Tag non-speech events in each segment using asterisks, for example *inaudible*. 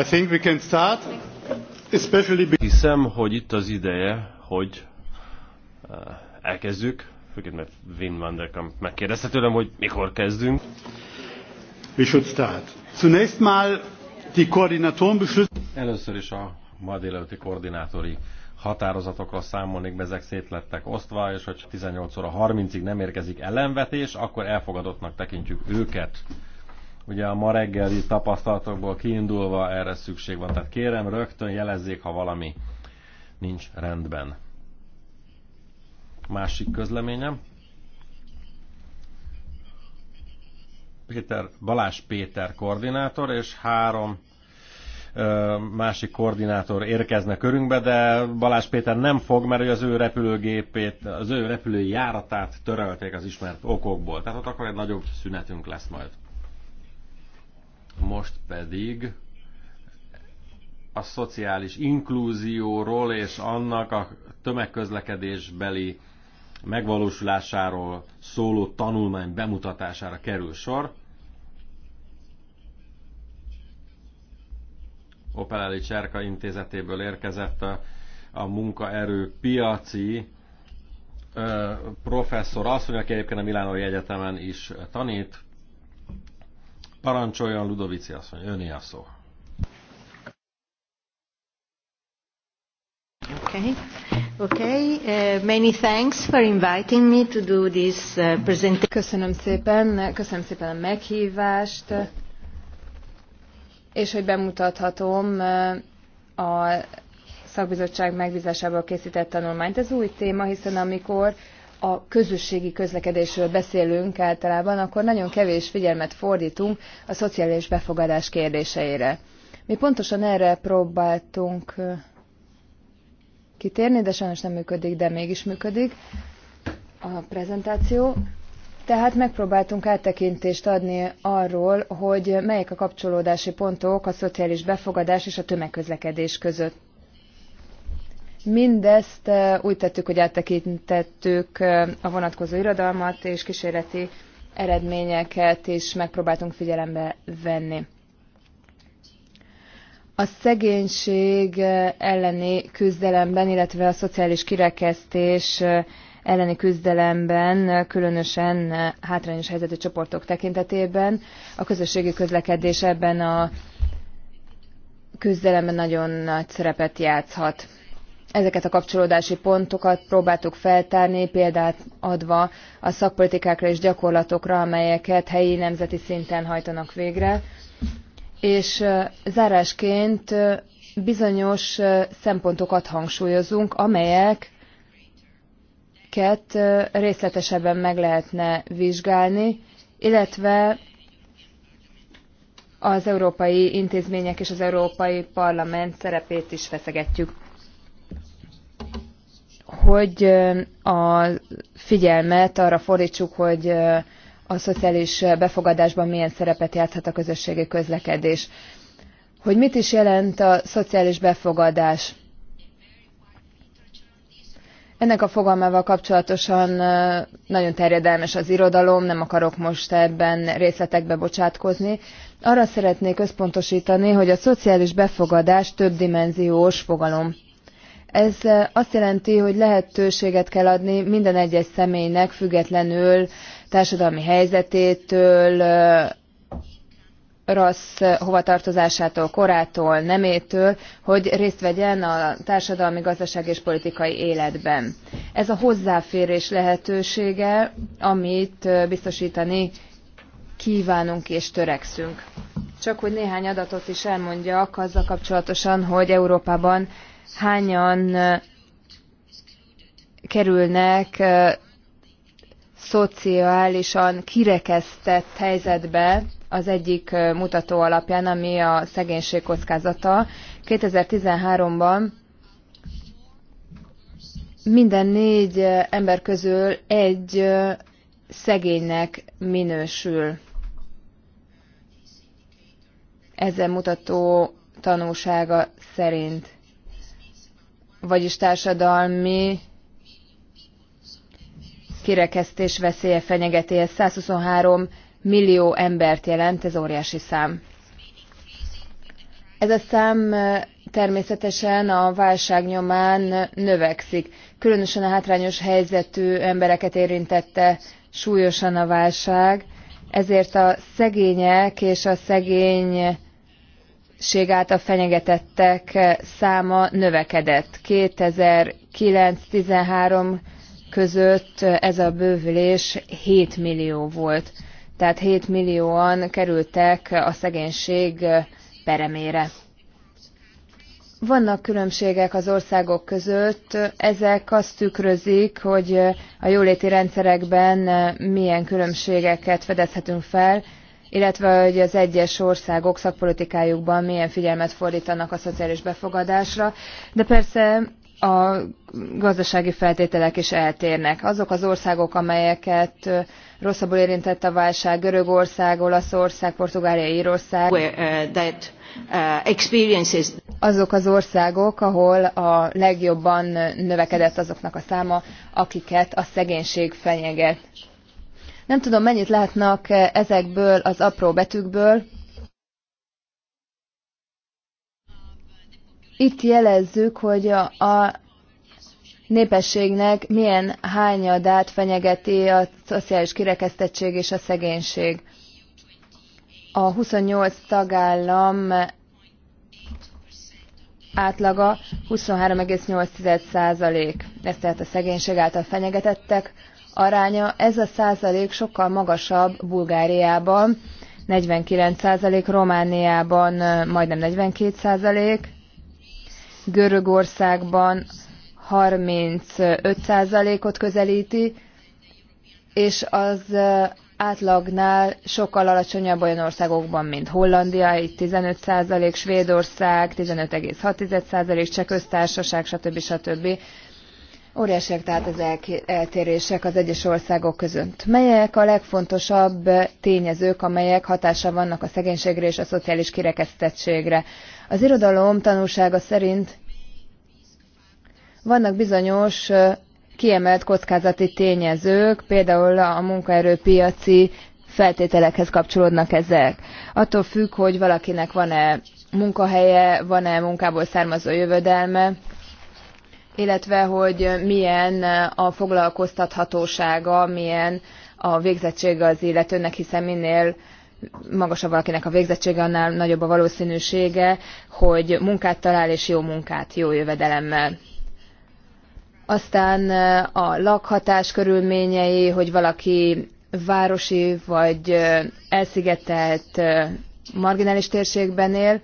I think we can start, especially Hiszem, hogy itt az ideje, hogy uh, elkezdjük, főként mert Wim van der Kamp megkérdezte tőlem, hogy mikor kezdünk. We should start. Zunächst mal die Koordinatoren Először is a ma délelőtti koordinátori határozatokra számolnék, be, ezek lettek osztva, és hogy 18 óra 30-ig nem érkezik ellenvetés, akkor elfogadottnak tekintjük őket. Ugye a ma reggeli tapasztalatokból kiindulva erre szükség van. Tehát kérem, rögtön jelezzék, ha valami nincs rendben. Másik közleményem. Péter, Balázs Péter koordinátor, és három ö, másik koordinátor érkezne körünkbe, de Balázs Péter nem fog, mert az ő repülőgépét, az ő repülőjáratát törölték az ismert okokból. Tehát ott akkor egy nagyobb szünetünk lesz majd. Most pedig a szociális inklúzióról és annak a tömegközlekedésbeli megvalósulásáról szóló tanulmány bemutatására kerül sor. Opeleli Cserka intézetéből érkezett a, a munkaerő piaci ö, professzor mondja, aki egyébként a Milánói Egyetemen is tanít. Parancsoljon Ludovici asszony, öné a szó. Okay. Okay. Uh, many thanks for inviting me to do this uh, presentation. Köszönöm szépen, köszönöm szépen a meghívást, és hogy bemutathatom uh, a szakbizottság megbízásából készített tanulmányt. Ez új téma, hiszen amikor a közösségi közlekedésről beszélünk általában, akkor nagyon kevés figyelmet fordítunk a szociális befogadás kérdéseire. Mi pontosan erre próbáltunk kitérni, de sajnos nem működik, de mégis működik a prezentáció. Tehát megpróbáltunk áttekintést adni arról, hogy melyek a kapcsolódási pontok a szociális befogadás és a tömegközlekedés között. Mindezt eh, úgy tettük, hogy áttekintettük eh, a vonatkozó irodalmat, és kísérleti eredményeket is megpróbáltunk figyelembe venni. A szegénység eh, elleni küzdelemben, illetve a szociális kirekesztés elleni küzdelemben, különösen hátrányos helyzetű csoportok tekintetében a közösségi közlekedés ebben a küzdelemben nagyon nagy szerepet játszhat. Ezeket a kapcsolódási pontokat próbáltuk feltárni, példát adva a szakpolitikákra és gyakorlatokra, amelyeket helyi nemzeti szinten hajtanak végre. És zárásként bizonyos szempontokat hangsúlyozunk, amelyeket részletesebben meg lehetne vizsgálni, illetve az európai intézmények és az európai parlament szerepét is feszegetjük hogy a figyelmet arra fordítsuk, hogy a szociális befogadásban milyen szerepet játszhat a közösségi közlekedés. Hogy mit is jelent a szociális befogadás? Ennek a fogalmával kapcsolatosan nagyon terjedelmes az irodalom, nem akarok most ebben részletekbe bocsátkozni. Arra szeretnék összpontosítani, hogy a szociális befogadás több dimenziós fogalom. Ez azt jelenti, hogy lehetőséget kell adni minden egyes személynek, függetlenül társadalmi helyzetétől, rassz hovatartozásától, korától, nemétől, hogy részt vegyen a társadalmi, gazdaság és politikai életben. Ez a hozzáférés lehetősége, amit biztosítani kívánunk és törekszünk. Csak hogy néhány adatot is elmondjak azzal kapcsolatosan, hogy Európában hányan kerülnek szociálisan kirekesztett helyzetbe az egyik mutató alapján, ami a szegénység kockázata. 2013-ban minden négy ember közül egy szegénynek minősül. Ezen mutató tanulsága szerint vagyis társadalmi kirekesztés veszélye fenyegeti. Ez 123 millió embert jelent, ez óriási szám. Ez a szám természetesen a válság nyomán növekszik. Különösen a hátrányos helyzetű embereket érintette súlyosan a válság, ezért a szegények és a szegény betegség által fenyegetettek eh, száma növekedett. 2009-13 között eh, ez a bővülés 7 millió volt. Tehát 7 millióan kerültek eh, a szegénység peremére. Vannak különbségek az országok között, ezek azt tükrözik, hogy a jóléti rendszerekben milyen különbségeket fedezhetünk fel, illetve hogy az egyes országok szakpolitikájukban milyen figyelmet fordítanak a szociális befogadásra, de persze a gazdasági feltételek is eltérnek. Azok az országok, amelyeket rosszabbul érintett a válság, Görögország, Olaszország, Portugália, Írország, uh, uh, azok az országok, ahol a legjobban növekedett azoknak a száma, akiket a szegénység fenyeget nem tudom, mennyit látnak eh, ezekből az apró betűkből. Itt jelezzük, hogy a népességnek milyen hányadát fenyegeti a szociális kirekesztettség és a szegénység. A 28 tagállam átlaga 23,8 százalék, ez tehát a szegénység által fenyegetettek aránya, ez a százalék sokkal magasabb Bulgáriában, 49 százalék, Romániában majdnem 42 százalék, Görögországban 35 százalékot közelíti, és az átlagnál sokkal alacsonyabb olyan országokban, mint Hollandia, itt 15 százalék, Svédország 15,6 százalék, Csehköztársaság, stb. stb. stb. Óriásiak tehát az eltérések az egyes országok között. Melyek a legfontosabb tényezők, amelyek hatása vannak a szegénységre és a szociális kirekesztettségre? Az irodalom tanulsága szerint vannak bizonyos kiemelt kockázati tényezők, például a munkaerőpiaci feltételekhez kapcsolódnak ezek. Attól függ, hogy valakinek van-e munkahelye, van-e munkából származó jövedelme, illetve hogy milyen a foglalkoztathatósága, milyen a végzettsége az illetőnek, hiszen minél magasabb valakinek a végzettsége, annál nagyobb a valószínűsége, hogy munkát talál és jó munkát, jó jövedelemmel. Aztán eh, a lakhatás körülményei, hogy valaki városi vagy eh, elszigetelt eh, marginális térségben él,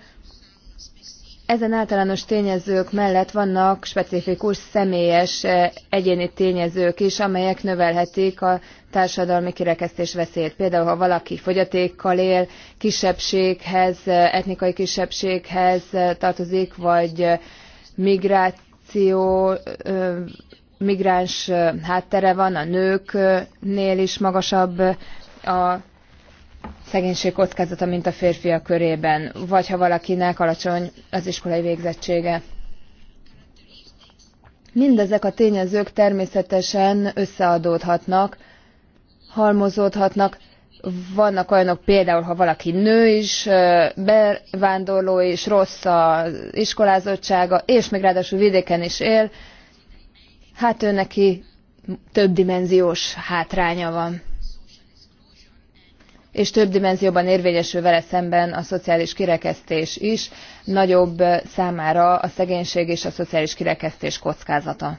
ezen általános tényezők mellett vannak specifikus személyes eh, egyéni tényezők is, amelyek növelhetik a társadalmi kirekesztés veszélyét. Például, ha valaki fogyatékkal él, kisebbséghez, eh, etnikai kisebbséghez eh, tartozik, vagy migráció, migráns háttere van, a nőknél is magasabb a szegénység kockázata, mint a férfiak körében, vagy ha valakinek alacsony az iskolai végzettsége. Mindezek a tényezők természetesen összeadódhatnak, halmozódhatnak. Vannak olyanok például, ha valaki nő is, bevándorló is, rossz az iskolázottsága, és még ráadásul vidéken is él, hát ő neki több dimenziós hátránya van és több dimenzióban érvényesül vele szemben a szociális kirekesztés is, nagyobb számára a szegénység és a szociális kirekesztés kockázata.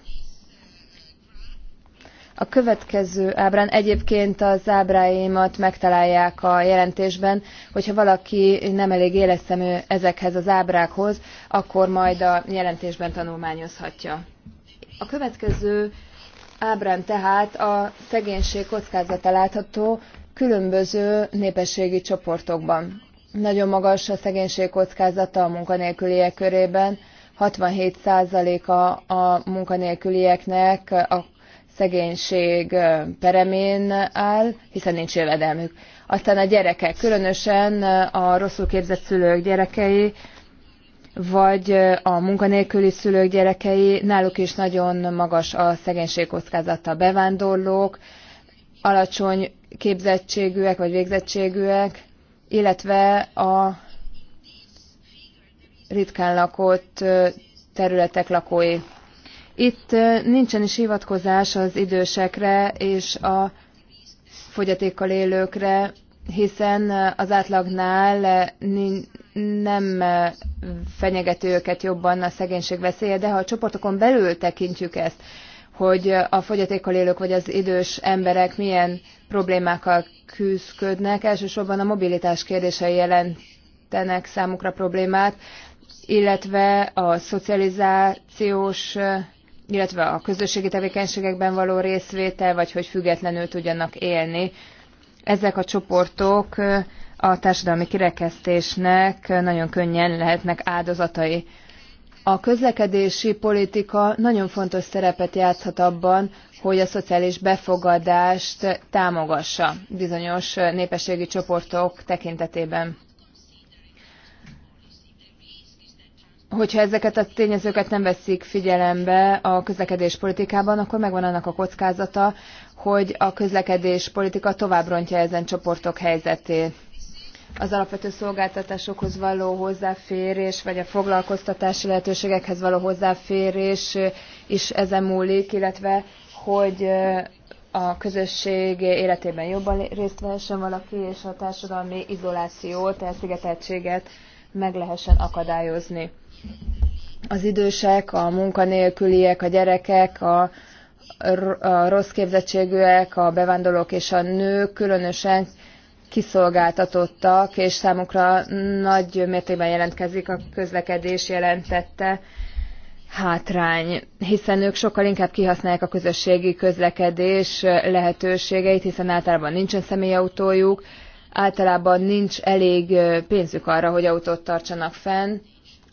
A következő ábrán egyébként az ábráimat megtalálják a jelentésben, hogyha valaki nem elég éleszemű ezekhez az ábrákhoz, akkor majd a jelentésben tanulmányozhatja. A következő ábrán tehát a szegénység kockázata látható, különböző népességi csoportokban. Nagyon magas a szegénység kockázata a munkanélküliek körében, 67%-a a munkanélkülieknek a szegénység peremén áll, hiszen nincs jövedelmük. Aztán a gyerekek, különösen a rosszul képzett szülők gyerekei, vagy a munkanélküli szülők gyerekei, náluk is nagyon magas a szegénység kockázata. Bevándorlók, alacsony képzettségűek vagy végzettségűek, illetve a ritkán lakott területek lakói. Itt nincsen is hivatkozás az idősekre és a fogyatékkal élőkre, hiszen az átlagnál nem fenyegető őket jobban a szegénység veszélye, de ha a csoportokon belül tekintjük ezt, hogy a fogyatékkal élők vagy az idős emberek milyen problémákkal küzdködnek. Elsősorban a mobilitás kérdései jelentenek számukra problémát, illetve a szocializációs, illetve a közösségi tevékenységekben való részvétel, vagy hogy függetlenül tudjanak élni. Ezek a csoportok a társadalmi kirekesztésnek nagyon könnyen lehetnek áldozatai. A közlekedési politika nagyon fontos szerepet játszhat abban, hogy a szociális befogadást támogassa bizonyos népességi csoportok tekintetében. Hogyha ezeket a tényezőket nem veszik figyelembe a közlekedés politikában, akkor megvan annak a kockázata, hogy a közlekedés politika tovább rontja ezen csoportok helyzetét az alapvető szolgáltatásokhoz való hozzáférés, vagy a foglalkoztatási lehetőségekhez való hozzáférés is ezen múlik, illetve hogy a közösség életében jobban részt vehessen valaki, és a társadalmi izolációt, elszigeteltséget meg lehessen akadályozni. Az idősek, a munkanélküliek, a gyerekek, a, a rossz képzettségűek, a bevándorlók és a nők különösen kiszolgáltatottak, és számukra nagy mértékben jelentkezik a közlekedés jelentette hátrány, hiszen ők sokkal inkább kihasználják a közösségi közlekedés lehetőségeit, hiszen általában nincsen személyautójuk, általában nincs elég pénzük arra, hogy autót tartsanak fenn,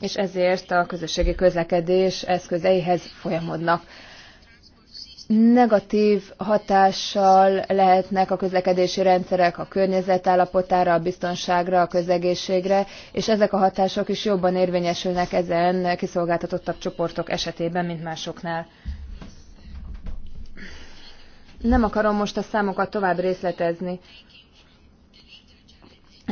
és ezért a közösségi közlekedés eszközeihez folyamodnak negatív hatással lehetnek a közlekedési rendszerek a környezet állapotára, a biztonságra, a közegészségre, és ezek a hatások is jobban érvényesülnek ezen kiszolgáltatottabb csoportok esetében, mint másoknál. Nem akarom most a számokat tovább részletezni.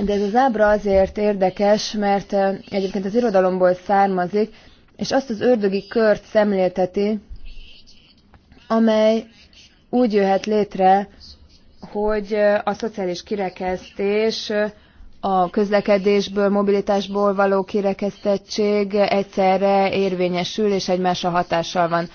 De ez az ábra azért érdekes, mert eh, egyébként az irodalomból származik, és azt az ördögi kört szemlélteti, amely úgy jöhet létre, hogy a szociális kirekesztés, a közlekedésből, mobilitásból való kirekesztettség egyszerre érvényesül és egymásra hatással van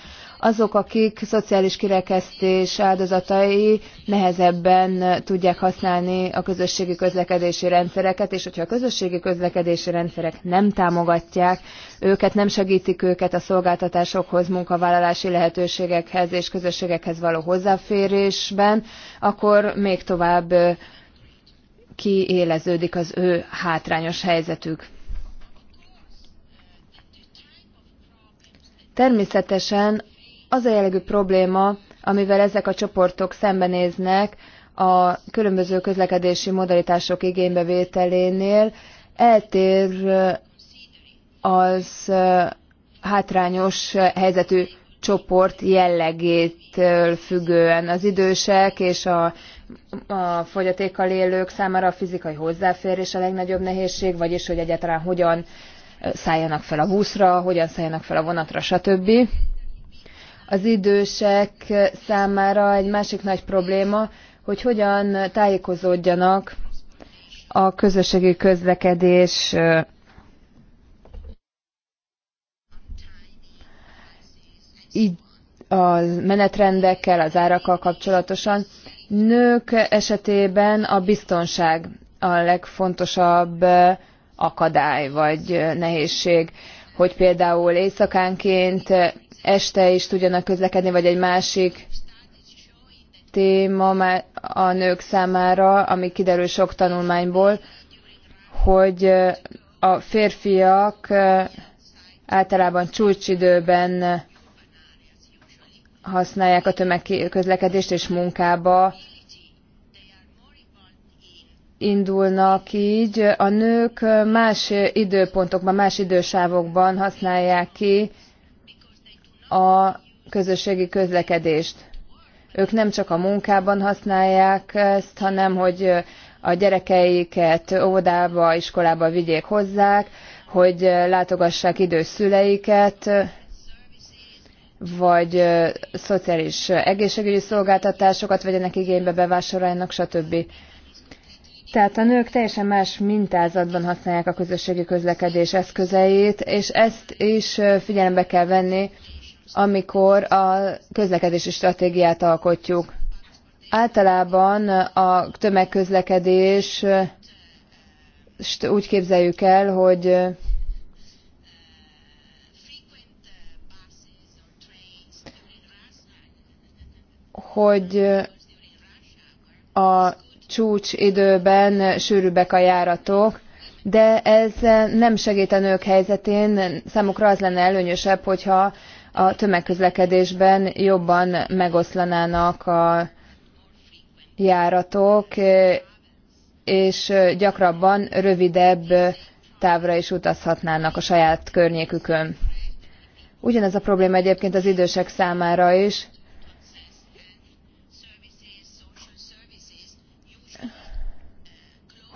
azok, akik szociális kirekesztés áldozatai nehezebben tudják használni a közösségi közlekedési rendszereket, és hogyha a közösségi közlekedési rendszerek nem támogatják őket, nem segítik őket a szolgáltatásokhoz, munkavállalási lehetőségekhez és közösségekhez való hozzáférésben, akkor még tovább kiéleződik az ő hátrányos helyzetük. Természetesen az a jellegű probléma, amivel ezek a csoportok szembenéznek a különböző közlekedési modalitások igénybevételénél, eltér az hátrányos helyzetű csoport jellegétől függően. Az idősek és a, a fogyatékkal élők számára a fizikai hozzáférés a legnagyobb nehézség, vagyis hogy egyáltalán hogyan szálljanak fel a buszra, hogyan szálljanak fel a vonatra, stb az idősek számára egy másik nagy probléma, hogy hogyan tájékozódjanak a közösségi közlekedés így a menetrendekkel, az árakkal kapcsolatosan. Nők esetében a biztonság a legfontosabb akadály vagy nehézség, hogy például éjszakánként este is tudjanak közlekedni, vagy egy másik téma a nők számára, ami kiderül sok tanulmányból, hogy a férfiak általában csúcsidőben használják a tömegközlekedést és munkába indulnak így. A nők más időpontokban, más idősávokban használják ki a közösségi közlekedést. Ők nem csak a munkában használják ezt, hanem hogy a gyerekeiket óvodába, iskolába vigyék hozzák, hogy látogassák idős szüleiket, vagy szociális egészségügyi szolgáltatásokat vegyenek igénybe, bevásároljanak, stb. Tehát a nők teljesen más mintázatban használják a közösségi közlekedés eszközeit, és ezt is figyelembe kell venni amikor a közlekedési stratégiát alkotjuk. Általában a tömegközlekedés úgy képzeljük el, hogy hogy a csúcs időben sűrűbbek a járatok, de ez nem segít a nők helyzetén, számukra az lenne előnyösebb, hogyha a tömegközlekedésben jobban megoszlanának a járatok, és gyakrabban rövidebb távra is utazhatnának a saját környékükön. Ugyanez a probléma egyébként az idősek számára is.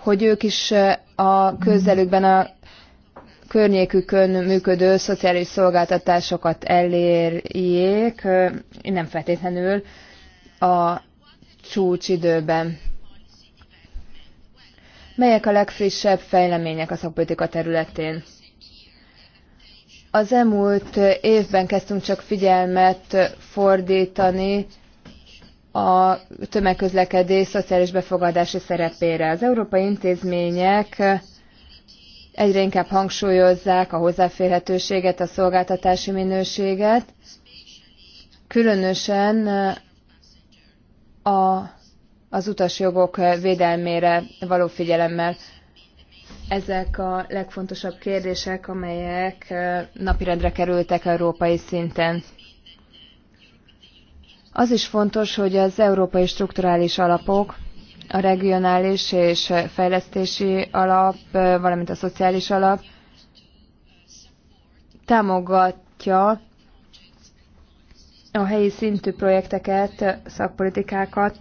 hogy ők is a közelükben a környékükön működő szociális szolgáltatásokat elérjék, nem feltétlenül a csúcsidőben. Melyek a legfrissebb fejlemények a szakpolitika területén? Az elmúlt évben kezdtünk csak figyelmet fordítani a tömegközlekedés szociális befogadási szerepére. Az európai intézmények egyre inkább hangsúlyozzák a hozzáférhetőséget, a szolgáltatási minőséget, különösen a, az utasjogok védelmére való figyelemmel. Ezek a legfontosabb kérdések, amelyek napirendre kerültek európai szinten. Az is fontos, hogy az európai strukturális alapok a regionális és fejlesztési alap, valamint a szociális alap támogatja a helyi szintű projekteket, szakpolitikákat,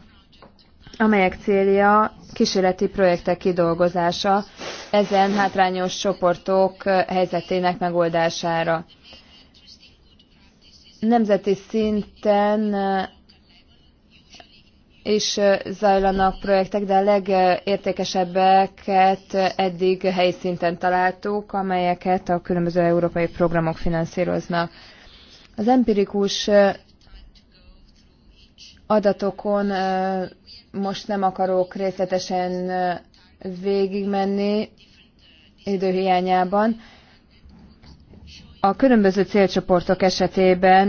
amelyek célja kísérleti projektek kidolgozása ezen hátrányos csoportok helyzetének megoldására. Nemzeti szinten is zajlanak projektek, de a legértékesebbeket eddig helyszínten találtuk, amelyeket a különböző európai programok finanszíroznak. Az empirikus adatokon most nem akarok részletesen végigmenni időhiányában, a különböző célcsoportok esetében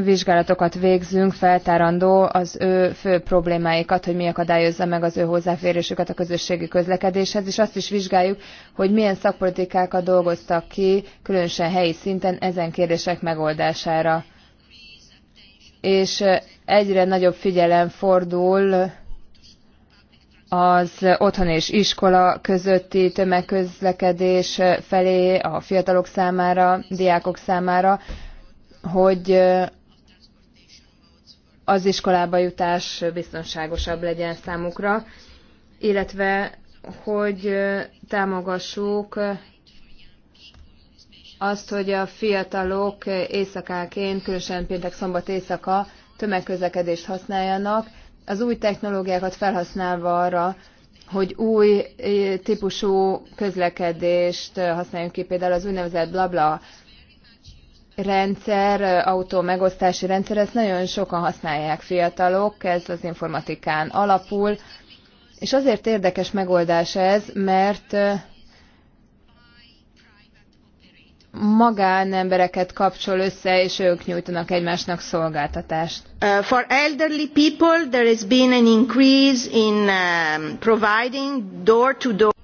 vizsgálatokat végzünk, feltárandó az ő fő problémáikat, hogy mi akadályozza meg az ő hozzáférésüket a közösségi közlekedéshez, és azt is vizsgáljuk, hogy milyen szakpolitikákat dolgoztak ki, különösen helyi szinten ezen kérdések megoldására. És egyre nagyobb figyelem fordul az otthon és iskola közötti tömegközlekedés felé, a fiatalok számára, diákok számára, hogy az iskolába jutás biztonságosabb legyen számukra, illetve hogy támogassuk azt, hogy a fiatalok éjszakáként, különösen péntek szombat éjszaka tömegközlekedést használjanak, az új technológiákat felhasználva arra, hogy új eh, típusú közlekedést eh, használjunk ki, például az úgynevezett blabla rendszer, eh, autó megosztási rendszer, ezt nagyon sokan használják fiatalok, ez az informatikán alapul, és azért érdekes megoldás ez, mert magánembereket kapcsol össze, és ők nyújtanak egymásnak szolgáltatást. Uh, for elderly people there has been an increase in uh, providing door to door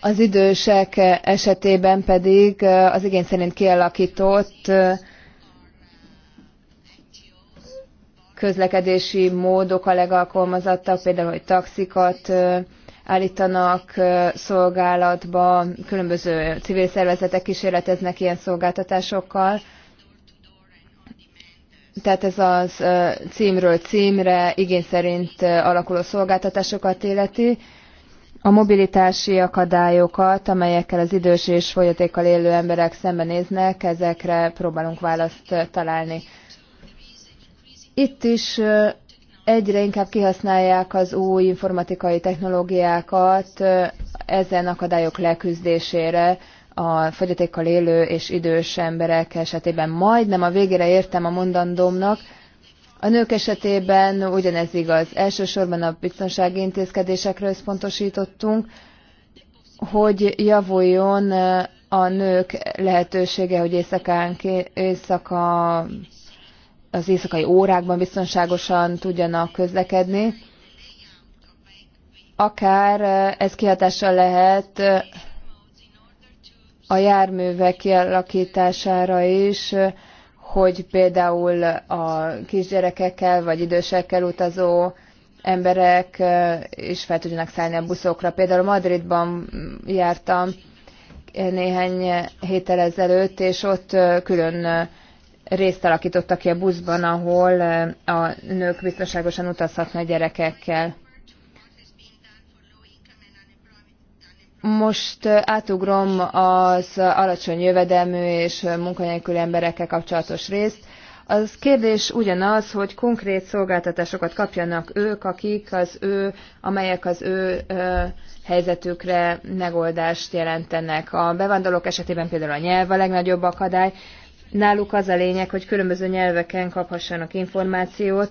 az idősek esetében pedig uh, az igény szerint kialakított uh, közlekedési módok a legalkalmazottak, például, hogy taxikat uh, állítanak szolgálatba, különböző civil szervezetek kísérleteznek ilyen szolgáltatásokkal. Tehát ez az címről címre igény szerint alakuló szolgáltatásokat életi. A mobilitási akadályokat, amelyekkel az idős és folyatékkal élő emberek szembenéznek, ezekre próbálunk választ találni. Itt is egyre inkább kihasználják az új informatikai technológiákat ezen akadályok leküzdésére a fogyatékkal élő és idős emberek esetében. Majdnem a végére értem a mondandómnak, a nők esetében ugyanez igaz. Elsősorban a biztonsági intézkedésekre összpontosítottunk, hogy javuljon a nők lehetősége, hogy éjszaka az éjszakai órákban biztonságosan tudjanak közlekedni. Akár ez kihatással lehet a járművek kialakítására is, hogy például a kisgyerekekkel vagy idősekkel utazó emberek is fel tudjanak szállni a buszokra. Például Madridban jártam néhány héttel ezelőtt, és ott külön részt alakítottak ki a buszban, ahol a nők biztonságosan utazhatnak gyerekekkel. Most átugrom az alacsony jövedelmű és munkanélküli emberekkel kapcsolatos részt. Az kérdés ugyanaz, hogy konkrét szolgáltatásokat kapjanak ők, akik az ő, amelyek az ő ö, helyzetükre megoldást jelentenek. A bevándorlók esetében például a nyelv a legnagyobb akadály, Náluk az a lényeg, hogy különböző nyelveken kaphassanak információt,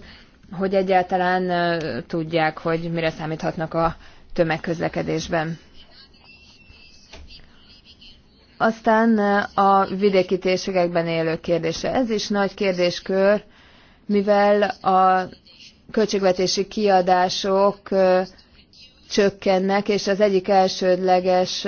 hogy egyáltalán tudják, hogy mire számíthatnak a tömegközlekedésben. Aztán a vidéki térségekben élő kérdése. Ez is nagy kérdéskör, mivel a költségvetési kiadások csökkennek, és az egyik elsődleges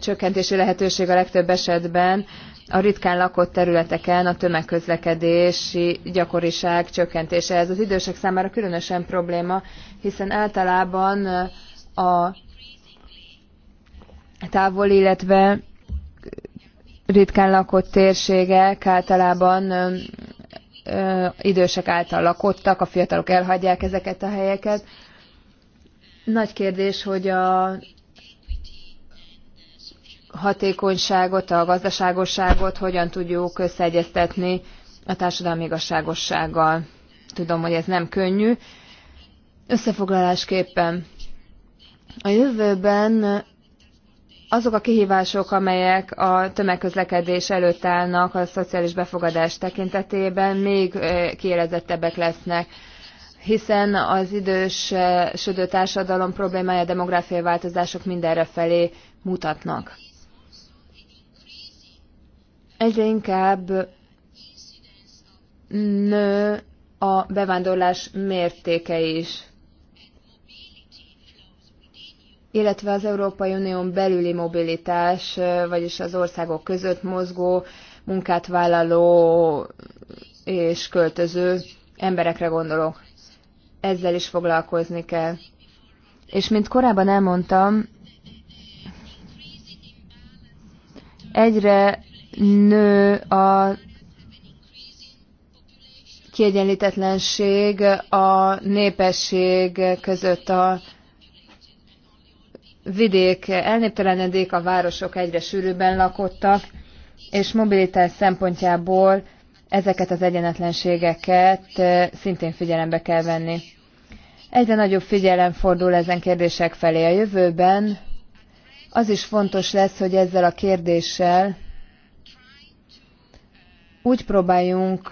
csökkentési lehetőség a legtöbb esetben a ritkán lakott területeken a tömegközlekedési gyakoriság csökkentése. Ez az idősek számára különösen probléma, hiszen általában a távol, illetve ritkán lakott térségek általában idősek által lakottak, a fiatalok elhagyják ezeket a helyeket. Nagy kérdés, hogy a hatékonyságot, a gazdaságosságot hogyan tudjuk összeegyeztetni a társadalmi igazságossággal. Tudom, hogy ez nem könnyű. Összefoglalásképpen a jövőben azok a kihívások, amelyek a tömegközlekedés előtt állnak a szociális befogadás tekintetében, még kielezettebbek lesznek hiszen az idősödő társadalom problémája demográfiai változások mindenre felé mutatnak egyre inkább nő a bevándorlás mértéke is, illetve az Európai Unión belüli mobilitás, vagyis az országok között mozgó, munkát vállaló és költöző emberekre gondolok. Ezzel is foglalkozni kell. És mint korábban elmondtam, egyre nő a kiegyenlítetlenség a népesség között a vidék elnéptelenedik, a városok egyre sűrűbben lakottak, és mobilitás szempontjából ezeket az egyenetlenségeket szintén figyelembe kell venni. Egyre nagyobb figyelem fordul ezen kérdések felé a jövőben. Az is fontos lesz, hogy ezzel a kérdéssel úgy próbáljunk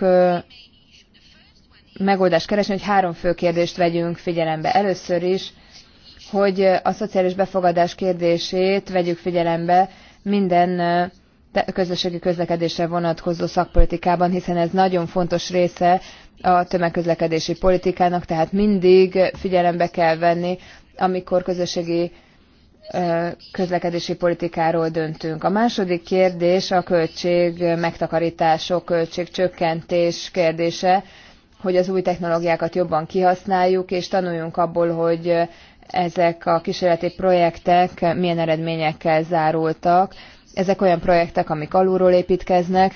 megoldást keresni, hogy három fő kérdést vegyünk figyelembe. Először is, hogy a szociális befogadás kérdését vegyük figyelembe minden közösségi közlekedésre vonatkozó szakpolitikában, hiszen ez nagyon fontos része a tömegközlekedési politikának, tehát mindig figyelembe kell venni, amikor közösségi közlekedési politikáról döntünk. A második kérdés a költség megtakarítások, költségcsökkentés kérdése, hogy az új technológiákat jobban kihasználjuk, és tanuljunk abból, hogy ezek a kísérleti projektek milyen eredményekkel zárultak. Ezek olyan projektek, amik alulról építkeznek,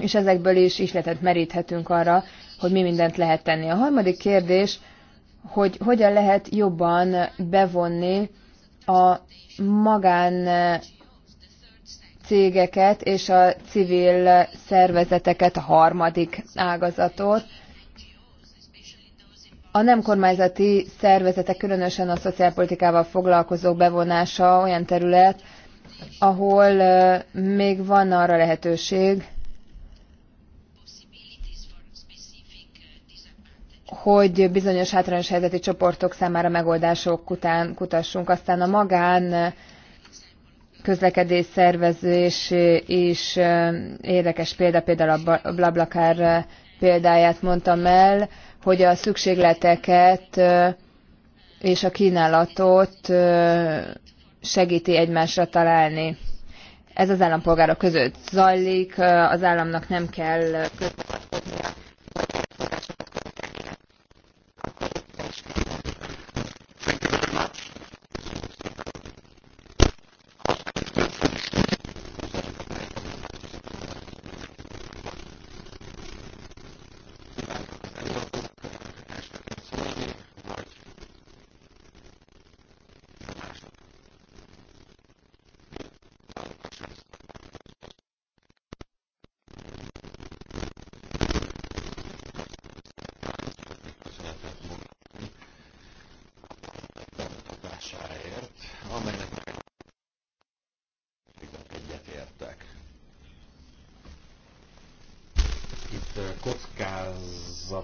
és ezekből is isletet meríthetünk arra, hogy mi mindent lehet tenni. A harmadik kérdés, hogy hogyan lehet jobban bevonni a magán eh, cégeket és a civil szervezeteket, a harmadik ágazatot. A nem kormányzati szervezetek, különösen a szociálpolitikával foglalkozók bevonása olyan terület, ahol eh, még van arra lehetőség, hogy bizonyos hátrányos helyzeti csoportok számára megoldások után kutassunk. Aztán a magán eh, közlekedés szervezés eh, is eh, érdekes példa, például a Blablakár példáját mondtam el, hogy a szükségleteket és a kínálatot segíti egymásra találni. Ez az állampolgárok között zajlik, az államnak nem kell közlekedni.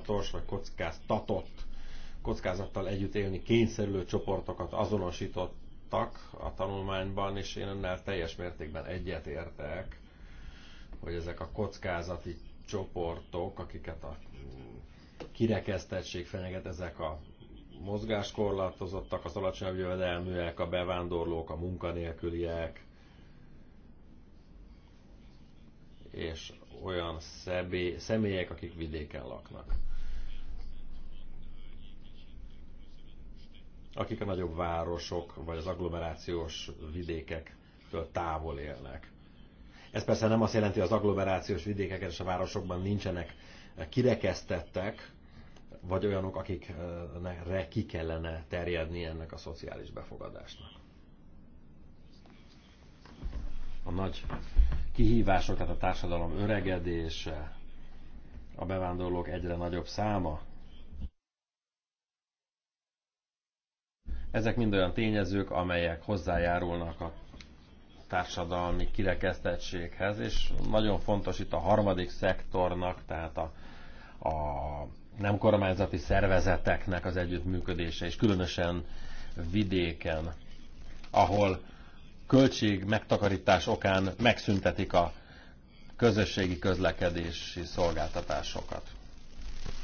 kockázatos vagy kockáztatott kockázattal együtt élni kényszerülő csoportokat azonosítottak a tanulmányban, és én önnel teljes mértékben egyetértek, hogy ezek a kockázati csoportok, akiket a kirekesztettség fenyeget, ezek a mozgáskorlátozottak, az alacsonyabb jövedelműek, a bevándorlók, a munkanélküliek, és olyan személyek, akik vidéken laknak. akik a nagyobb városok vagy az agglomerációs vidékektől távol élnek. Ez persze nem azt jelenti, hogy az agglomerációs vidékeken és a városokban nincsenek kirekesztettek, vagy olyanok, akikre ki kellene terjedni ennek a szociális befogadásnak. A nagy kihívások, tehát a társadalom öregedése, a bevándorlók egyre nagyobb száma, Ezek mind olyan tényezők, amelyek hozzájárulnak a társadalmi kirekesztettséghez, és nagyon fontos itt a harmadik szektornak, tehát a, a nem kormányzati szervezeteknek az együttműködése, és különösen vidéken, ahol költség megtakarítás okán megszüntetik a közösségi közlekedési szolgáltatásokat.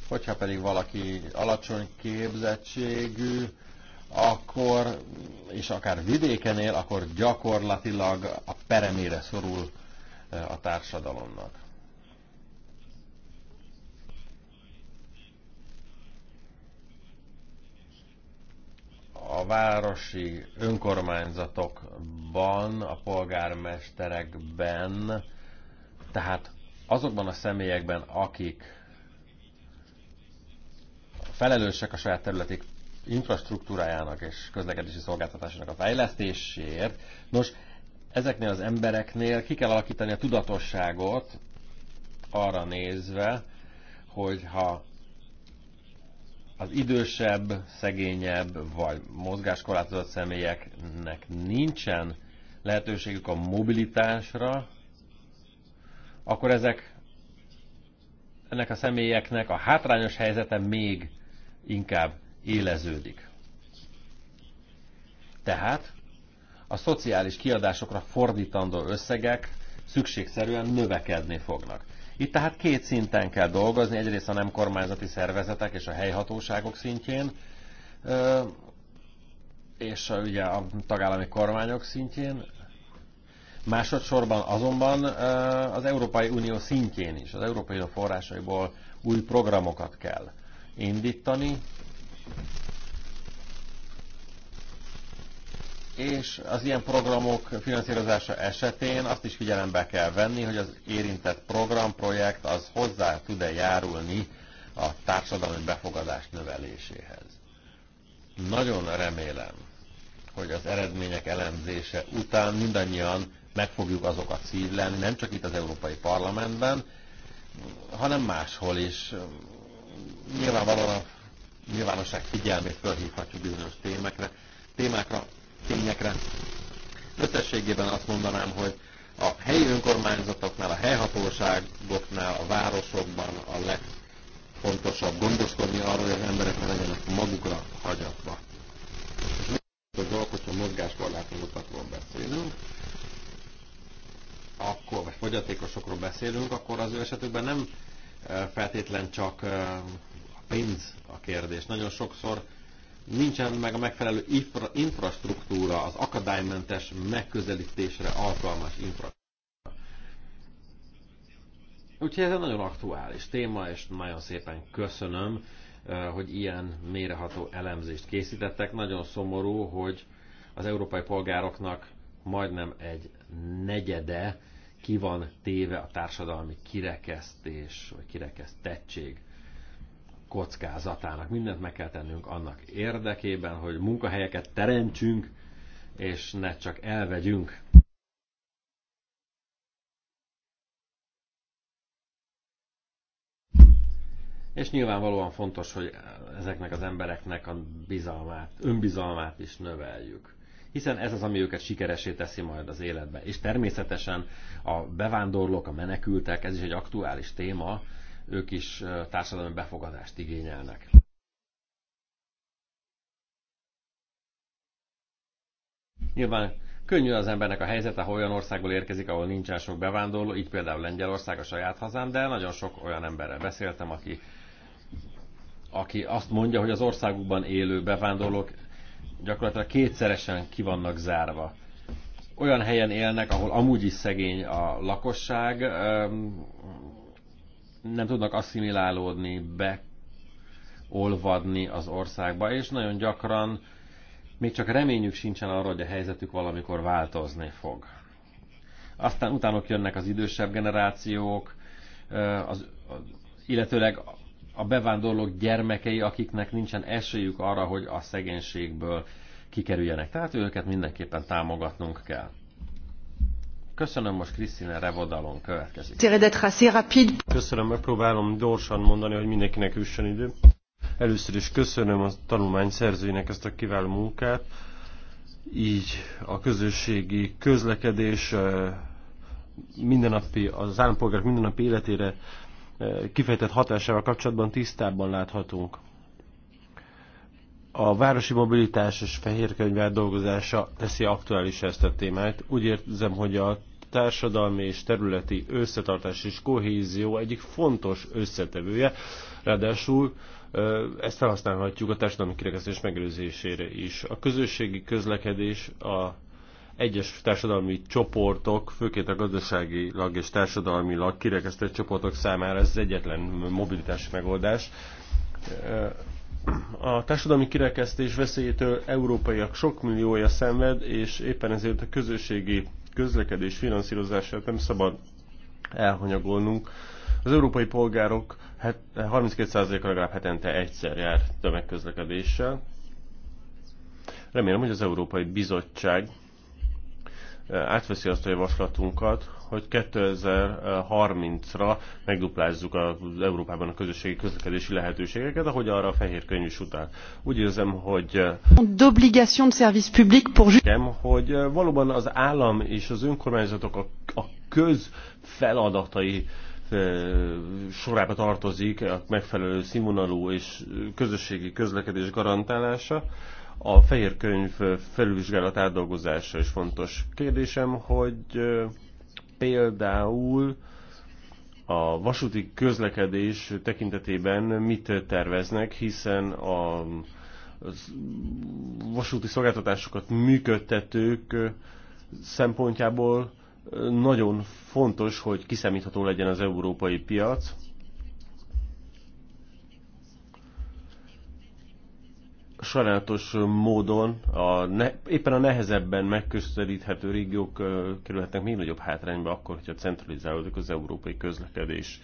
Hogyha pedig valaki alacsony képzettségű, akkor, és akár vidéken él, akkor gyakorlatilag a peremére szorul eh, a társadalomnak. a városi önkormányzatokban, a polgármesterekben, tehát azokban a személyekben, akik felelősek a saját területük infrastruktúrájának és közlekedési szolgáltatásának a fejlesztéséért. Nos, ezeknél az embereknél ki kell alakítani a tudatosságot arra nézve, hogy ha az idősebb, szegényebb vagy mozgáskorlátozott személyeknek nincsen lehetőségük a mobilitásra, akkor ezek ennek a személyeknek a hátrányos helyzete még inkább éleződik. Tehát a szociális kiadásokra fordítandó összegek szükségszerűen növekedni fognak. Itt tehát két szinten kell dolgozni, egyrészt a nem kormányzati szervezetek és a helyhatóságok szintjén, és a, ugye a tagállami kormányok szintjén, másodszorban azonban az Európai Unió szintjén is, az Európai Unió forrásaiból új programokat kell indítani, és az ilyen programok finanszírozása esetén azt is figyelembe kell venni, hogy az érintett program, projekt az hozzá tud-e járulni a társadalmi befogadás növeléséhez. Nagyon remélem, hogy az eredmények elemzése után mindannyian meg fogjuk azokat szívlenni, nem csak itt az Európai Parlamentben, hanem máshol is. Nyilvánvalóan nyilvánosság figyelmét felhívhatjuk bizonyos témekre, témákra, tényekre. Összességében azt mondanám, hogy a helyi önkormányzatoknál, a helyhatóságoknál, a városokban a legfontosabb gondoskodni arról, hogy az emberek ne legyenek magukra hagyatva. És a dolog, hogyha mozgáskorlátozókatról beszélünk, akkor, vagy fogyatékosokról beszélünk, akkor az ő esetükben nem eh, feltétlen csak eh, pénz a kérdés. Nagyon sokszor nincsen meg a megfelelő infra, infrastruktúra, az akadálymentes megközelítésre alkalmas infrastruktúra. Úgyhogy ez egy nagyon aktuális téma, és nagyon szépen köszönöm, eh, hogy ilyen méreható elemzést készítettek. Nagyon szomorú, hogy az európai polgároknak majdnem egy negyede ki van téve a társadalmi kirekesztés, vagy kirekesztettség kockázatának. Mindent meg kell tennünk annak érdekében, hogy munkahelyeket teremtsünk, és ne csak elvegyünk. És nyilvánvalóan fontos, hogy ezeknek az embereknek a bizalmát, önbizalmát is növeljük. Hiszen ez az, ami őket sikeresé teszi majd az életbe. És természetesen a bevándorlók, a menekültek, ez is egy aktuális téma, ők is társadalmi befogadást igényelnek. Nyilván könnyű az embernek a helyzete, ha olyan országból érkezik, ahol nincsen sok bevándorló, így például Lengyelország a saját hazám, de nagyon sok olyan emberrel beszéltem, aki, aki azt mondja, hogy az országukban élő bevándorlók gyakorlatilag kétszeresen ki vannak zárva. Olyan helyen élnek, ahol amúgy is szegény a lakosság, nem tudnak asszimilálódni, beolvadni az országba, és nagyon gyakran még csak reményük sincsen arra, hogy a helyzetük valamikor változni fog. Aztán utánok jönnek az idősebb generációk, az, illetőleg a bevándorlók gyermekei, akiknek nincsen esélyük arra, hogy a szegénységből kikerüljenek. Tehát őket mindenképpen támogatnunk kell. Köszönöm, most Krisztina Revodalon következik. Köszönöm, megpróbálom gyorsan mondani, hogy mindenkinek üssön idő. Először is köszönöm a tanulmány szerzőinek ezt a kiváló munkát. Így a közösségi közlekedés eh, mindennapi, az állampolgárok mindennapi életére eh, kifejtett hatásával kapcsolatban tisztában láthatunk. A városi mobilitás és fehérkönyv dolgozása teszi aktuális ezt a témát. Úgy érzem, hogy a társadalmi és területi összetartás és kohézió egyik fontos összetevője, ráadásul ezt felhasználhatjuk a társadalmi kirekesztés megelőzésére is. A közösségi közlekedés a egyes társadalmi csoportok, főként a gazdaságilag és társadalmilag kirekesztett csoportok számára ez az egyetlen mobilitási megoldás. A társadalmi kirekesztés veszélyétől európaiak sok milliója szenved, és éppen ezért a közösségi közlekedés finanszírozását nem szabad elhanyagolnunk. Az európai polgárok 32%-a legalább hetente egyszer jár tömegközlekedéssel. Remélem, hogy az Európai Bizottság átveszi azt a javaslatunkat, hogy 2030-ra megduplázzuk az Európában a közösségi közlekedési lehetőségeket, ahogy arra a fehér könyv is után. Úgy érzem, hogy eh, d'obligation de service public pour hogy eh, valóban az állam és az önkormányzatok a, a köz feladatai eh, sorába tartozik a megfelelő színvonalú és közösségi közlekedés garantálása. A fehér könyv felülvizsgálat átdolgozása is fontos. Kérdésem, hogy például a vasúti közlekedés tekintetében mit terveznek, hiszen a vasúti szolgáltatásokat működtetők szempontjából nagyon fontos, hogy kiszámítható legyen az európai piac, Sajnálatos módon a ne, éppen a nehezebben megközelíthető régiók kerülhetnek még nagyobb hátrányba akkor, hogyha centralizálódik az európai közlekedés.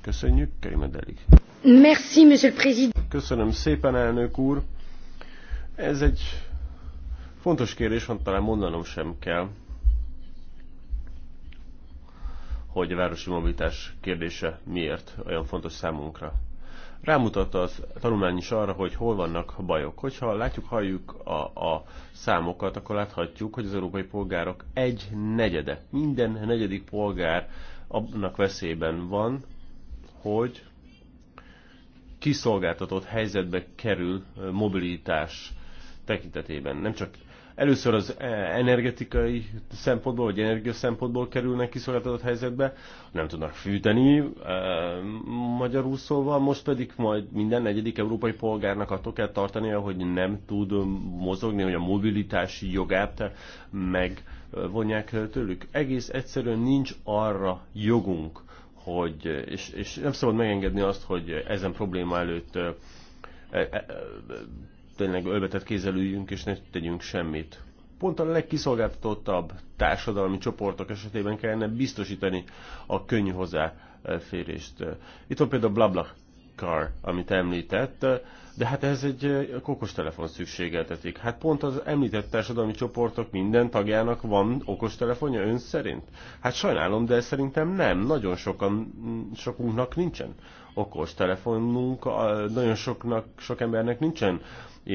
Köszönjük, Karima Delik. Merci, monsieur le président. Köszönöm szépen, elnök úr. Ez egy fontos kérdés, van talán mondanom sem kell, hogy a városi mobilitás kérdése miért olyan fontos számunkra. Rámutat az tanulmány is arra, hogy hol vannak bajok. Hogyha látjuk, halljuk a, a számokat, akkor láthatjuk, hogy az európai polgárok egy negyede, minden negyedik polgár annak veszélyben van, hogy kiszolgáltatott helyzetbe kerül mobilitás tekintetében. Nem csak Először az eh, energetikai szempontból, vagy energia szempontból kerülnek kiszolgáltatott helyzetbe, nem tudnak fűteni, eh, magyarul szólva, most pedig majd minden negyedik európai polgárnak attól kell tartania, hogy nem tud mozogni, hogy a mobilitási jogát megvonják eh, tőlük. Egész egyszerűen nincs arra jogunk, hogy, és, és nem szabad megengedni azt, hogy ezen probléma előtt tényleg ölbetett kézzel üljünk és ne tegyünk semmit. Pont a legkiszolgáltatottabb társadalmi csoportok esetében kellene biztosítani a könnyű hozzáférést. Itt van például Blabla Car, amit említett, de hát ez egy eh, okostelefon szükségeltetik. Hát pont az említett társadalmi csoportok minden tagjának van okostelefonja ön szerint? Hát sajnálom, de szerintem nem. Nagyon sokan, mm, sokunknak nincsen okos telefonunk. Nagyon soknak, sok embernek nincsen e,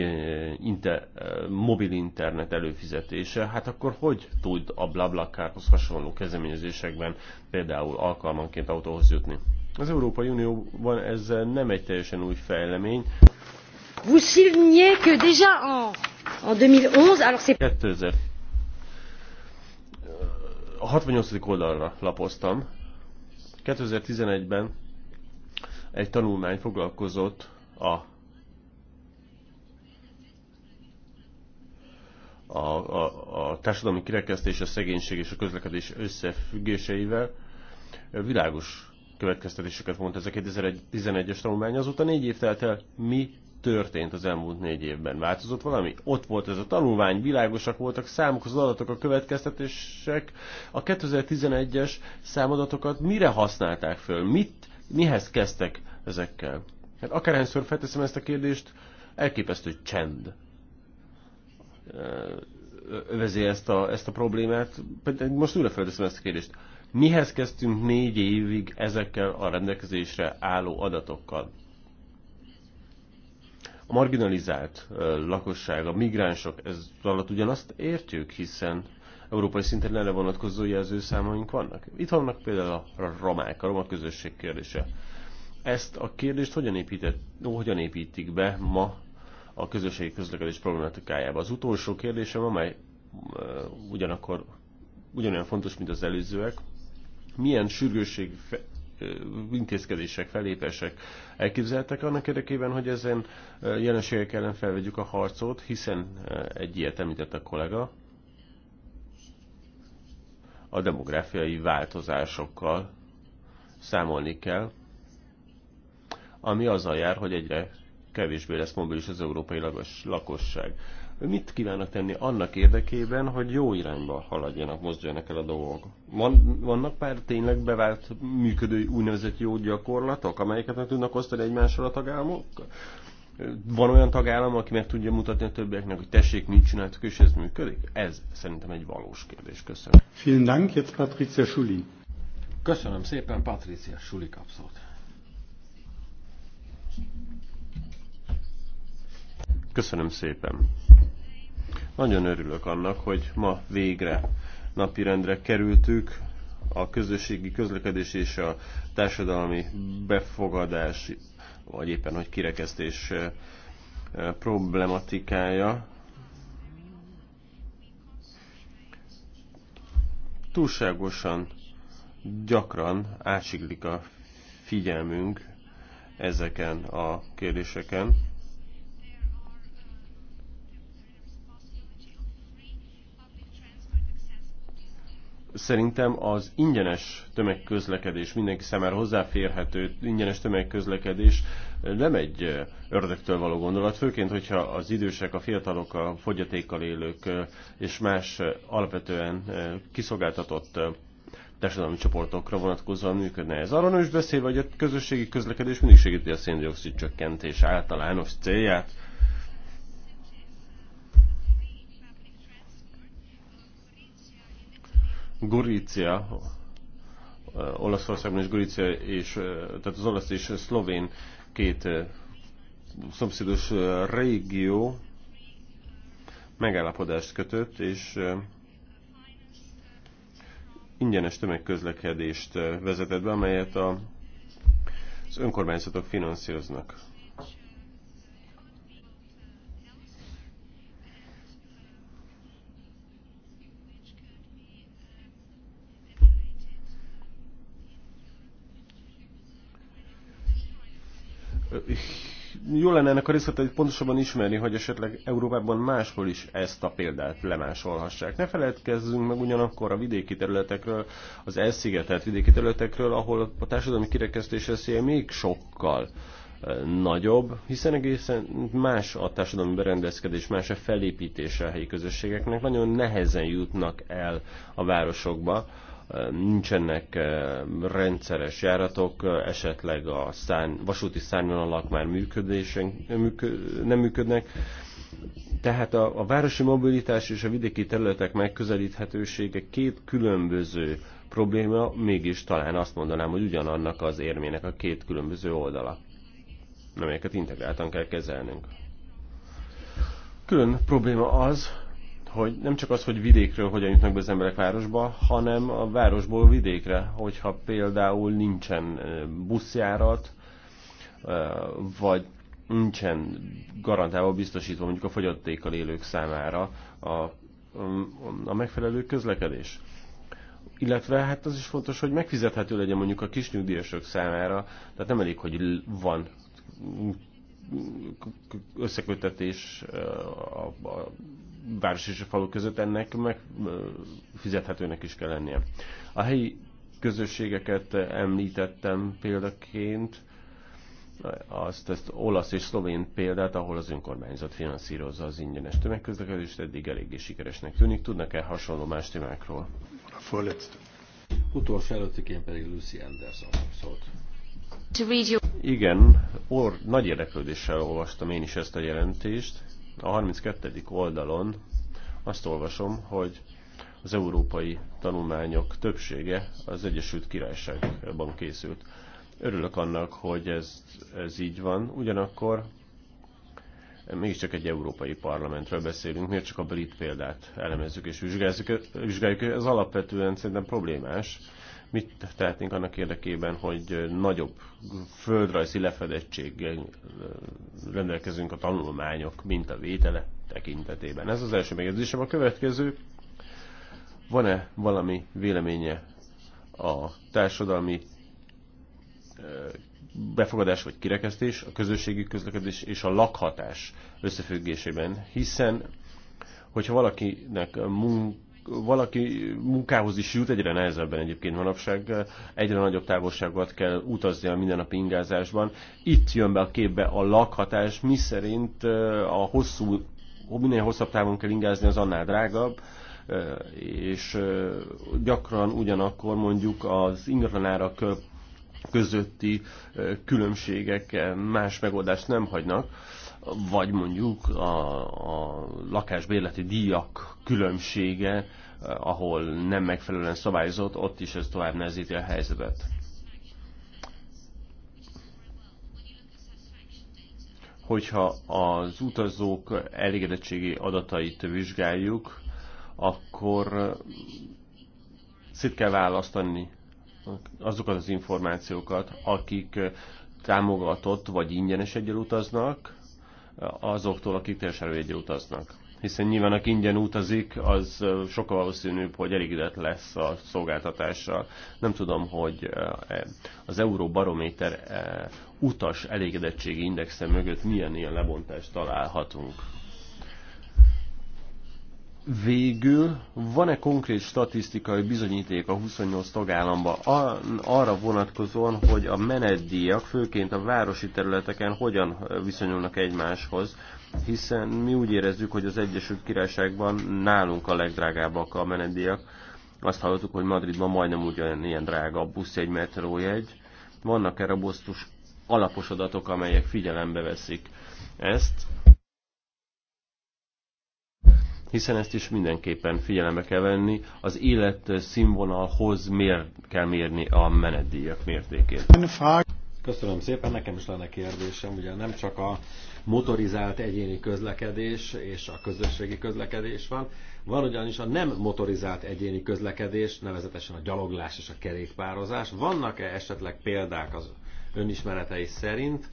inter, e, mobil internet előfizetése, hát akkor hogy tud a blablakárhoz hasonló kezdeményezésekben például alkalmanként autóhoz jutni? Az Európai Unióban ez nem egy teljesen új fejlemény. 2000. A 68. oldalra lapoztam. 2011-ben egy tanulmány foglalkozott a a, a, a társadalmi kirekesztés, a szegénység és a közlekedés összefüggéseivel világos következtetéseket mondta ez a 2011-es tanulmány. Azóta négy év telt el, mi történt az elmúlt négy évben? Változott valami? Ott volt ez a tanulmány, világosak voltak számok, az adatok, a következtetések. A 2011-es számadatokat mire használták föl? Mit Mihez kezdtek ezekkel? Hát akárhányszor felteszem ezt a kérdést, elképesztő csend övezi ezt a, ezt a problémát. Most újra felteszem ezt a kérdést. Mihez kezdtünk négy évig ezekkel a rendelkezésre álló adatokkal? A marginalizált lakosság, a migránsok, ez alatt ugyanazt értjük, hiszen európai szinten erre vonatkozó jelzőszámaink vannak. Itt vannak például a romák, a roma közösség kérdése. Ezt a kérdést hogyan, épített, ó, hogyan építik be ma a közösségi közlekedés problematikájába? Az utolsó kérdésem, amely uh, ugyanakkor ugyanolyan fontos, mint az előzőek, milyen sürgősség intézkedések, felépések elképzeltek annak érdekében, hogy ezen jelenségek ellen felvegyük a harcot, hiszen egy ilyet említett a kollega, a demográfiai változásokkal számolni kell, ami azzal jár, hogy egyre kevésbé lesz mobilis az európai lakosság. Mit kívánnak tenni annak érdekében, hogy jó irányba haladjanak, mozduljanak el a dolgok? Van, vannak pár tényleg bevált működő úgynevezett jó gyakorlatok, amelyeket meg tudnak osztani egymással a tagállamokkal? Van olyan tagállam, aki meg tudja mutatni a többieknek, hogy tessék, mit csináltuk, és ez működik? Ez szerintem egy valós kérdés. Köszönöm. Vielen Dank, jetzt Patricia Schuli. Köszönöm szépen, Patricia Schuli kapszót. Köszönöm szépen. Nagyon örülök annak, hogy ma végre napirendre kerültük a közösségi közlekedés és a társadalmi befogadás vagy éppen hogy kirekesztés problematikája. Túlságosan gyakran átsiklik a figyelmünk ezeken a kérdéseken Szerintem az ingyenes tömegközlekedés, mindenki számára hozzáférhető ingyenes tömegközlekedés nem egy ördögtől való gondolat, főként, hogyha az idősek, a fiatalok, a fogyatékkal élők és más alapvetően kiszolgáltatott társadalmi csoportokra vonatkozóan működne ez. Arról is beszélve, hogy a közösségi közlekedés mindig segíti a széndiokszid csökkentés általános célját, Gorícia, eh, Olaszországban is Gorícia, és, eh, tehát az olasz és szlovén két eh, szomszédos régió megállapodást kötött, és ingyenes tömegközlekedést vezetett be, amelyet a, az önkormányzatok finanszíroznak. jó lenne ennek a részleteit pontosabban ismerni, hogy esetleg Európában máshol is ezt a példát lemásolhassák. Ne feledkezzünk meg ugyanakkor a vidéki területekről, az elszigetelt vidéki területekről, ahol a társadalmi kirekesztés esélye még sokkal nagyobb, hiszen egészen más a társadalmi berendezkedés, más a felépítése a helyi közösségeknek, nagyon nehezen jutnak el a városokba nincsenek eh, rendszeres járatok, esetleg a szárny, vasúti szárnyalak már működésen, nem működnek. Tehát a, a városi mobilitás és a vidéki területek megközelíthetősége két különböző probléma, mégis talán azt mondanám, hogy ugyanannak az érmének a két különböző oldala, amelyeket integráltan kell kezelnünk. Külön probléma az, hogy nem csak az, hogy vidékről hogyan jutnak be az emberek városba, hanem a városból vidékre, hogyha például nincsen buszjárat, vagy nincsen garantálva biztosítva mondjuk a fogyatékkal élők számára a, a megfelelő közlekedés. Illetve hát az is fontos, hogy megfizethető legyen mondjuk a kis nyugdíjasok számára, tehát nem elég, hogy van összekötetés a, a város és a falu között, ennek meg fizethetőnek is kell lennie. A helyi közösségeket említettem példaként, azt, ezt olasz és szlovén példát, ahol az önkormányzat finanszírozza az ingyenes tömegközlekedést, eddig eléggé sikeresnek tűnik. Tudnak-e hasonló más témákról? A forletzt. Utolsó előttiként pedig Lucy Anderson szólt. Igen, or, nagy érdeklődéssel olvastam én is ezt a jelentést, a 32. oldalon azt olvasom, hogy az európai tanulmányok többsége az Egyesült Királyságban készült. Örülök annak, hogy ez, ez így van, ugyanakkor mégiscsak egy európai parlamentről beszélünk, miért csak a brit példát elemezzük és vizsgáljuk, vizsgáljuk. Ez alapvetően szerintem problémás, Mit tehetnénk annak érdekében, hogy nagyobb földrajzi lefedettséggel rendelkezünk a tanulmányok mint a vétele tekintetében? Ez az első megjegyzésem. A következő, van-e valami véleménye a társadalmi befogadás vagy kirekesztés, a közösségi közlekedés és a lakhatás összefüggésében, hiszen hogyha valakinek munk valaki munkához is jut, egyre nehezebben egyébként manapság, egyre nagyobb távolságot kell utazni a mindennapi ingázásban. Itt jön be a képbe a lakhatás, mi szerint eh, a hosszú, minél hosszabb távon kell ingázni, az annál drágabb, eh, és eh, gyakran ugyanakkor mondjuk az ingatlanárak közötti különbségek más megoldást nem hagynak vagy mondjuk a, a lakásbérleti díjak különbsége, eh, ahol nem megfelelően szabályozott, ott is ez tovább nehezíti a helyzetet. Hogyha az utazók elégedettségi adatait vizsgáljuk, akkor eh, szét kell választani azokat az információkat, akik eh, támogatott vagy ingyenes egyel utaznak, azoktól, akik térservédje utaznak. Hiszen nyilván, aki ingyen utazik, az sokkal valószínűbb, hogy elégedett lesz a szolgáltatással. Nem tudom, hogy e, az Euróbarométer e, utas elégedettségi indexe mögött milyen ilyen lebontást találhatunk. Végül van-e konkrét statisztikai bizonyíték a 28 tagállamban arra vonatkozóan, hogy a menetdíjak főként a városi területeken hogyan viszonyulnak egymáshoz, hiszen mi úgy érezzük, hogy az Egyesült Királyságban nálunk a legdrágábbak a menetdíjak. Azt hallottuk, hogy Madridban majdnem ilyen drága a busz egy metrójegy. Vannak erre robosztus alapos adatok, amelyek figyelembe veszik ezt hiszen ezt is mindenképpen figyelembe kell venni, az élet színvonalhoz mér, kell mérni a menetdíjak mértékét. Köszönöm szépen, nekem is lenne kérdésem, ugye nem csak a motorizált egyéni közlekedés és a közösségi közlekedés van, van ugyanis a nem motorizált egyéni közlekedés, nevezetesen a gyaloglás és a kerékpározás. Vannak-e esetleg példák az önismeretei szerint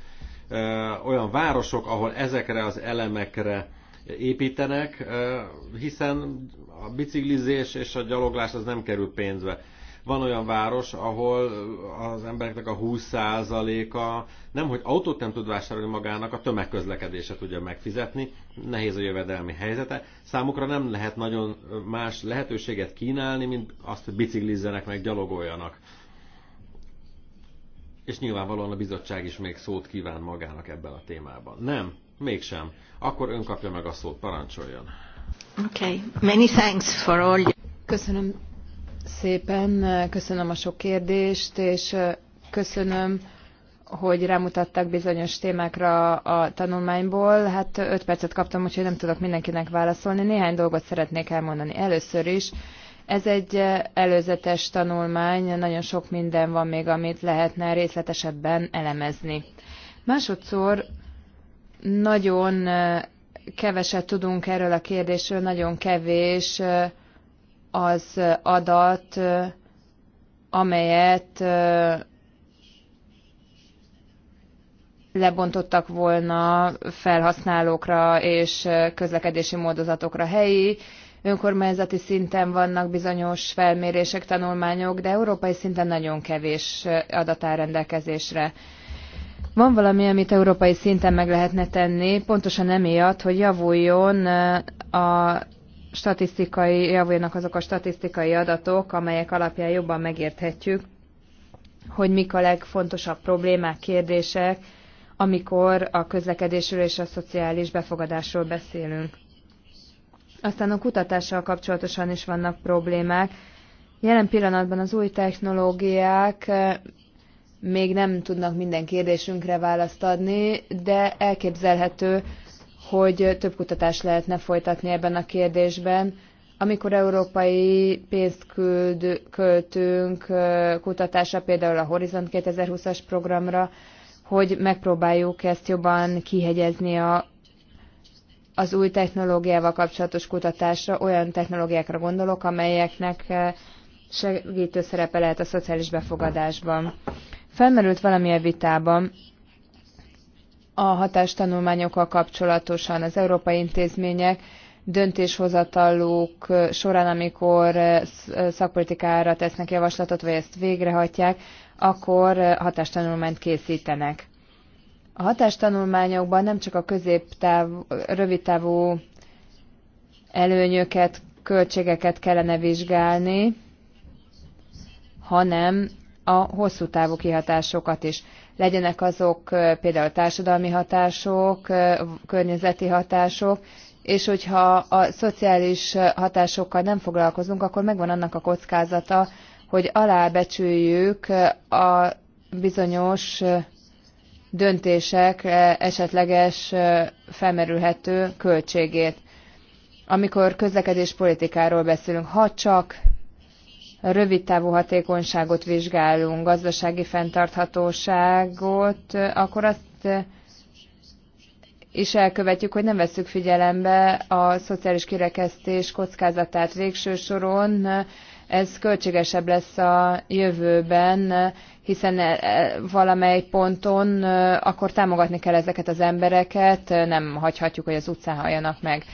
olyan városok, ahol ezekre az elemekre építenek, hiszen a biciklizés és a gyaloglás az nem kerül pénzbe. Van olyan város, ahol az embereknek a 20%-a nem, hogy autót nem tud vásárolni magának, a tömegközlekedése tudja megfizetni, nehéz a jövedelmi helyzete. Számukra nem lehet nagyon más lehetőséget kínálni, mint azt, hogy biciklizzenek meg, gyalogoljanak. És nyilvánvalóan a bizottság is még szót kíván magának ebben a témában. Nem, Mégsem. Akkor ön kapja meg a szót, parancsoljon. Okay. Many thanks for all... Köszönöm szépen, köszönöm a sok kérdést, és köszönöm, hogy rámutattak bizonyos témákra a tanulmányból. Hát öt percet kaptam, úgyhogy nem tudok mindenkinek válaszolni. Néhány dolgot szeretnék elmondani. Először is, ez egy előzetes tanulmány, nagyon sok minden van még, amit lehetne részletesebben elemezni. Másodszor nagyon keveset tudunk erről a kérdésről, nagyon kevés az adat, amelyet lebontottak volna felhasználókra és közlekedési módozatokra helyi, önkormányzati szinten vannak bizonyos felmérések, tanulmányok, de európai szinten nagyon kevés adat áll rendelkezésre. Van valami, amit európai szinten meg lehetne tenni, pontosan emiatt, hogy javuljon a statisztikai, javuljanak azok a statisztikai adatok, amelyek alapján jobban megérthetjük, hogy mik a legfontosabb problémák, kérdések, amikor a közlekedésről és a szociális befogadásról beszélünk. Aztán a kutatással kapcsolatosan is vannak problémák. Jelen pillanatban az új technológiák még nem tudnak minden kérdésünkre választ adni, de elképzelhető, hogy több kutatást lehetne folytatni ebben a kérdésben. Amikor európai pénzt küld, költünk kutatásra, például a Horizont 2020-as programra, hogy megpróbáljuk ezt jobban kihegyezni a, az új technológiával kapcsolatos kutatásra, olyan technológiákra gondolok, amelyeknek segítő szerepe lehet a szociális befogadásban. Felmerült valamilyen vitában a hatástanulmányokkal kapcsolatosan az európai intézmények döntéshozataluk során, amikor szakpolitikára tesznek javaslatot, vagy ezt végrehajtják, akkor hatástanulmányt készítenek. A hatástanulmányokban nem csak a középtáv, rövidtávú előnyöket, költségeket kellene vizsgálni, hanem a hosszú távú kihatásokat is. Legyenek azok például társadalmi hatások, környezeti hatások, és hogyha a szociális hatásokkal nem foglalkozunk, akkor megvan annak a kockázata, hogy alábecsüljük a bizonyos döntések esetleges felmerülhető költségét. Amikor közlekedéspolitikáról beszélünk, ha csak rövid távú hatékonyságot vizsgálunk, gazdasági fenntarthatóságot, akkor azt is elkövetjük, hogy nem veszük figyelembe a szociális kirekesztés kockázatát végső soron, ez költségesebb lesz a jövőben, hiszen e, e, valamely ponton e, akkor támogatni kell ezeket az embereket, nem hagyhatjuk, hogy az utcán halljanak meg.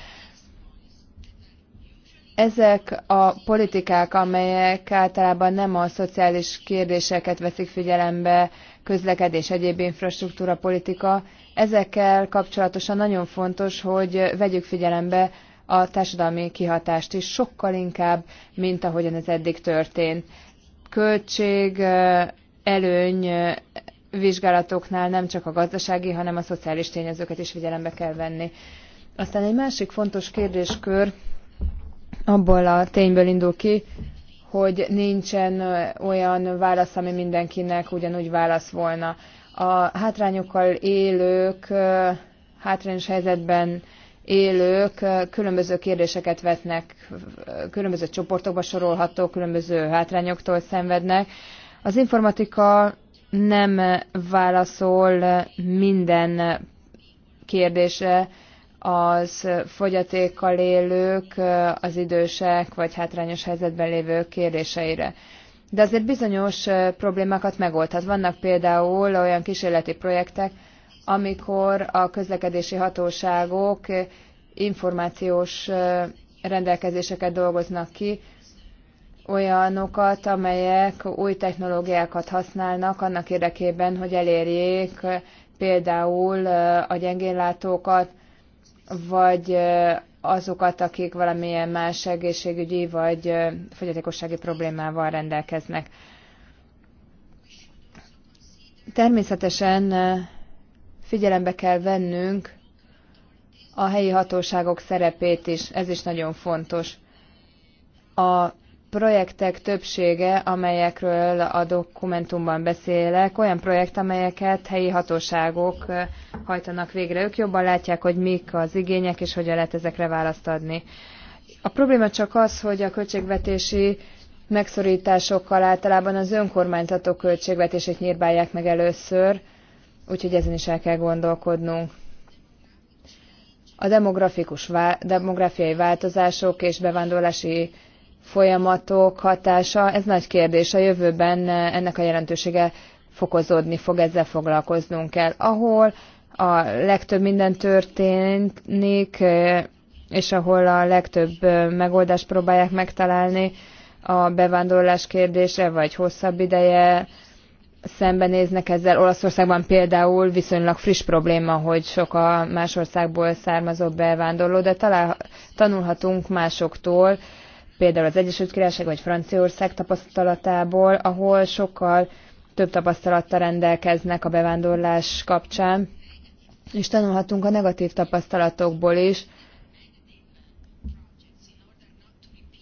Ezek a politikák, amelyek általában nem a szociális kérdéseket veszik figyelembe, közlekedés, egyéb infrastruktúra politika, ezekkel kapcsolatosan nagyon fontos, hogy vegyük figyelembe a társadalmi kihatást is sokkal inkább, mint ahogyan ez eddig történt. Költség, előny vizsgálatoknál nem csak a gazdasági, hanem a szociális tényezőket is figyelembe kell venni. Aztán egy másik fontos kérdéskör, abból a tényből indul ki, hogy nincsen olyan válasz, ami mindenkinek ugyanúgy válasz volna. A hátrányokkal élők, hátrányos helyzetben élők különböző kérdéseket vetnek, különböző csoportokba sorolható, különböző hátrányoktól szenvednek. Az informatika nem válaszol minden kérdésre, az fogyatékkal élők, az idősek vagy hátrányos helyzetben lévők kérdéseire. De azért bizonyos problémákat megoldhat. Vannak például olyan kísérleti projektek, amikor a közlekedési hatóságok információs rendelkezéseket dolgoznak ki, olyanokat, amelyek új technológiákat használnak annak érdekében, hogy elérjék például a gyengénlátókat, vagy azokat, akik valamilyen más egészségügyi vagy fogyatékossági problémával rendelkeznek. Természetesen figyelembe kell vennünk a helyi hatóságok szerepét is, ez is nagyon fontos. A projektek többsége, amelyekről a dokumentumban beszélek, olyan projekt, amelyeket helyi hatóságok hajtanak végre. Ők jobban látják, hogy mik az igények, és hogyan lehet ezekre választ adni. A probléma csak az, hogy a költségvetési megszorításokkal általában az önkormányzatok költségvetését nyírbálják meg először, úgyhogy ezen is el kell gondolkodnunk. A demografikus, demográfiai változások és bevándorlási folyamatok hatása, ez nagy kérdés. A jövőben ennek a jelentősége fokozódni fog, ezzel foglalkoznunk kell. Ahol a legtöbb minden történik, és ahol a legtöbb megoldást próbálják megtalálni a bevándorlás kérdése, vagy hosszabb ideje szembenéznek ezzel. Olaszországban például viszonylag friss probléma, hogy sok a más országból származó bevándorló, de talál, tanulhatunk másoktól, például az Egyesült Királyság vagy Franciaország tapasztalatából, ahol sokkal több tapasztalattal rendelkeznek a bevándorlás kapcsán és tanulhatunk a negatív tapasztalatokból is,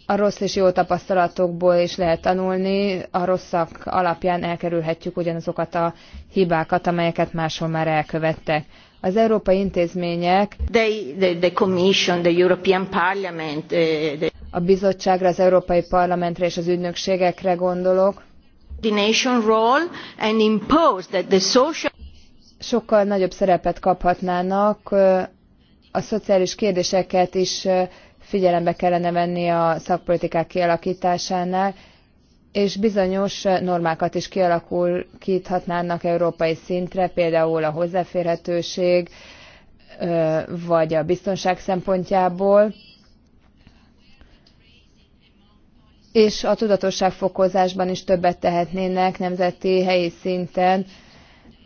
a rossz és jó tapasztalatokból is lehet tanulni, a rosszak alapján elkerülhetjük ugyanazokat a hibákat, amelyeket máshol már elkövettek. Az európai intézmények, they, the, the Commission, the European Parliament, the, eh, the... a bizottságra, az Európai Parlamentre és az ügynökségekre gondolok, role and impose that the social sokkal nagyobb szerepet kaphatnának, a szociális kérdéseket is figyelembe kellene venni a szakpolitikák kialakításánál, és bizonyos normákat is kialakíthatnának európai szintre, például a hozzáférhetőség, vagy a biztonság szempontjából, és a tudatosságfokozásban is többet tehetnének nemzeti, helyi szinten,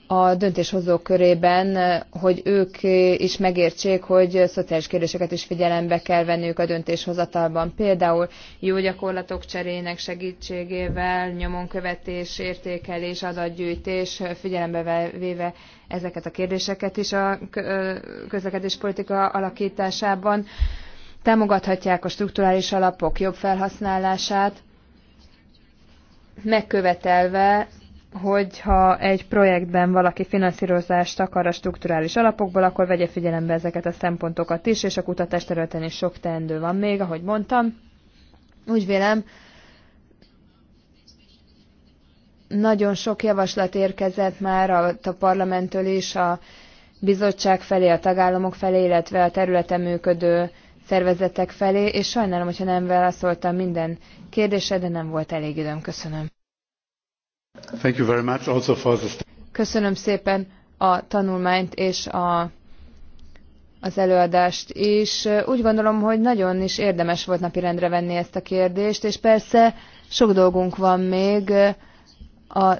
a döntéshozók körében, hogy ők is megértsék, hogy szociális kérdéseket is figyelembe kell venniük a döntéshozatalban. Például jó gyakorlatok cserének segítségével, nyomonkövetés, értékelés, adatgyűjtés, figyelembe véve ezeket a kérdéseket is a közlekedéspolitika alakításában. Támogathatják a strukturális alapok jobb felhasználását, megkövetelve hogyha egy projektben valaki finanszírozást akar a strukturális alapokból, akkor vegye figyelembe ezeket a szempontokat is, és a kutatás területen is sok teendő van még, ahogy mondtam. Úgy vélem, nagyon sok javaslat érkezett már a, a parlamenttől is, a bizottság felé, a tagállamok felé, illetve a területen működő szervezetek felé, és sajnálom, hogyha nem válaszoltam minden kérdésre, de nem volt elég időm. Köszönöm. Thank you very much also for the... Köszönöm szépen a tanulmányt és a, az előadást is. Úgy gondolom, hogy nagyon is érdemes volt napirendre venni ezt a kérdést, és persze sok dolgunk van még a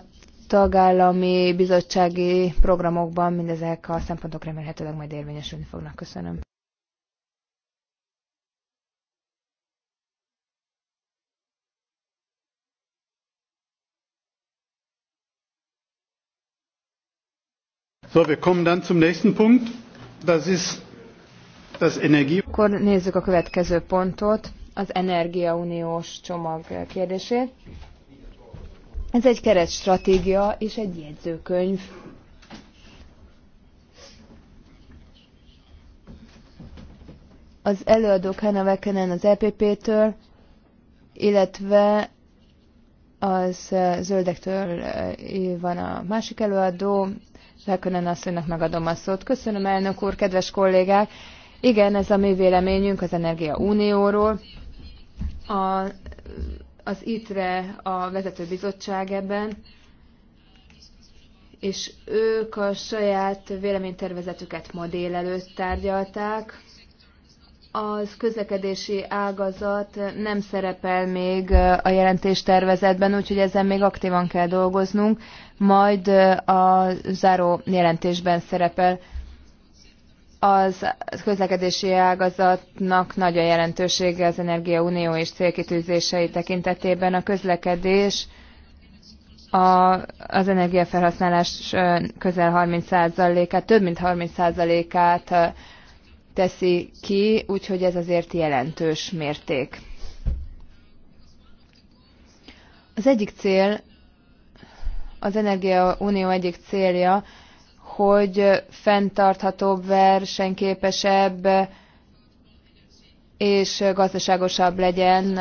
tagállami bizottsági programokban mindezek a szempontok remélhetőleg majd érvényesülni fognak. Köszönöm. So, wir kommen dann zum nächsten Punkt. Das ist das Energie. Akkor nézzük a következő pontot, az energiauniós csomag kérdését. Ez egy keretstratégia és egy jegyzőkönyv. Az előadók Hanna Vekenen az EPP-től, illetve az eh, zöldektől eh, van a másik előadó, Lekönön asszonynak megadom a szót. Köszönöm, elnök úr, kedves kollégák! Igen, ez a mi véleményünk az Energia Unióról. A, az ITRE a vezető bizottság ebben, és ők a saját véleménytervezetüket ma délelőtt tárgyalták az közlekedési ágazat nem szerepel még a jelentéstervezetben, úgyhogy ezen még aktívan kell dolgoznunk, majd a záró jelentésben szerepel. Az közlekedési ágazatnak nagy a jelentősége az Energiaunió és célkitűzései tekintetében. A közlekedés a, az energiafelhasználás közel 30%-át, több mint 30%-át teszi ki, úgyhogy ez azért jelentős mérték. Az egyik cél, az Energia Unió egyik célja, hogy fenntarthatóbb, versenyképesebb és gazdaságosabb legyen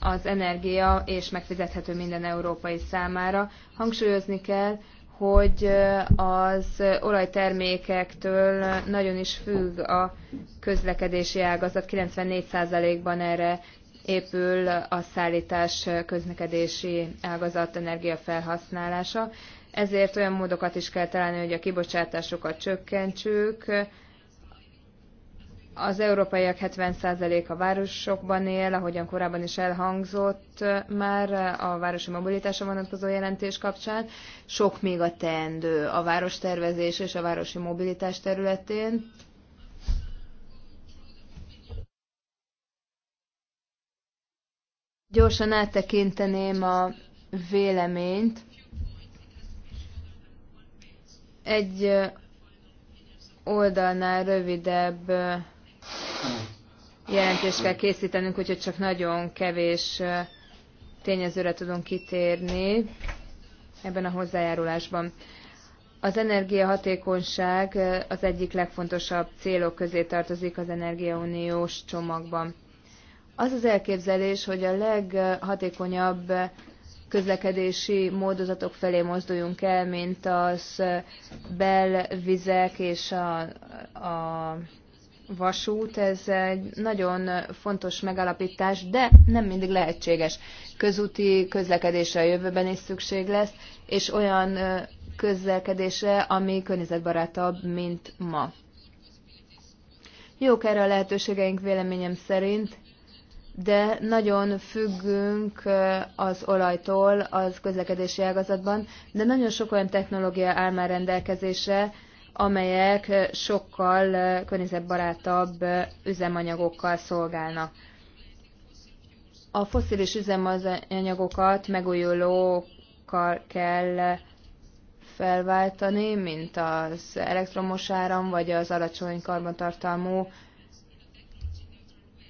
az energia, és megfizethető minden európai számára. Hangsúlyozni kell, hogy az olajtermékektől nagyon is függ a közlekedési ágazat, 94%-ban erre épül a szállítás közlekedési ágazat energiafelhasználása. Ezért olyan módokat is kell találni, hogy a kibocsátásokat csökkentsük, az európaiak 70% a városokban él, ahogyan korábban is elhangzott már a városi mobilitásra vonatkozó jelentés kapcsán. Sok még a teendő a várostervezés és a városi mobilitás területén. Gyorsan áttekinteném a véleményt. Egy oldalnál rövidebb jelentést kell készítenünk, úgyhogy csak nagyon kevés tényezőre tudunk kitérni ebben a hozzájárulásban. Az energiahatékonyság az egyik legfontosabb célok közé tartozik az energiauniós csomagban. Az az elképzelés, hogy a leghatékonyabb közlekedési módozatok felé mozduljunk el, mint az belvizek és a, a vasút, ez egy nagyon fontos megalapítás, de nem mindig lehetséges. Közúti közlekedésre a jövőben is szükség lesz, és olyan közlekedésre, ami környezetbarátabb, mint ma. Jók erre a lehetőségeink véleményem szerint, de nagyon függünk az olajtól az közlekedési ágazatban, de nagyon sok olyan technológia áll már rendelkezésre, amelyek sokkal környezetbarátabb üzemanyagokkal szolgálnak. A foszilis üzemanyagokat megújulókkal kell felváltani, mint az elektromos áram, vagy az alacsony karbantartalmú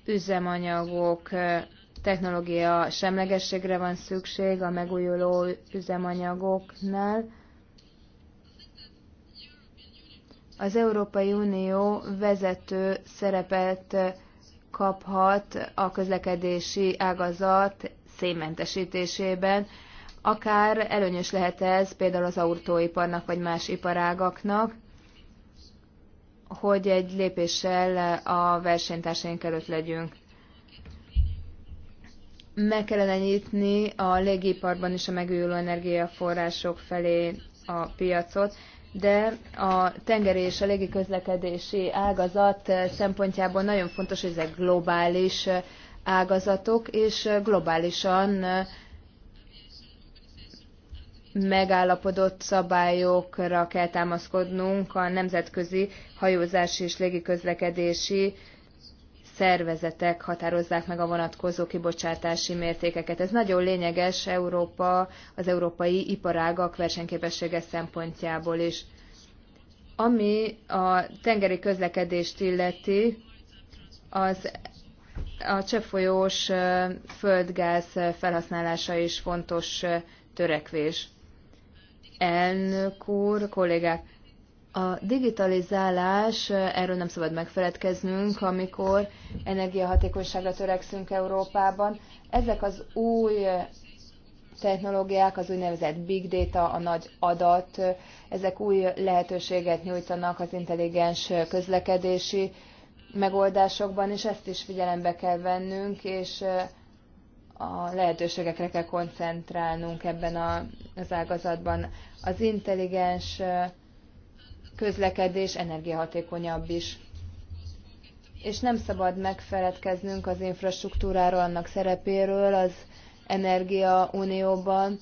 üzemanyagok technológia semlegességre van szükség a megújuló üzemanyagoknál az Európai Unió vezető szerepet kaphat a közlekedési ágazat szénmentesítésében, akár előnyös lehet ez például az autóiparnak vagy más iparágaknak, hogy egy lépéssel a versenytársaink előtt legyünk. Meg kellene nyitni a légiparban is a megújuló energiaforrások felé a piacot de a tengeri és a légiközlekedési ágazat eh, szempontjából nagyon fontos, hogy ezek globális eh, ágazatok, és eh, globálisan megállapodott szabályokra kell támaszkodnunk a nemzetközi hajózási és légiközlekedési szervezetek határozzák meg a vonatkozó kibocsátási mértékeket. Ez nagyon lényeges Európa, az európai iparágak versenyképessége szempontjából is. Ami a tengeri közlekedést illeti, az a cseppfolyós földgáz felhasználása is fontos törekvés. Elnök úr, kollégák, a digitalizálás, erről nem szabad megfeledkeznünk, amikor energiahatékonyságra törekszünk Európában. Ezek az új technológiák, az úgynevezett big data, a nagy adat, ezek új lehetőséget nyújtanak az intelligens közlekedési megoldásokban, és ezt is figyelembe kell vennünk, és a lehetőségekre kell koncentrálnunk ebben az ágazatban. Az intelligens közlekedés energiahatékonyabb is. És nem szabad megfeledkeznünk az infrastruktúráról, annak szerepéről az Energia Unióban.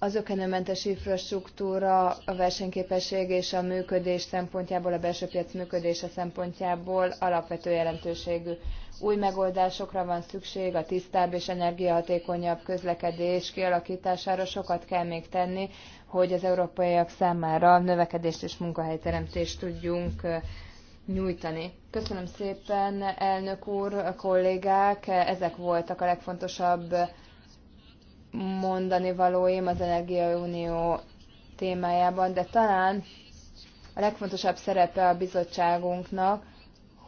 Az ökenőmentes infrastruktúra a versenyképesség és a működés szempontjából, a belső piac működése szempontjából alapvető jelentőségű új megoldásokra van szükség, a tisztább és energiahatékonyabb közlekedés kialakítására sokat kell még tenni, hogy az európaiak számára növekedést és munkahelyteremtést tudjunk nyújtani. Köszönöm szépen, elnök úr, a kollégák, ezek voltak a legfontosabb mondani valóim az Energiaunió témájában, de talán a legfontosabb szerepe a bizottságunknak,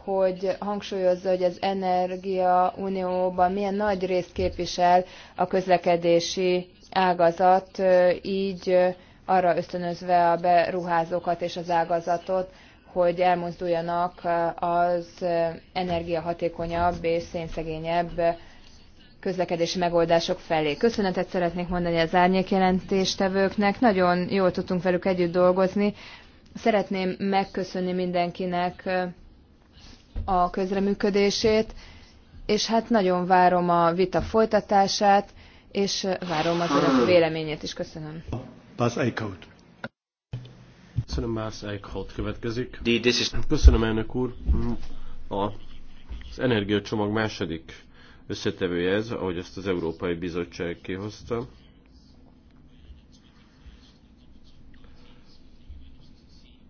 hogy hangsúlyozza, hogy az Energia Unióban milyen nagy részt képvisel a közlekedési ágazat, így arra ösztönözve a beruházókat és az ágazatot, hogy elmozduljanak az energiahatékonyabb és szénszegényebb közlekedési megoldások felé. Köszönetet szeretnék mondani az árnyékjelentéstevőknek. nagyon jól tudtunk velük együtt dolgozni. Szeretném megköszönni mindenkinek a közreműködését, és hát nagyon várom a vita folytatását, és várom az önök ah. véleményét is. Köszönöm. Buzz Eichhout. Köszönöm, Buzz Eichhout következik. Köszönöm, elnök úr. az energiacsomag második összetevője ez, ahogy ezt az Európai Bizottság kihozta.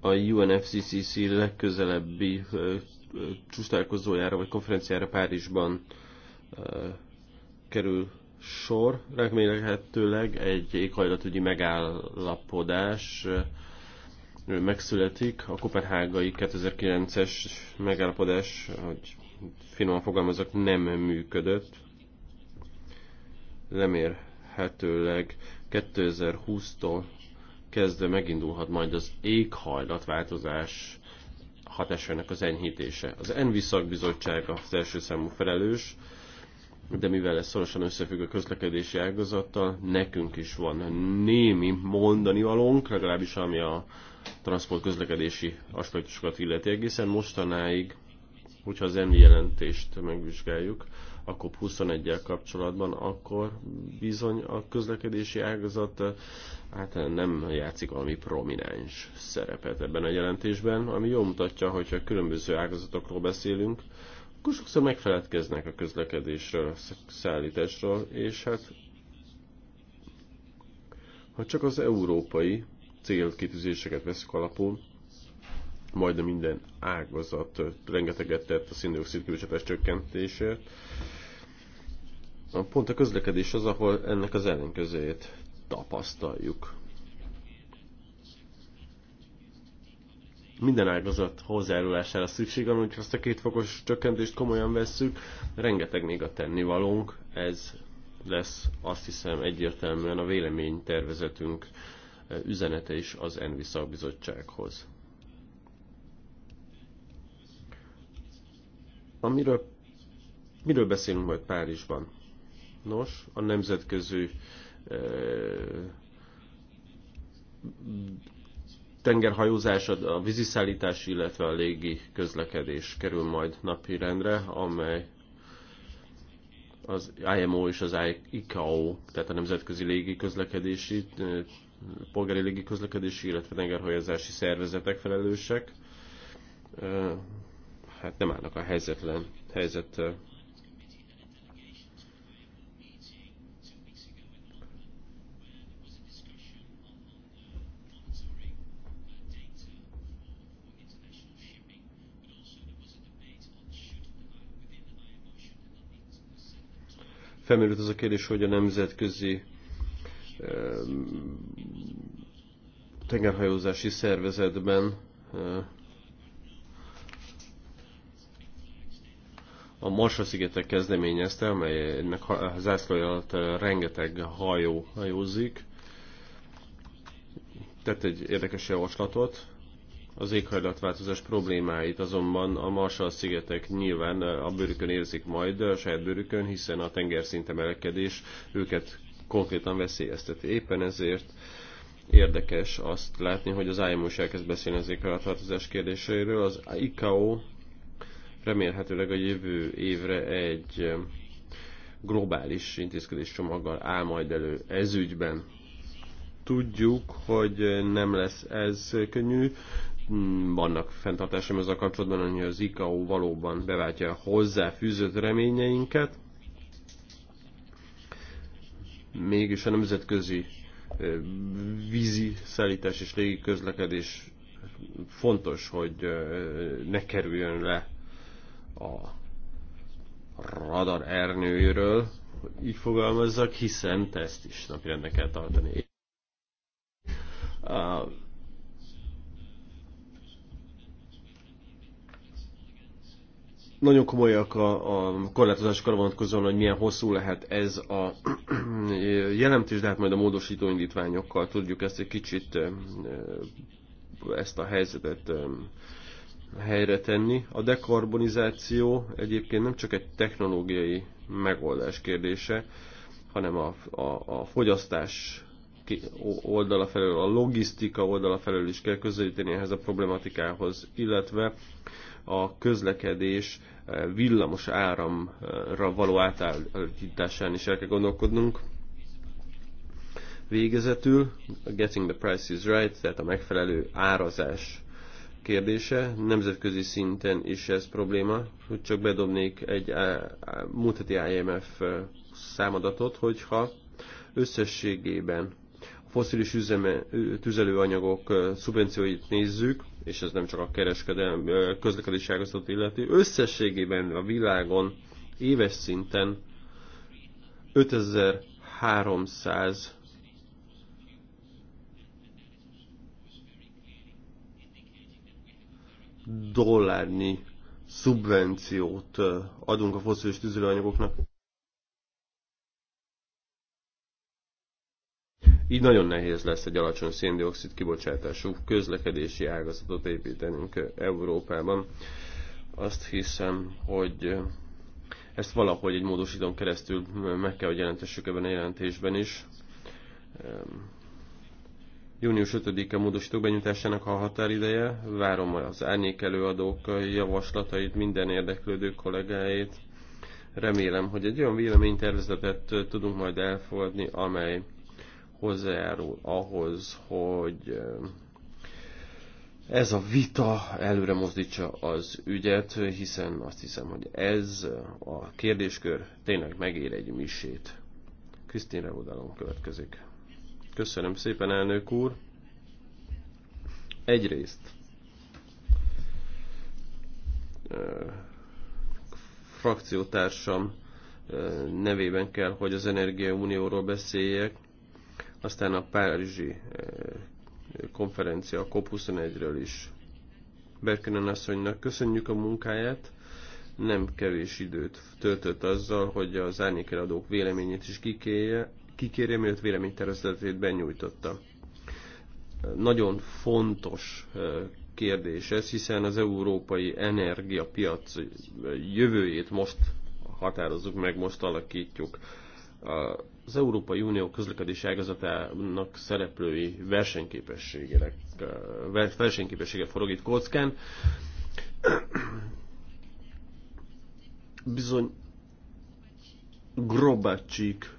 A UNFCCC legközelebbi csúsztálkozójára vagy konferenciára Párizsban kerül sor, remélhetőleg egy éghajlatügyi megállapodás megszületik. A kopenhágai 2009-es megállapodás, hogy finoman fogalmazok, nem működött. Remélhetőleg 2020-tól kezdve megindulhat majd az éghajlatváltozás hatásainak az enyhítése. Az ENVI szakbizottság az első számú felelős, de mivel ez szorosan összefügg a közlekedési ágazattal, nekünk is van némi mondani valónk, legalábbis ami a transport közlekedési aspektusokat illeti egészen mostanáig, hogyha az ENVI jelentést megvizsgáljuk, a COP21-el kapcsolatban, akkor bizony a közlekedési ágazat eh, hát nem játszik valami prominens szerepet ebben a jelentésben, ami jól mutatja, hogyha különböző ágazatokról beszélünk, akkor sokszor megfeledkeznek a közlekedésről, szállításról, és hát ha csak az európai célkitűzéseket veszük alapul, majdnem minden ágazat rengeteget tett a széndiokszid kibocsátás csökkentésért, Pont a közlekedés az, ahol ennek az ellenkezőjét tapasztaljuk. minden ágazat hozzájárulására szükség van, hogyha ezt a két fokos csökkentést komolyan vesszük, rengeteg még a tennivalónk, ez lesz azt hiszem egyértelműen a véleménytervezetünk üzenete is az Envi szakbizottsághoz. Amiről miről beszélünk majd Párizsban? Nos, a nemzetközi e, tengerhajózás, a víziszállítás, illetve a légi közlekedés kerül majd napirendre, amely az IMO és az ICAO, tehát a Nemzetközi Légi Közlekedési, e, Polgári Légi Közlekedési, illetve tengerhajózási szervezetek felelősek. E, hát nem állnak a helyzetlen, helyzet Felmerült az a kérdés, hogy a nemzetközi tengerhajózási szervezetben a Marsa-szigetek kezdeményezte, amelynek zászlója alatt rengeteg hajó hajózik. Tett egy érdekes javaslatot. Az éghajlatváltozás problémáit azonban a Marshall-szigetek nyilván eh, a bőrükön érzik majd, eh, a saját bőrükön, hiszen a tengerszint emelkedés őket konkrétan veszélyezteti. Éppen ezért érdekes azt látni, hogy az IMO is elkezd beszélni az éghajlatváltozás kérdéseiről. Az ICAO remélhetőleg a jövő évre egy eh, globális intézkedés csomaggal áll majd elő ezügyben. Tudjuk, hogy nem lesz ez könnyű, Mm, vannak fenntartásom ezzel kapcsolatban, hogy az ICAO valóban beváltja hozzá fűzött reményeinket. Mégis a nemzetközi vízi szállítás és légi közlekedés fontos, hogy ne kerüljön le a radar ernőjéről, így fogalmazzak, hiszen ezt is napirendnek kell tartani. Nagyon komolyak a, a korlátozásokra vonatkozóan, hogy milyen hosszú lehet ez a *clears throat* jelentés, de hát majd a módosító indítványokkal tudjuk ezt egy kicsit ezt a helyzetet helyre tenni. A dekarbonizáció egyébként nem csak egy technológiai megoldás kérdése, hanem a, a, a fogyasztás oldala felől, a logisztika oldala felől is kell közelíteni ehhez a problematikához, illetve a közlekedés eh, villamos áramra való átállításán is el kell gondolkodnunk. Végezetül a Getting the Price is Right, tehát a megfelelő árazás kérdése, nemzetközi szinten is ez probléma, hogy csak bedobnék egy eh, eh, múlt IMF számadatot, hogyha összességében a foszilis üzeme, tüzelőanyagok szubvencióit nézzük, és ez nem csak a kereskedelmi közlekedési ágazatot illeti, összességében a világon éves szinten 5300 dollárnyi szubvenciót adunk a foszilis tüzelőanyagoknak. Így nagyon nehéz lesz egy alacsony széndiokszid kibocsátású közlekedési ágazatot építenünk Európában. Azt hiszem, hogy ezt valahogy egy módosítón keresztül meg kell, hogy jelentessük ebben a jelentésben is. Ehm, június 5-e módosítók benyújtásának a határideje. Várom az árnyék előadók javaslatait, minden érdeklődő kollégáit. Remélem, hogy egy olyan véleménytervezetet tudunk majd elfogadni, amely hozzájárul ahhoz, hogy eh, ez a vita előre mozdítsa az ügyet, hiszen azt hiszem, hogy ez a kérdéskör tényleg megér egy misét. Krisztin Revodalom következik. Köszönöm szépen, elnök úr! Egyrészt eh, frakciótársam eh, nevében kell, hogy az energia unióról beszéljek, aztán a Párizsi eh, konferencia, a COP21-ről is. Berkenen asszonynak köszönjük a munkáját. Nem kevés időt töltött azzal, hogy az árnyékeladók véleményét is kikérje, kikérje mielőtt véleménytervezetét benyújtotta. Nagyon fontos eh, kérdés ez, hiszen az európai energiapiac eh, jövőjét most határozzuk meg, most alakítjuk az Európai Unió közlekedési ágazatának szereplői versenyképességének, eh, versenyképessége forog itt kockán. *clears throat* Bizony grobacsik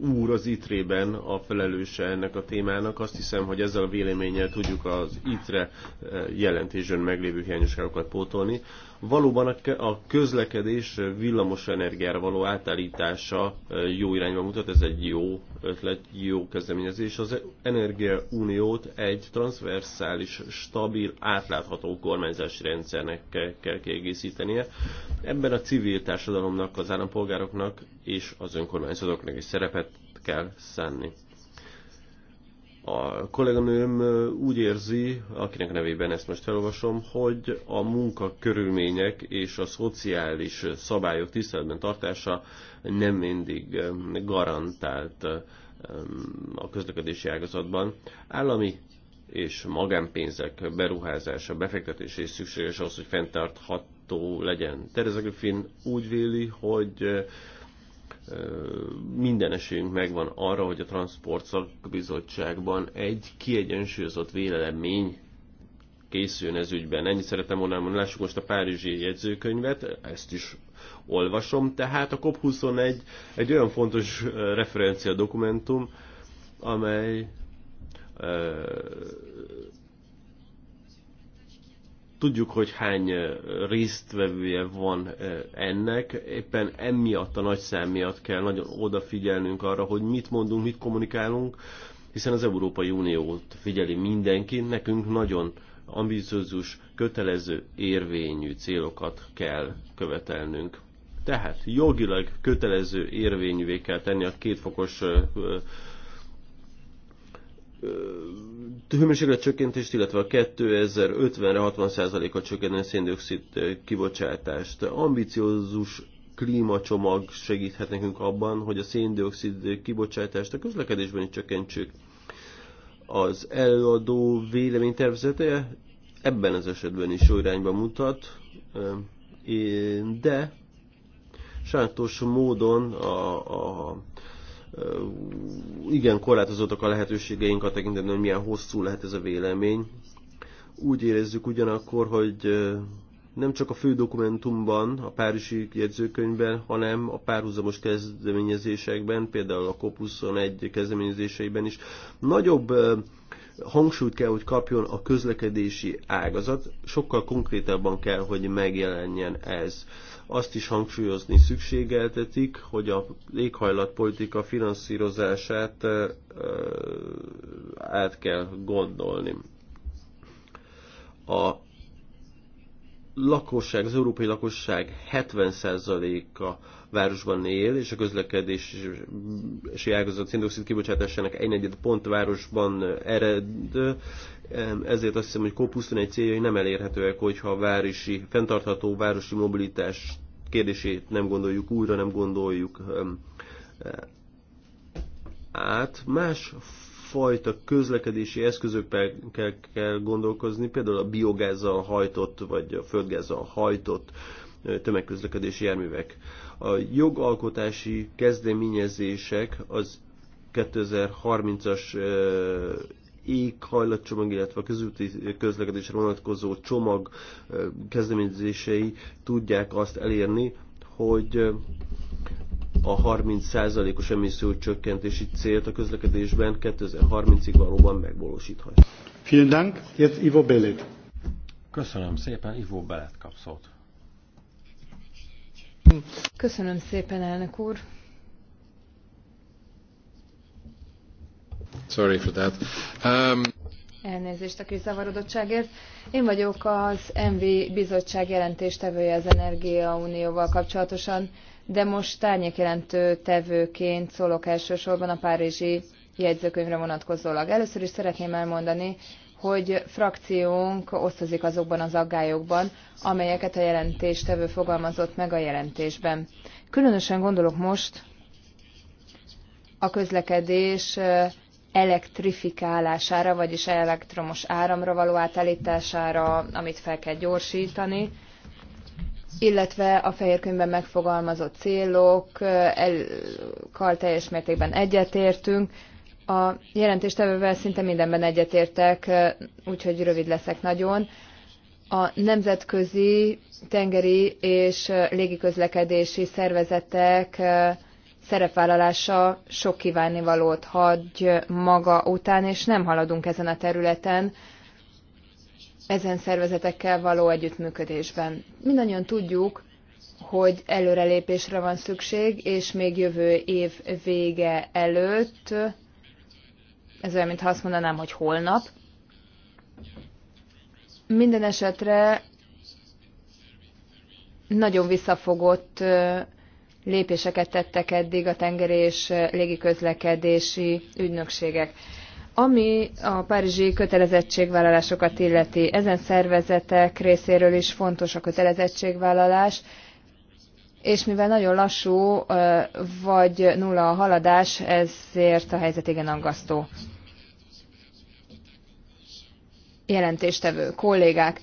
úr az ITRE-ben a felelőse ennek a témának. Azt hiszem, hogy ezzel a véleménnyel tudjuk az ITRE eh, jelentésön meglévő hiányosságokat pótolni. Valóban a közlekedés villamos energiára való átállítása jó irányba mutat, ez egy jó ötlet, jó kezdeményezés. Az Energia Uniót egy transversális, stabil, átlátható kormányzási rendszernek kell kiegészítenie. Ebben a civil társadalomnak, az állampolgároknak és az önkormányzatoknak is szerepet kell szánni a kolléganőm úgy érzi, akinek nevében ezt most felolvasom, hogy a munkakörülmények és a szociális szabályok tiszteletben tartása nem mindig garantált a közlekedési ágazatban. Állami és magánpénzek beruházása, befektetése is szükséges ahhoz, hogy fenntartható legyen. Tereza úgy véli, hogy minden esélyünk megvan arra, hogy a Transport Szakbizottságban egy kiegyensúlyozott vélemény készüljön ez ügyben. Ennyi szeretem volna mondani, lássuk most a Párizsi jegyzőkönyvet, ezt is olvasom. Tehát a COP21 egy olyan fontos referencia dokumentum, amely Tudjuk, hogy hány résztvevője van ennek, éppen emiatt a nagy szám miatt kell nagyon odafigyelnünk arra, hogy mit mondunk, mit kommunikálunk, hiszen az Európai Uniót figyeli mindenki, nekünk nagyon ambiciózus, kötelező, érvényű célokat kell követelnünk. Tehát jogilag kötelező érvényűvé kell tenni a kétfokos hőmérséklet csökkentést, illetve a 2050-re 60%-a csökkenő a széndiokszid kibocsátást. Ambiciózus klímacsomag segíthet nekünk abban, hogy a széndiokszid kibocsátást a közlekedésben is csökkentsük. Az előadó véleménytervezete ebben az esetben is jó irányba mutat, de sajátos módon a, a igen korlátozottak a lehetőségeink a tekintetben, hogy milyen hosszú lehet ez a vélemény. Úgy érezzük ugyanakkor, hogy nem csak a fő dokumentumban, a Párizsi jegyzőkönyvben, hanem a párhuzamos kezdeményezésekben, például a COP21 kezdeményezéseiben is nagyobb hangsúlyt kell, hogy kapjon a közlekedési ágazat, sokkal konkrétabban kell, hogy megjelenjen ez azt is hangsúlyozni szükségeltetik, hogy a éghajlatpolitika finanszírozását át kell gondolni. A lakosság, az európai lakosság 70%-a városban él, és a közlekedési ágazat szindoxid kibocsátásának egynegyed pont városban ered, ezért azt hiszem, hogy COP21 céljai nem elérhetőek, hogyha a városi, fenntartható városi mobilitás kérdését nem gondoljuk újra, nem gondoljuk át. Más fajta közlekedési eszközökkel kell, kell gondolkozni, például a biogázzal hajtott, vagy a földgázzal hajtott tömegközlekedési járművek. A jogalkotási kezdeményezések az 2030-as éghajlatcsomag, illetve a közúti közlekedésre vonatkozó csomag kezdeményezései tudják azt elérni, hogy a 30%-os csökkentési célt a közlekedésben 2030-ig valóban megvalósíthatjuk. Vielen Dank, jetzt Ivo Belet. Köszönöm szépen, Ivo Belet kap szót. Köszönöm szépen, elnök úr. Sorry for that. Um... Elnézést a zavarodottságért. Én vagyok az MV bizottság jelentéstevője az Energia Unióval kapcsolatosan, de most tárnyékjelentő tevőként szólok elsősorban a Párizsi jegyzőkönyvre vonatkozólag. Először is szeretném elmondani, hogy frakciónk osztozik azokban az aggályokban, amelyeket a jelentéstevő fogalmazott meg a jelentésben. Különösen gondolok most a közlekedés elektrifikálására, vagyis elektromos áramra való átállítására, amit fel kell gyorsítani, illetve a fehér könyvben megfogalmazott célokkal teljes mértékben egyetértünk. A jelentéstevővel szinte mindenben egyetértek, úgyhogy rövid leszek nagyon. A Nemzetközi Tengeri és Légiközlekedési Szervezetek szerepvállalása sok kívánivalót hagy maga után, és nem haladunk ezen a területen, ezen szervezetekkel való együttműködésben. Mindannyian tudjuk, hogy előrelépésre van szükség, és még jövő év vége előtt, ez olyan, mintha azt mondanám, hogy holnap. Minden esetre nagyon visszafogott lépéseket tettek eddig a tengeri és légiközlekedési ügynökségek. Ami a párizsi kötelezettségvállalásokat illeti, ezen szervezetek részéről is fontos a kötelezettségvállalás, és mivel nagyon lassú vagy nulla a haladás, ezért a helyzet igen aggasztó. Jelentéstevő kollégák,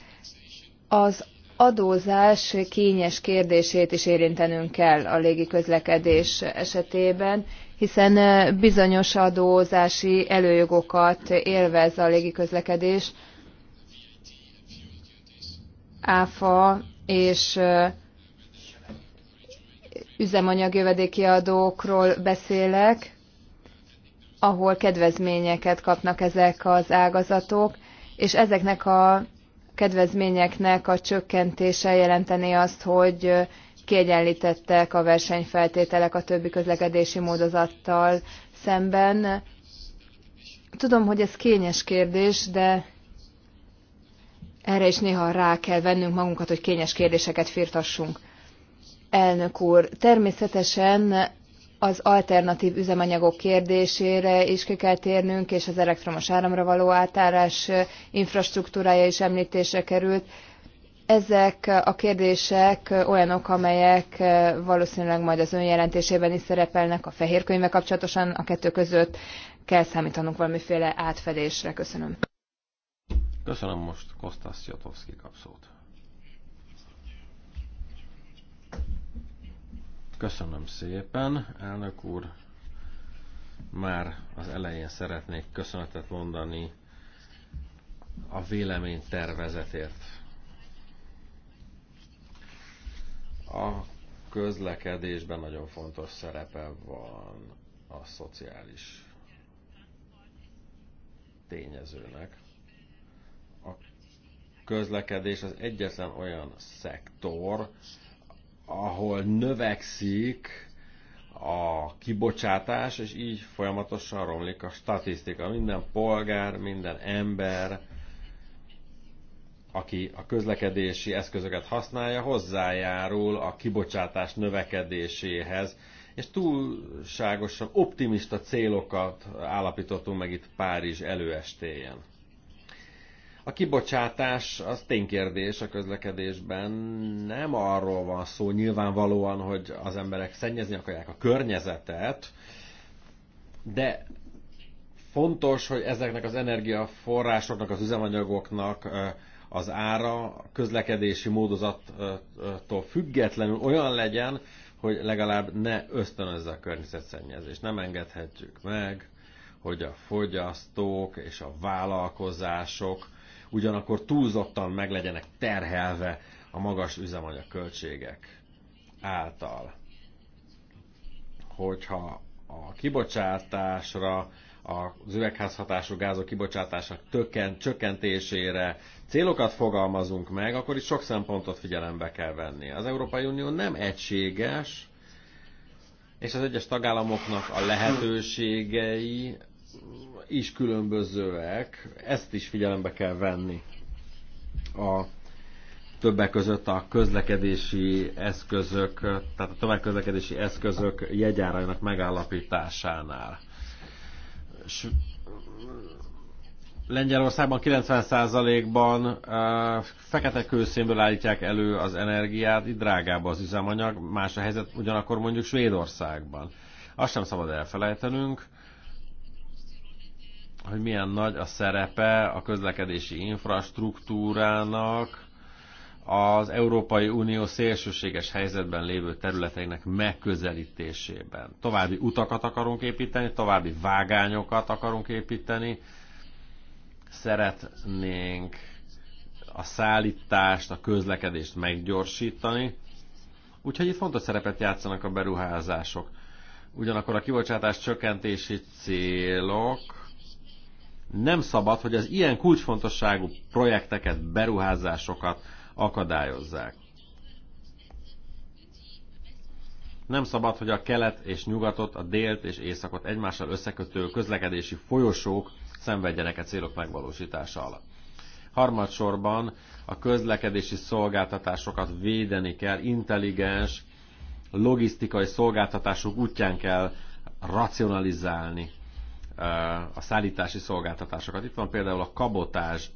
az adózás kényes kérdését is érintenünk kell a légi közlekedés esetében, hiszen bizonyos adózási előjogokat élvez a légi közlekedés áfa és üzemanyagjövedéki adókról beszélek, ahol kedvezményeket kapnak ezek az ágazatok, és ezeknek a kedvezményeknek a csökkentése jelenteni azt, hogy kiegyenlítettek a versenyfeltételek a többi közlekedési módozattal szemben. Tudom, hogy ez kényes kérdés, de erre is néha rá kell vennünk magunkat, hogy kényes kérdéseket firtassunk. Elnök úr, természetesen az alternatív üzemanyagok kérdésére is ki kell térnünk, és az elektromos áramra való átállás infrastruktúrája is említése került. Ezek a kérdések olyanok, amelyek valószínűleg majd az önjelentésében is szerepelnek a fehér könyve kapcsolatosan, a kettő között kell számítanunk valamiféle átfedésre. Köszönöm. Köszönöm most Kostas Jatovszki kapszót. Köszönöm szépen, elnök úr. Már az elején szeretnék köszönetet mondani a vélemény tervezetért. A közlekedésben nagyon fontos szerepe van a szociális tényezőnek. A közlekedés az egyetlen olyan szektor, ahol növekszik a kibocsátás, és így folyamatosan romlik a statisztika. Minden polgár, minden ember, aki a közlekedési eszközöket használja, hozzájárul a kibocsátás növekedéséhez, és túlságosan optimista célokat állapítottunk meg itt Párizs előestéjén. A kibocsátás az ténykérdés a közlekedésben. Nem arról van szó nyilvánvalóan, hogy az emberek szennyezni akarják a környezetet, de fontos, hogy ezeknek az energiaforrásoknak, az üzemanyagoknak az ára a közlekedési módozattól függetlenül olyan legyen, hogy legalább ne ösztönözze a környezetszennyezést. Nem engedhetjük meg, hogy a fogyasztók és a vállalkozások ugyanakkor túlzottan meg legyenek terhelve a magas üzemanyag költségek által. Hogyha a kibocsátásra, az üvegházhatású gázok kibocsátásának tökken, csökkentésére célokat fogalmazunk meg, akkor itt sok szempontot figyelembe kell venni. Az Európai Unió nem egységes, és az egyes tagállamoknak a lehetőségei is különbözőek, ezt is figyelembe kell venni a többek között a közlekedési eszközök, tehát a tömegközlekedési eszközök jegyárainak megállapításánál. S Lengyelországban 90%-ban fekete kőszénből állítják elő az energiát, itt drágább az üzemanyag, más a helyzet ugyanakkor mondjuk Svédországban. Azt sem szabad elfelejtenünk, hogy milyen nagy a szerepe a közlekedési infrastruktúrának, az Európai Unió szélsőséges helyzetben lévő területeinek megközelítésében. További utakat akarunk építeni, további vágányokat akarunk építeni. Szeretnénk a szállítást, a közlekedést meggyorsítani. Úgyhogy itt fontos szerepet játszanak a beruházások. Ugyanakkor a kibocsátás csökkentési célok nem szabad, hogy az ilyen kulcsfontosságú projekteket, beruházásokat akadályozzák. Nem szabad, hogy a kelet és nyugatot, a délt és északot egymással összekötő közlekedési folyosók szenvedjenek a célok megvalósítása alatt. Harmadsorban a közlekedési szolgáltatásokat védeni kell, intelligens, logisztikai szolgáltatások útján kell racionalizálni a szállítási szolgáltatásokat. Itt van például a kabotás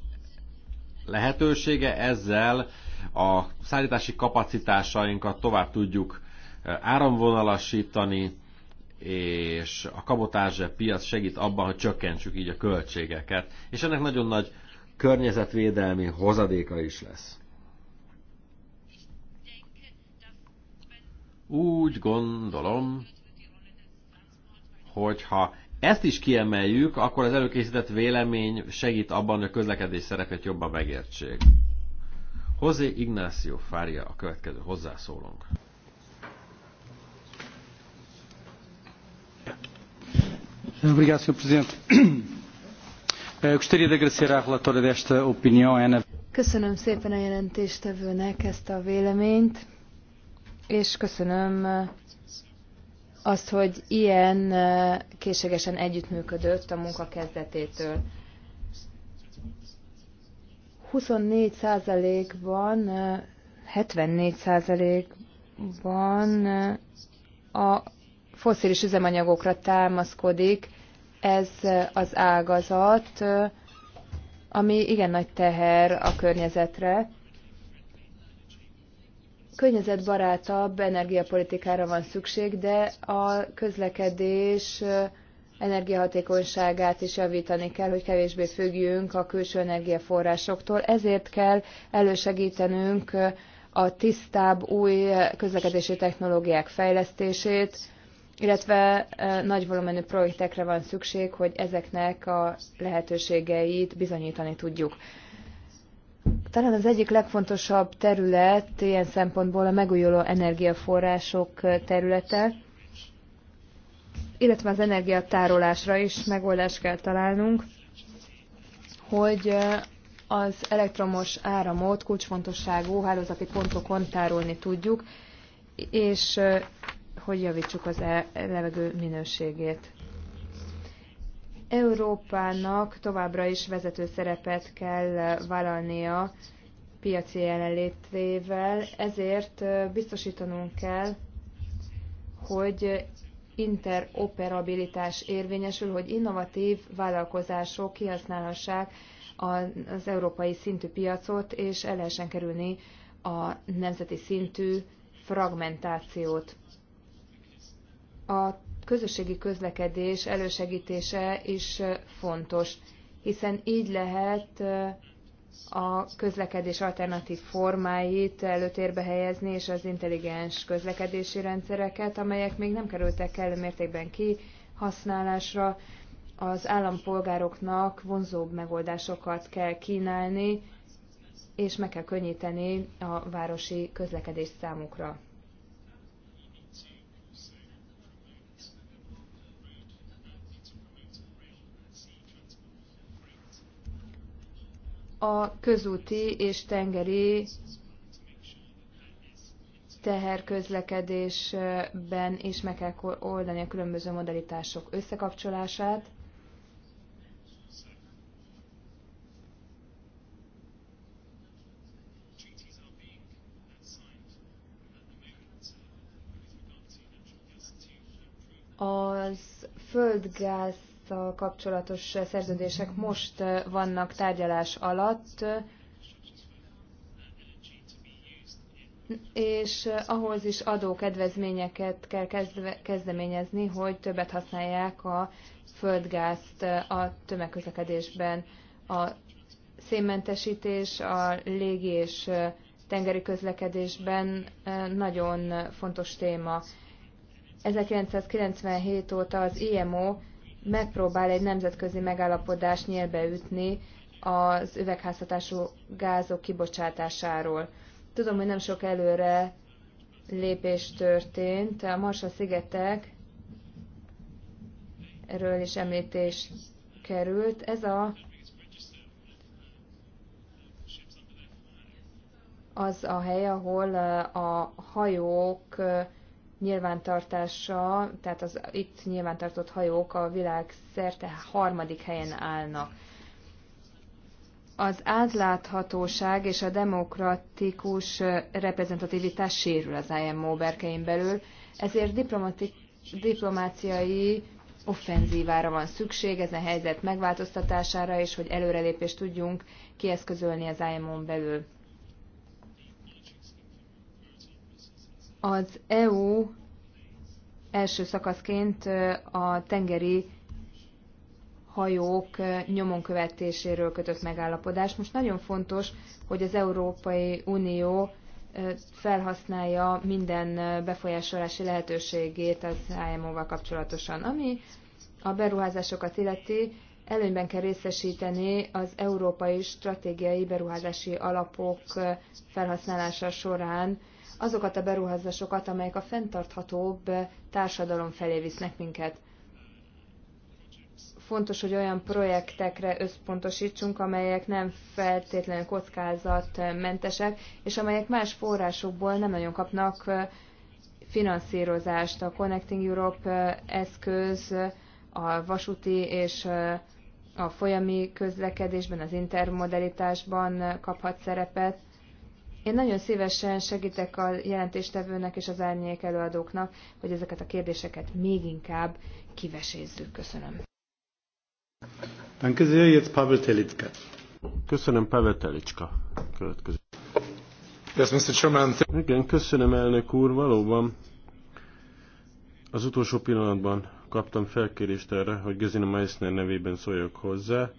lehetősége, ezzel a szállítási kapacitásainkat tovább tudjuk e, áramvonalasítani, és a kabotás piac segít abban, hogy csökkentsük így a költségeket. És ennek nagyon nagy környezetvédelmi hozadéka is lesz. Úgy gondolom, hogyha ezt is kiemeljük, akkor az előkészített vélemény segít abban, hogy a közlekedés szerepet jobban megértsék. José Ignacio Fária a következő hozzászólónk. Obrigado, Presidente. *clears throat* Eh, gostaria de agradecer à relatora desta opinião, Ana. Köszönöm szépen a jelentéstevőnek ezt a véleményt, és köszönöm eh, azt, hogy ilyen készségesen együttműködött a munka kezdetétől. 24%-ban, 74%-ban a foszilis üzemanyagokra támaszkodik ez az ágazat, ami igen nagy teher a környezetre környezetbarátabb energiapolitikára van szükség, de a közlekedés energiahatékonyságát is javítani kell, hogy kevésbé függjünk a külső energiaforrásoktól. Ezért kell elősegítenünk a tisztább új közlekedési technológiák fejlesztését, illetve nagy volumenű projektekre van szükség, hogy ezeknek a lehetőségeit bizonyítani tudjuk. Talán az egyik legfontosabb terület ilyen szempontból a megújuló energiaforrások területe, illetve az energiatárolásra is megoldást kell találnunk, hogy az elektromos áramot kulcsfontosságú hálózati pontokon tárolni tudjuk, és hogy javítsuk az e-, levegő minőségét. Európának továbbra is vezető szerepet kell vállalnia piaci jelenlétével, ezért biztosítanunk kell, hogy interoperabilitás érvényesül, hogy innovatív vállalkozások kihasználhassák az európai szintű piacot, és el lehessen kerülni a nemzeti szintű fragmentációt. A közösségi közlekedés elősegítése is fontos, hiszen így lehet a közlekedés alternatív formáit előtérbe helyezni, és az intelligens közlekedési rendszereket, amelyek még nem kerültek kellő mértékben ki használásra. Az állampolgároknak vonzóbb megoldásokat kell kínálni, és meg kell könnyíteni a városi közlekedés számukra. a közúti és tengeri teherközlekedésben is meg kell oldani a különböző modalitások összekapcsolását. Az földgáz a kapcsolatos szerződések most vannak tárgyalás alatt, és ahhoz is adókedvezményeket kell kezdeményezni, hogy többet használják a földgázt a tömegközlekedésben. A szénmentesítés a légi és tengeri közlekedésben eh, nagyon fontos téma. 1997 óta az IMO megpróbál egy nemzetközi megállapodást nyelbeütni az üvegházhatású gázok kibocsátásáról. Tudom, hogy nem sok előre lépés történt. A Marsa-szigetek erről is említés került. Ez a az a hely, ahol a hajók nyilvántartása, tehát az itt nyilvántartott hajók a világ szerte harmadik helyen állnak. Az átláthatóság és a demokratikus reprezentativitás sérül az IMO berkein belül, ezért diplomáciai offenzívára van szükség, ezen helyzet megváltoztatására, és hogy előrelépést tudjunk kieszközölni az IMO-n belül. Az EU első szakaszként a tengeri hajók nyomon követéséről kötött megállapodás. Most nagyon fontos, hogy az Európai Unió felhasználja minden befolyásolási lehetőségét az IMO-val kapcsolatosan. Ami a beruházásokat illeti, előnyben kell részesíteni az Európai Stratégiai Beruházási Alapok felhasználása során azokat a beruházásokat, amelyek a fenntarthatóbb társadalom felé visznek minket. Fontos, hogy olyan projektekre összpontosítsunk, amelyek nem feltétlenül kockázatmentesek, és amelyek más forrásokból nem nagyon kapnak finanszírozást. A Connecting Europe eszköz a vasúti és a folyami közlekedésben, az intermodalitásban kaphat szerepet, én nagyon szívesen segítek a jelentéstevőnek és az árnyék előadóknak, hogy ezeket a kérdéseket még inkább kivesézzük. Köszönöm. Danke sehr, jetzt Pavel Telicka. Köszönöm, Pavel Telicska. Következő. Yes, Mr. Chairman. Igen, köszönöm, elnök úr, valóban. Az utolsó pillanatban kaptam felkérést erre, hogy Gezina Meissner nevében szóljak hozzá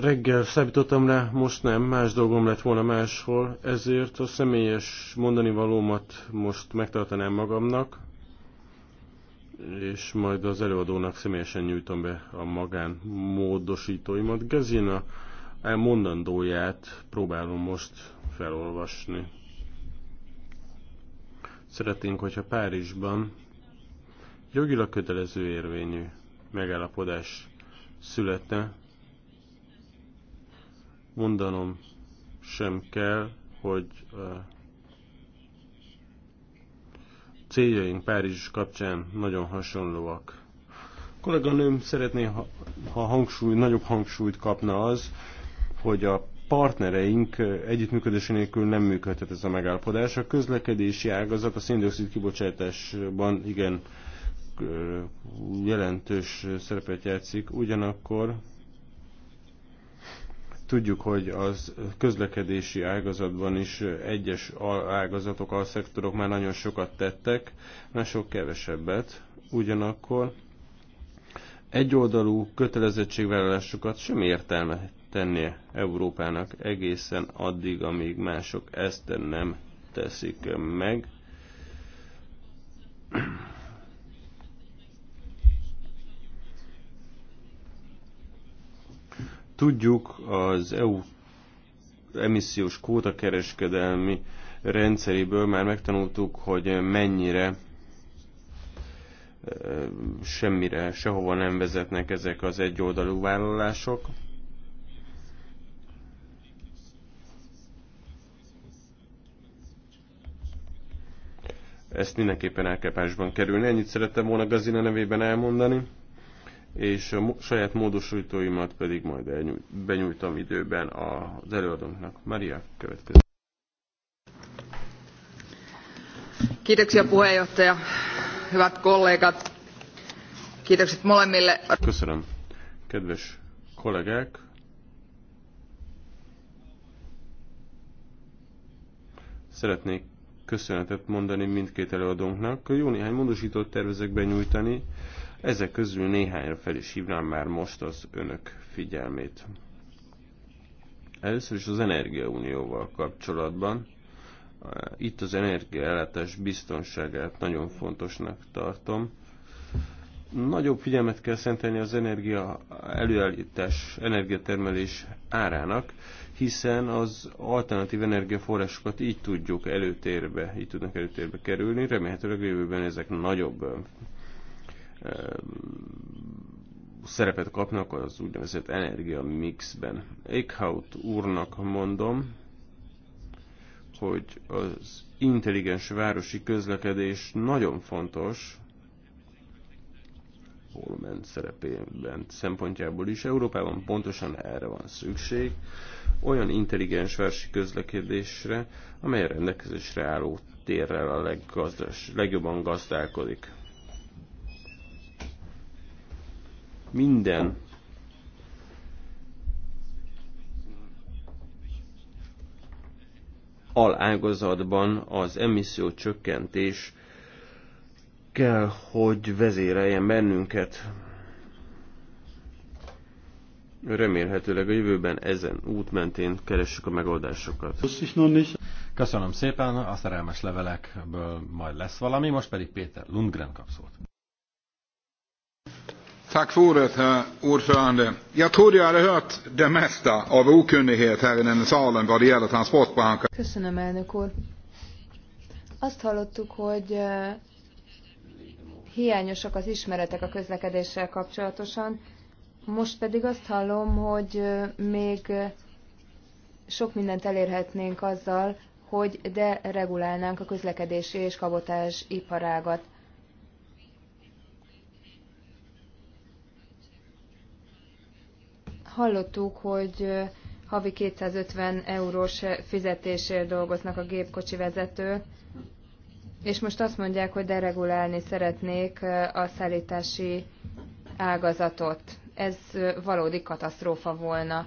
reggel számítottam rá, most nem, más dolgom lett volna máshol, ezért a személyes mondani valómat most megtartanám magamnak, és majd az előadónak személyesen nyújtom be a magán módosítóimat. Gezina elmondandóját próbálom most felolvasni. Szeretnénk, hogyha Párizsban jogilag kötelező érvényű megállapodás születne mondanom sem kell, hogy céljaink Párizs kapcsán nagyon hasonlóak. A kolléganőm szeretné, ha, hangsúly, nagyobb hangsúlyt kapna az, hogy a partnereink együttműködése nélkül nem működhet ez a megállapodás. A közlekedési ágazat a széndiokszid kibocsátásban igen jelentős szerepet játszik, ugyanakkor Tudjuk, hogy az közlekedési ágazatban is egyes ágazatok, szektorok már nagyon sokat tettek, mások kevesebbet. Ugyanakkor egyoldalú kötelezettségvállalásokat sem értelme tennie Európának egészen addig, amíg mások ezt nem teszik meg. tudjuk, az EU emissziós kvótakereskedelmi rendszeréből már megtanultuk, hogy mennyire semmire, sehova nem vezetnek ezek az egyoldalú vállalások. Ezt mindenképpen elkepásban kerülni. Ennyit szerettem volna Gazina nevében elmondani és a saját módosítóimat pedig majd benyújtam időben az előadónknak. Maria, következő. Kiitoksia puheenjohtaja, hyvät kollégat. Kiitokset molemmille. Köszönöm. Kedves kollégák, szeretnék köszönetet mondani mindkét előadónknak. Jó néhány módosított tervezek benyújtani. nyújtani ezek közül néhányra fel is hívnám már most az önök figyelmét. Először is az energiaunióval kapcsolatban. Itt az energiaellátás biztonságát nagyon fontosnak tartom. Nagyobb figyelmet kell szentelni az energia előállítás, energiatermelés árának, hiszen az alternatív energiaforrásokat így tudjuk előtérbe, így tudnak előtérbe kerülni. Remélhetőleg jövőben ezek nagyobb szerepet kapnak az úgynevezett energia mixben. Eichhout úrnak mondom, hogy az intelligens városi közlekedés nagyon fontos, Holmen szerepében szempontjából is. Európában pontosan erre van szükség, olyan intelligens városi közlekedésre, amely a rendelkezésre álló térrel a leggazdas, legjobban gazdálkodik. minden alágazatban az emisszió csökkentés kell, hogy vezéreljen bennünket. Remélhetőleg a jövőben ezen út mentén keressük a megoldásokat. Köszönöm szépen, a szerelmes levelekből majd lesz valami, most pedig Péter Lundgren kap szót. Tack för ordet, herr ordförande. Jag trodde jag hade hört det mesta av okunnighet här i den salen vad det gäller transportbranschen. Köszönöm, elnök úr. Azt hallottuk, hogy eh, hiányosak az ismeretek a közlekedéssel kapcsolatosan, most pedig azt hallom, hogy eh, még eh, sok mindent elérhetnénk azzal, hogy deregulálnánk a közlekedési és kabotás iparágat. Hallottuk, hogy havi 250 eurós fizetésért dolgoznak a gépkocsi vezető, és most azt mondják, hogy deregulálni szeretnék a szállítási ágazatot. Ez valódi katasztrófa volna.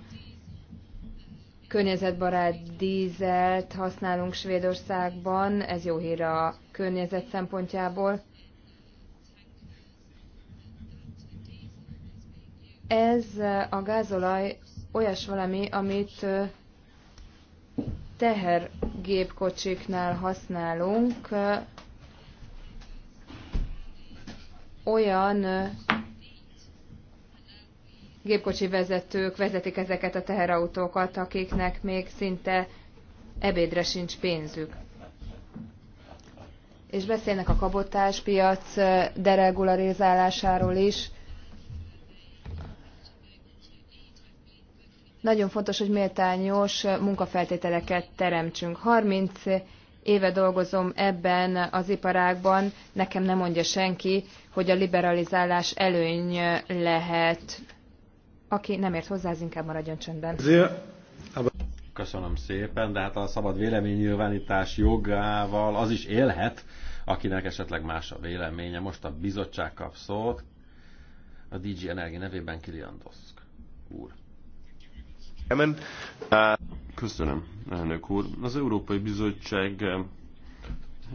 Környezetbarát dízelt használunk Svédországban, ez jó hír a környezet szempontjából, Ez a gázolaj olyas valami, amit tehergépkocsiknál használunk, olyan gépkocsi vezetők vezetik ezeket a teherautókat, akiknek még szinte ebédre sincs pénzük. És beszélnek a kabotás piac deregularizálásáról is, Nagyon fontos, hogy méltányos munkafeltételeket teremtsünk. 30 éve dolgozom ebben az iparágban, nekem nem mondja senki, hogy a liberalizálás előny lehet. Aki nem ért hozzá, az inkább maradjon csöndben. Köszönöm szépen, de hát a szabad véleménynyilvánítás jogával az is élhet, akinek esetleg más a véleménye. Most a bizottság kap szót. A DG Energi nevében Kiliandoszk úr. Uh, Köszönöm, elnök úr. Az Európai Bizottság eh,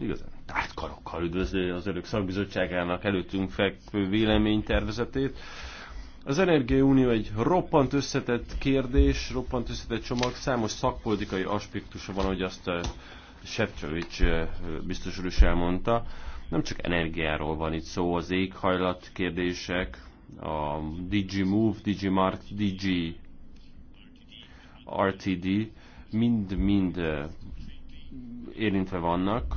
igazán tárt karokkal üdvözli az Örök szakbizottságának előttünk fekvő véleménytervezetét. Az Energiaunió egy roppant összetett kérdés, roppant összetett csomag, számos szakpolitikai aspektusa van, hogy azt eh, Sepcsovics eh, biztos úr is elmondta. Nem csak energiáról van itt szó, az éghajlat kérdések, a DigiMove, DigiMark, Digi RTD mind-mind eh, érintve vannak.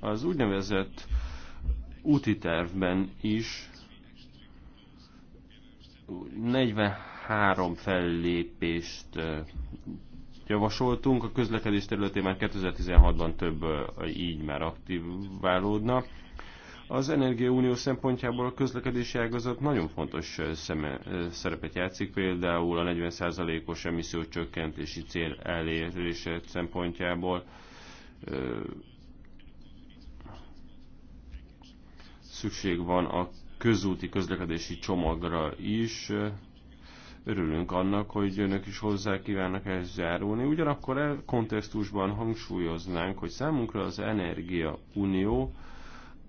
Az úgynevezett úti tervben is 43 fellépést eh, javasoltunk. A közlekedés területén már 2016-ban több eh, így már aktiválódna. Az Energiaunió szempontjából a közlekedési ágazat nagyon fontos szeme, szerepet játszik, például a 40%-os emisszió csökkentési cél elérése szempontjából szükség van a közúti közlekedési csomagra is. Örülünk annak, hogy önök is hozzá kívánnak ehhez zárulni. Ugyanakkor e kontextusban hangsúlyoznánk, hogy számunkra az Energia Unió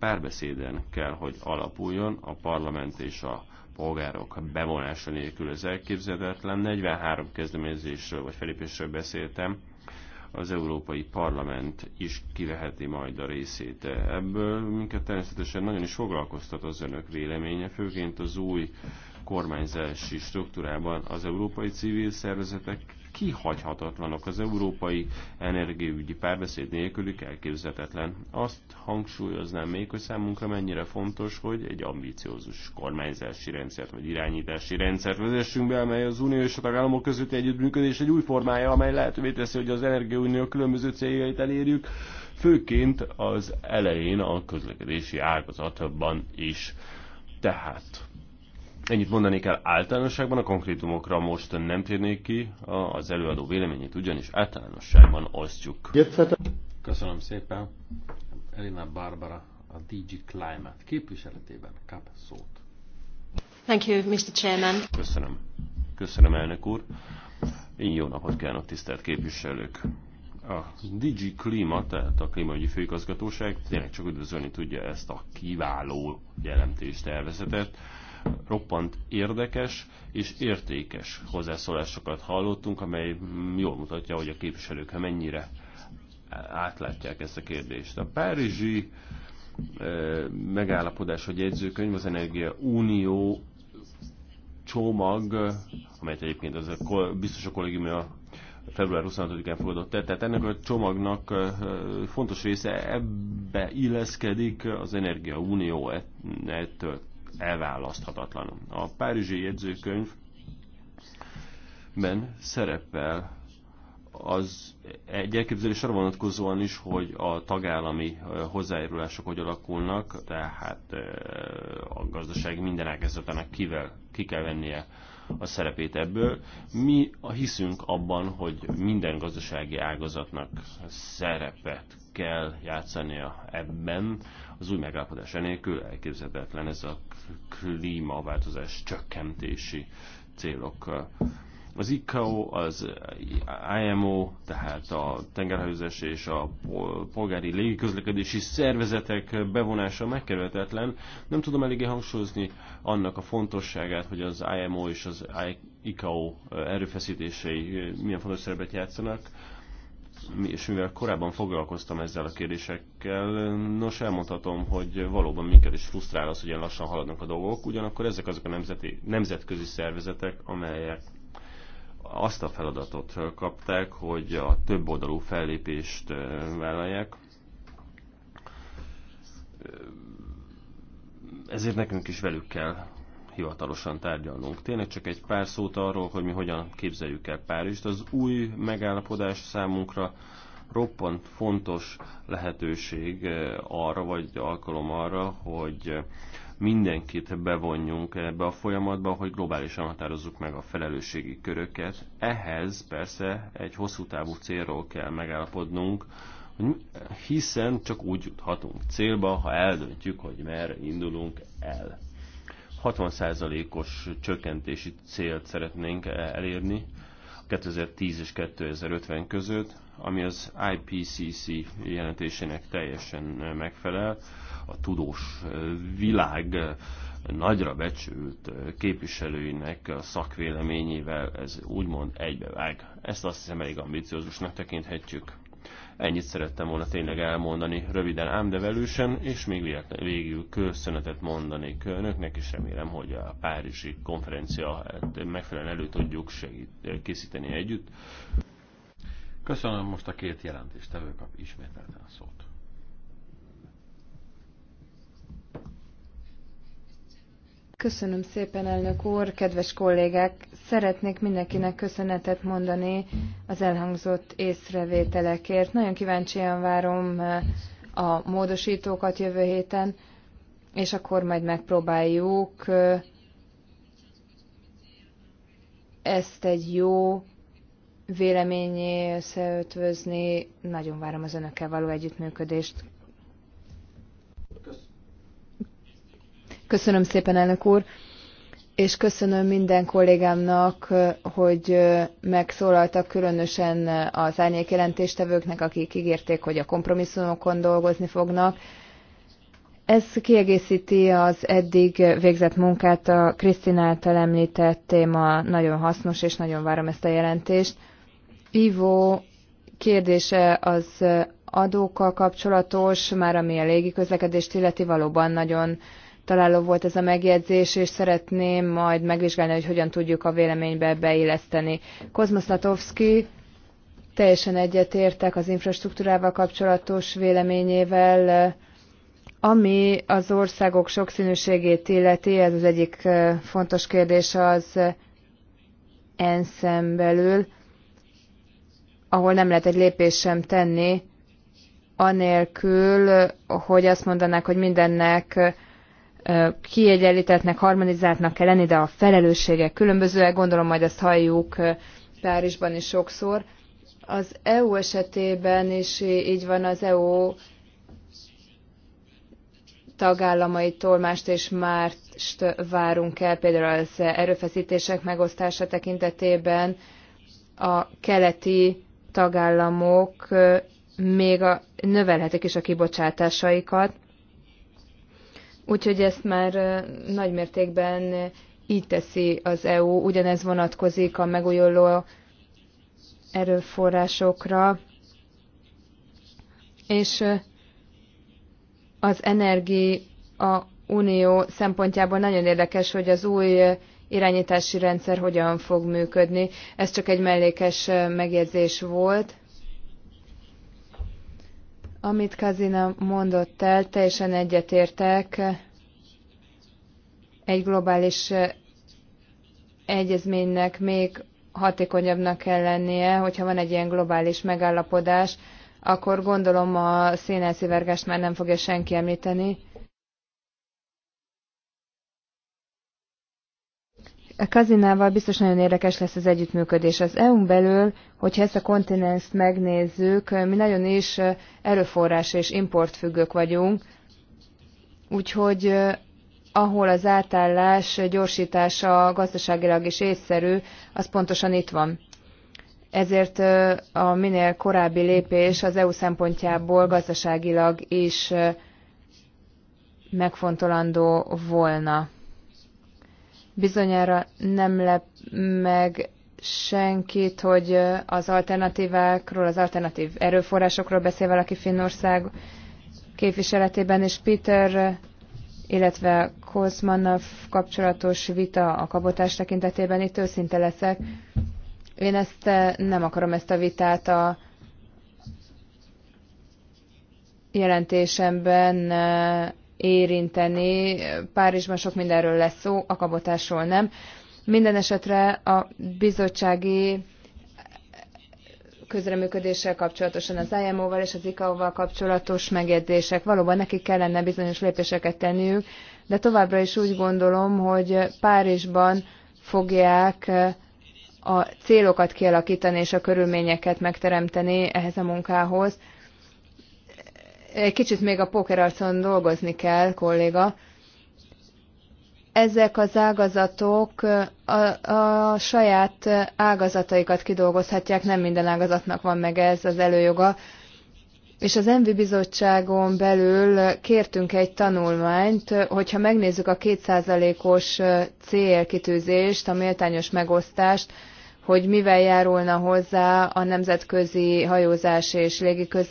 párbeszéden kell, hogy alapuljon a parlament és a polgárok bevonása nélkül az elképzelhetetlen. 43 kezdeményezésről vagy felépésről beszéltem, az Európai Parlament is kiveheti majd a részét ebből. Minket természetesen nagyon is foglalkoztat az önök véleménye, főként az új kormányzási struktúrában az európai civil szervezetek kihagyhatatlanok. Az európai energiaügyi párbeszéd nélkülük elképzelhetetlen. Azt hangsúlyoznám még, hogy számunkra mennyire fontos, hogy egy ambiciózus kormányzási rendszert vagy irányítási rendszert vezessünk be, amely az unió és a tagállamok közötti együttműködés egy új formája, amely lehetővé teszi, hogy az energiaunió különböző céljait elérjük, főként az elején a közlekedési ágazatban is. Tehát Ennyit mondani kell általánosságban, a konkrétumokra most nem térnék ki, az előadó véleményét ugyanis általánosságban osztjuk. Köszönöm szépen. Elina Barbara a DG Climate képviseletében kap szót. Thank you, Mr. Chairman. Köszönöm. Köszönöm, elnök úr. Én jó napot kívánok, tisztelt képviselők. A DG Klima, tehát a klímaügyi főigazgatóság tényleg csak üdvözölni tudja ezt a kiváló jelentést, tervezetet roppant érdekes és értékes hozzászólásokat hallottunk, amely jól mutatja, hogy a képviselők mennyire átlátják ezt a kérdést. A párizsi e, megállapodás, hogy jegyzőkönyv az Energia Unió csomag, amelyet egyébként az a biztos a kollégium a február 26-án fogadott el, tehát ennek a csomagnak e, fontos része ebbe illeszkedik az Energia Unió ettől elválaszthatatlan. A Párizsi jegyzőkönyvben szerepel az egy elképzelés arra vonatkozóan is, hogy a tagállami hozzájárulások hogy alakulnak, tehát a gazdaság minden ágazatának kivel, ki kell vennie a szerepét ebből. Mi hiszünk abban, hogy minden gazdasági ágazatnak szerepet kell játszania ebben. Az új megállapodás enélkül elképzelhetetlen ez a klímaváltozás csökkentési célok. Az ICAO, az IMO, tehát a tengerhajózás és a polgári légiközlekedési szervezetek bevonása megkerülhetetlen. Nem tudom eléggé hangsúlyozni annak a fontosságát, hogy az IMO és az ICAO erőfeszítései milyen fontos szerepet játszanak és mivel korábban foglalkoztam ezzel a kérdésekkel, nos elmondhatom, hogy valóban minket is frusztrál az, hogy ilyen lassan haladnak a dolgok, ugyanakkor ezek azok a nemzeti, nemzetközi szervezetek, amelyek azt a feladatot kapták, hogy a több oldalú fellépést eh, vállalják. Ezért nekünk is velük kell hivatalosan tárgyalnunk. Tényleg csak egy pár szót arról, hogy mi hogyan képzeljük el Párizst. Az új megállapodás számunkra roppant fontos lehetőség eh, arra, vagy alkalom arra, hogy mindenkit bevonjunk ebbe a folyamatba, hogy globálisan határozzuk meg a felelősségi köröket. Ehhez persze egy hosszú távú célról kell megállapodnunk, hiszen csak úgy juthatunk célba, ha eldöntjük, hogy merre indulunk el. 60%-os csökkentési célt szeretnénk elérni 2010 és 2050 között, ami az IPCC jelentésének teljesen megfelel, a tudós világ nagyra becsült képviselőinek a szakvéleményével ez úgymond egybevág. Ezt azt hiszem elég ambiciózusnak tekinthetjük. Ennyit szerettem volna tényleg elmondani röviden, ám de velősen, és még végül köszönetet mondani önöknek, és remélem, hogy a Párizsi konferencia hát megfelelően elő tudjuk segít, készíteni együtt. Köszönöm most a két jelentéstevő kap ismételten szót. Köszönöm szépen, elnök úr, kedves kollégák! Szeretnék mindenkinek köszönetet mondani az elhangzott észrevételekért. Nagyon kíváncsian várom eh, a módosítókat jövő héten, és akkor majd megpróbáljuk eh, ezt egy jó véleményé összeötvözni. Nagyon várom az önökkel való együttműködést. Köszönöm szépen, elnök úr, és köszönöm minden kollégámnak, hogy megszólaltak, különösen az árnyék jelentéstevőknek, akik ígérték, hogy a kompromisszumokon dolgozni fognak. Ez kiegészíti az eddig végzett munkát, a Krisztin által említett téma nagyon hasznos, és nagyon várom ezt a jelentést. Ivo kérdése az adókkal kapcsolatos, már ami a légi közlekedést illeti, valóban nagyon találó volt ez a megjegyzés, és szeretném majd megvizsgálni, hogy hogyan tudjuk a véleménybe beilleszteni. Kozmosz Latovszki teljesen egyetértek az infrastruktúrával kapcsolatos véleményével, ami az országok sokszínűségét illeti, ez az egyik fontos kérdés az ensz belül, ahol nem lehet egy lépés sem tenni, anélkül, hogy azt mondanák, hogy mindennek kiegyenlítettnek, harmonizáltnak kell lenni, de a felelősségek különbözőek, gondolom majd ezt halljuk Párizsban is sokszor. Az EU esetében is így van, az EU tagállamaitól mást és mást várunk el, például az erőfeszítések megosztása tekintetében a keleti tagállamok még a, növelhetik is a kibocsátásaikat, Úgyhogy ezt már nagy mértékben így teszi az EU, ugyanez vonatkozik a megújuló erőforrásokra, és az energia a unió szempontjából nagyon érdekes, hogy az új irányítási rendszer hogyan fog működni. Ez csak egy mellékes megjegyzés volt. Amit Kazina mondott el, teljesen egyetértek. Egy globális eh, egyezménynek még hatékonyabbnak kell lennie, hogyha van egy ilyen globális megállapodás, akkor gondolom a szénelszivergást már nem fogja senki említeni. a Kazinával biztos nagyon érdekes lesz az együttműködés. Az EU-n belül, hogyha ezt a kontinenszt megnézzük, mi nagyon is erőforrás és importfüggők vagyunk, úgyhogy ahol az átállás gyorsítása gazdaságilag is észszerű, az pontosan itt van. Ezért a minél korábbi lépés az EU szempontjából gazdaságilag is megfontolandó volna. Bizonyára nem lep meg senkit, hogy az alternatívákról, az alternatív erőforrásokról beszél valaki Finnország képviseletében, és Peter, illetve Kozmanov kapcsolatos vita a kabotás tekintetében, itt őszinte leszek. Én ezt eh, nem akarom ezt a vitát a jelentésemben eh, érinteni. Párizsban sok mindenről lesz szó, a kabotásról nem. Minden esetre a bizottsági közreműködéssel kapcsolatosan az IMO-val és az ICAO-val kapcsolatos megjegyzések. Valóban nekik kellene bizonyos lépéseket tenniük, de továbbra is úgy gondolom, hogy Párizsban fogják eh, a célokat kialakítani és a körülményeket megteremteni ehhez a munkához. Kicsit még a pókerarcon dolgozni kell, kolléga. Ezek az ágazatok a, a saját ágazataikat kidolgozhatják, nem minden ágazatnak van meg ez az előjoga. És az Envi Bizottságon belül kértünk egy tanulmányt, hogyha megnézzük a kétszázalékos célkitűzést, a méltányos megosztást, hogy mivel járulna hozzá a nemzetközi hajózás és légiközlekedés,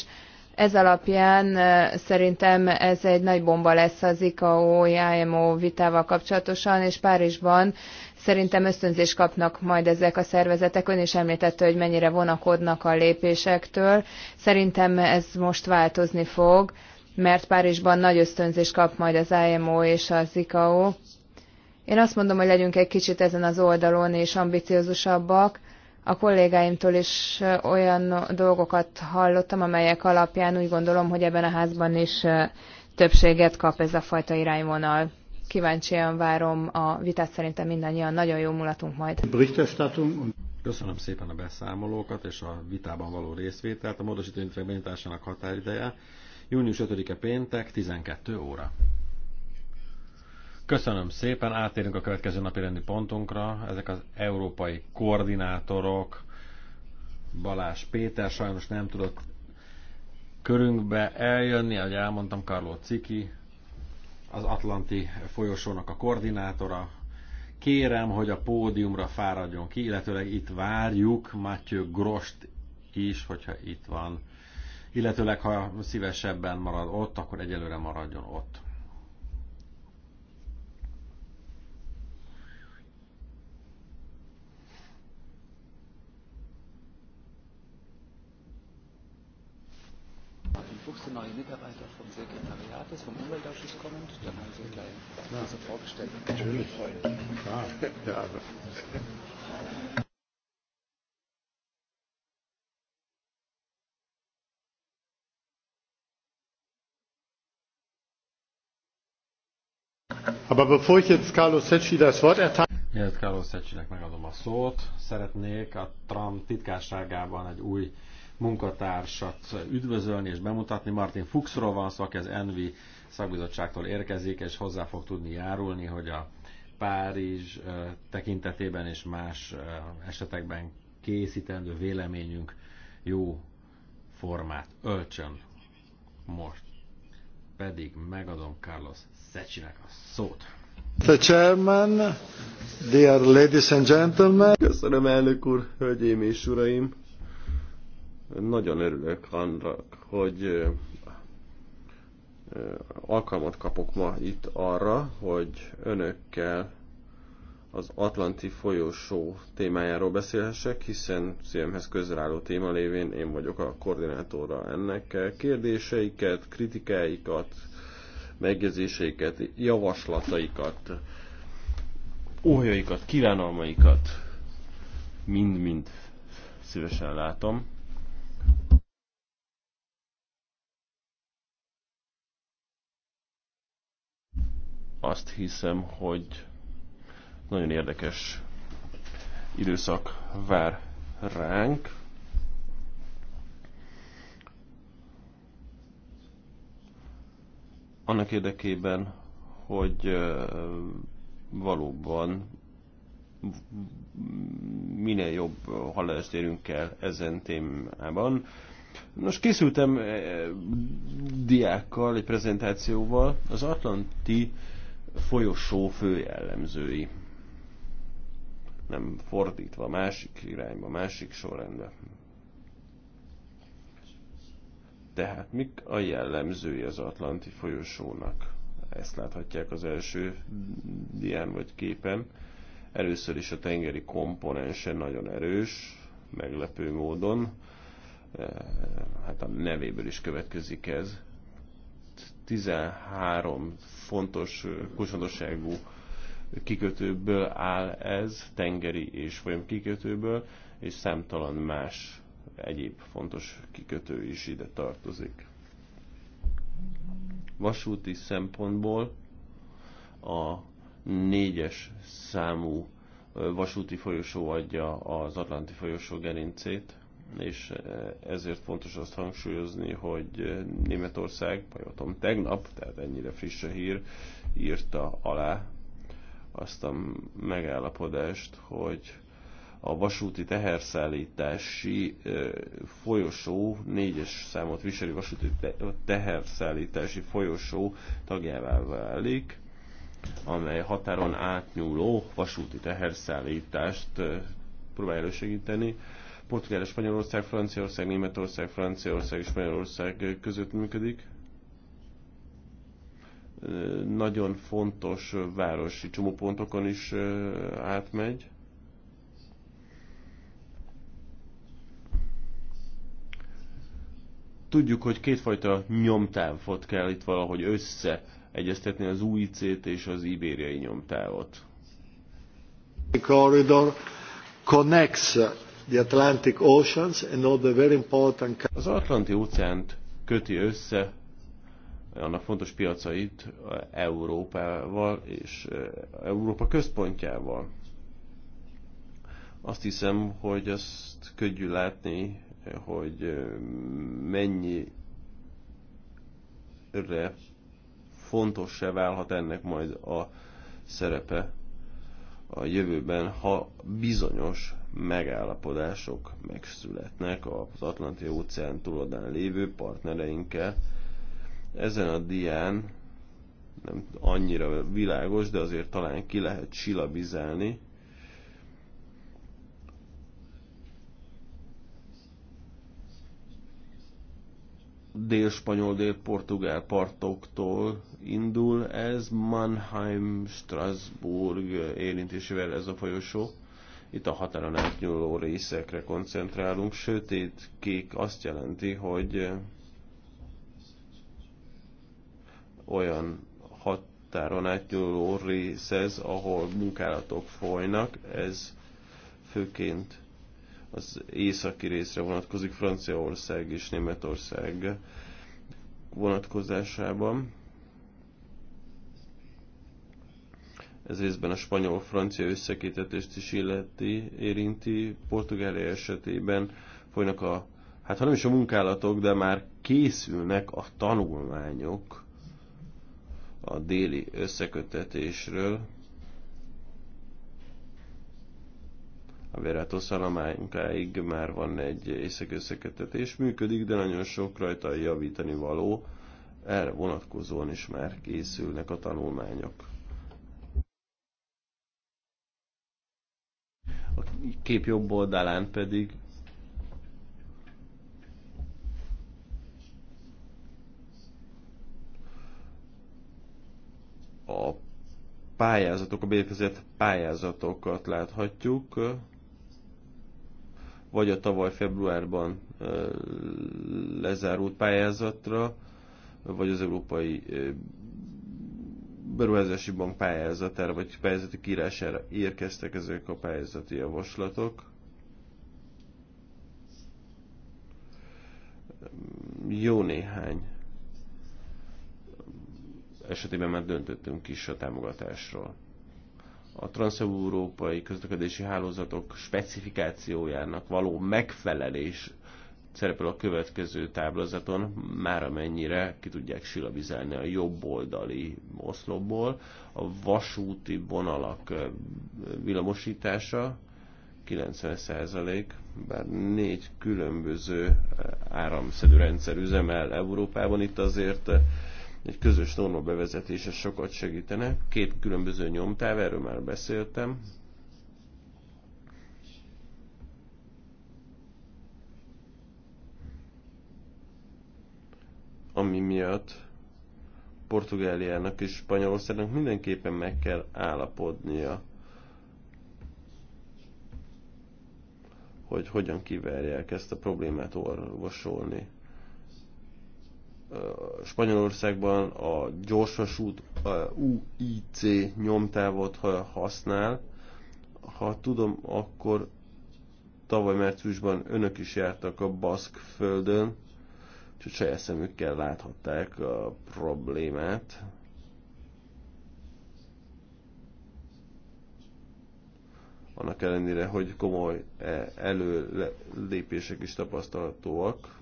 közlekedés, ez alapján szerintem ez egy nagy bomba lesz az ICAO-IMO vitával kapcsolatosan, és Párizsban szerintem ösztönzést kapnak majd ezek a szervezetek. Ön is említette, hogy mennyire vonakodnak a lépésektől. Szerintem ez most változni fog, mert Párizsban nagy ösztönzést kap majd az IMO és az ICAO. Én azt mondom, hogy legyünk egy kicsit ezen az oldalon és ambiciózusabbak, a kollégáimtól is olyan dolgokat hallottam, amelyek alapján úgy gondolom, hogy ebben a házban is többséget kap ez a fajta irányvonal. Kíváncsian várom a vitát, szerintem mindannyian nagyon jó mulatunk majd. Köszönöm szépen a beszámolókat és a vitában való részvételt. A módosító benyújtásának határideje június 5-e péntek 12 óra. Köszönöm szépen, átérünk a következő napi rendi pontunkra. Ezek az európai koordinátorok, Balás Péter sajnos nem tudott körünkbe eljönni, ahogy elmondtam, Karló Ciki, az Atlanti folyosónak a koordinátora. Kérem, hogy a pódiumra fáradjon ki, illetőleg itt várjuk Matthew Grost is, hogyha itt van. Illetőleg, ha szívesebben marad ott, akkor egyelőre maradjon ott. Fuchs, der neue Mitarbeiter vom Sekretariat ist, vom Umweltausschuss kommend, dann haben Sie gleich ja. also vorgestellt. Natürlich. Ja, ja. Aber bevor ich jetzt Carlos Secchi das Wort erteile... Miért Carlo Secchinek megadom a szót, szeretnék a Trump titkárságában egy új munkatársat üdvözölni és bemutatni. Martin Fuchsról van szó, aki az Envi szakbizottságtól érkezik, és hozzá fog tudni járulni, hogy a Párizs tekintetében és más esetekben készítendő véleményünk jó formát ölcsön. Most pedig megadom Carlos Szecsinek a szót. The chairman, dear ladies and gentlemen. Köszönöm elnök úr, hölgyeim és uraim. Nagyon örülök annak, hogy alkalmat kapok ma itt arra, hogy önökkel az Atlanti folyósó témájáról beszélhessek, hiszen szívemhez közelálló téma lévén én vagyok a koordinátora ennek. Kérdéseiket, kritikáikat, megjegyzéseiket, javaslataikat, óhajaikat, kívánalmaikat mind-mind szívesen látom. Azt hiszem, hogy nagyon érdekes időszak vár ránk. Annak érdekében, hogy valóban minél jobb hallást érünk el ezen témában. Nos, készültem diákkal egy prezentációval az Atlanti folyosó fő jellemzői. Nem fordítva, másik irányba, másik sorrendbe. Tehát mik a jellemzői az Atlanti folyosónak? Ezt láthatják az első dián vagy képen. Először is a tengeri komponense nagyon erős, meglepő módon. Eh, hát a nevéből is következik ez 13 fontos, kulcsfontosságú kikötőből áll ez, tengeri és folyam kikötőből, és számtalan más egyéb fontos kikötő is ide tartozik. Vasúti szempontból a négyes számú vasúti folyosó adja az Atlanti folyosó gerincét, és eh, ezért fontos azt hangsúlyozni, hogy eh, Németország, bajotom tegnap, tehát ennyire friss a hír, írta alá azt a megállapodást, hogy a vasúti teherszállítási eh, folyosó, négyes számot viseli vasúti teherszállítási folyosó tagjává válik, amely határon átnyúló vasúti teherszállítást próbál elősegíteni. Portugália, Spanyolország, Franciaország, Németország, Franciaország és Spanyolország között működik. Nagyon fontos városi csomópontokon is átmegy. Tudjuk, hogy kétfajta nyomtávot kell itt valahogy összeegyeztetni az UIC-t és az ibériai nyomtávot. A Corridor connects az Atlanti óceánt köti össze annak fontos piacait Európával és e, Európa központjával. Azt hiszem, hogy azt könnyű látni, hogy e, mennyi fontos se válhat ennek majd a szerepe a jövőben, ha bizonyos megállapodások megszületnek az Atlanti óceán túloldán lévő partnereinkkel. Ezen a dián nem annyira világos, de azért talán ki lehet silabizálni, dél-spanyol, dél-portugál partoktól indul ez, Mannheim, Strasbourg érintésével ez a folyosó. Itt a határon átnyúló részekre koncentrálunk. Sötét kék azt jelenti, hogy olyan határon átnyúló rész ez, ahol munkálatok folynak. Ez főként az északi részre vonatkozik, Franciaország és Németország vonatkozásában. ez részben a spanyol-francia összekétetést is illeti, érinti. Portugália esetében folynak a, hát ha nem is a munkálatok, de már készülnek a tanulmányok a déli összekötetésről. A Verato Salamánkáig már van egy észak összekötetés, működik, de nagyon sok rajta javítani való. Erre vonatkozóan is már készülnek a tanulmányok. a kép jobb oldalán pedig a pályázatok, a bérkezett pályázatokat láthatjuk, vagy a tavaly februárban lezárult pályázatra, vagy az Európai beruházási bank pályázatára vagy pályázati kírására érkeztek ezek a pályázati javaslatok. Jó néhány esetében már döntöttünk is a támogatásról. A transeurópai közlekedési hálózatok specifikációjának való megfelelés szerepel a következő táblázaton, már amennyire ki tudják silabizálni a jobb oldali oszlopból, a vasúti vonalak villamosítása 90%, bár négy különböző áramszedő rendszer üzemel Európában, itt azért egy közös norma bevezetése sokat segítene. Két különböző nyomtáv, erről már beszéltem, ami miatt Portugáliának és Spanyolországnak mindenképpen meg kell állapodnia, hogy hogyan kiverják ezt a problémát orvosolni. Spanyolországban a gyorsvasút a UIC nyomtávot használ. Ha tudom, akkor tavaly márciusban önök is jártak a Baszk földön, és saját szemükkel láthatták a problémát. Annak ellenére, hogy komoly e, előlépések is tapasztalhatóak,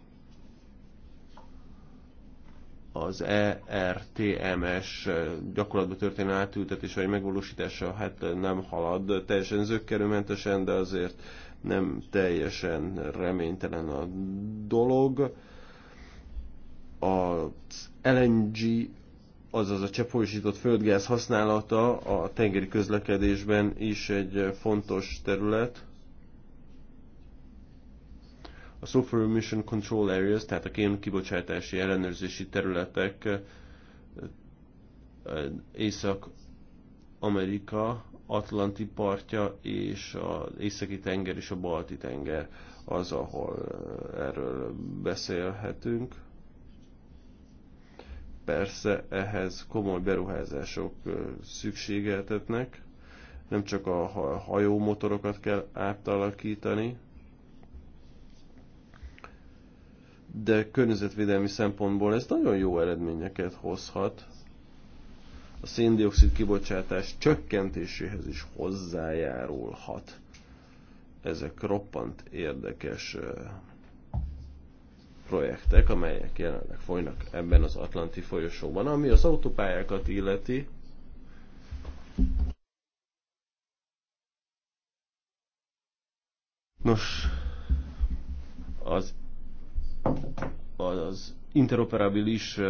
az ERTMS e, gyakorlatba történő átültetés vagy megvalósítása hát e, nem halad teljesen zöggerőmentesen, de azért nem teljesen reménytelen a dolog az LNG, azaz a cseppfolyósított földgáz használata a tengeri közlekedésben is egy fontos terület. A Sulfur Emission Control Areas, tehát a kén kibocsátási ellenőrzési területek eh, Észak-Amerika, Atlanti partja és az északi tenger és a balti tenger az, ahol eh, erről beszélhetünk. Persze ehhez komoly beruházások szükségeltetnek, nem csak a hajómotorokat kell átalakítani, de környezetvédelmi szempontból ez nagyon jó eredményeket hozhat. A széndiokszid kibocsátás csökkentéséhez is hozzájárulhat. Ezek roppant érdekes projektek, amelyek jelenleg folynak ebben az Atlanti folyosóban. Ami az autópályákat illeti, Nos, az, az interoperabilis uh,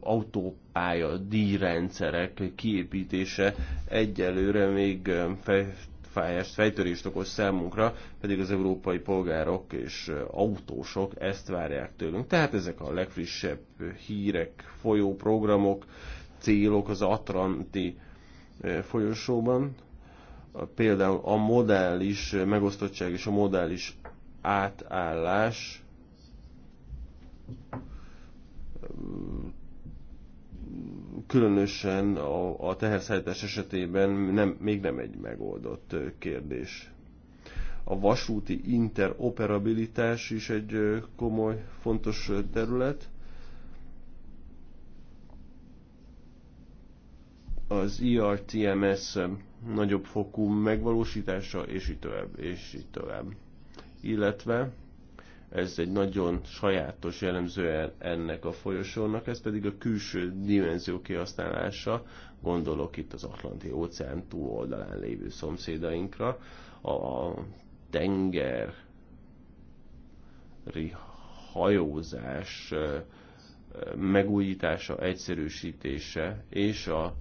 autópálya díjrendszerek kiépítése egyelőre még fej, fájást, fejtörést okoz számunkra, pedig az európai polgárok és autósok ezt várják tőlünk. Tehát ezek a legfrissebb hírek, folyó programok, célok az Atlanti folyosóban. Például a modális megosztottság és a modális átállás különösen a, a teherszállítás esetében nem, még nem egy megoldott kérdés. A vasúti interoperabilitás is egy komoly, fontos terület. Az IRTMS nagyobb fokú megvalósítása, és így tovább, és így tovább. Illetve ez egy nagyon sajátos jellemző ennek a folyosónak, ez pedig a külső dimenzió kihasználása, gondolok itt az Atlanti óceán túloldalán lévő szomszédainkra, a tengeri hajózás megújítása, egyszerűsítése és a,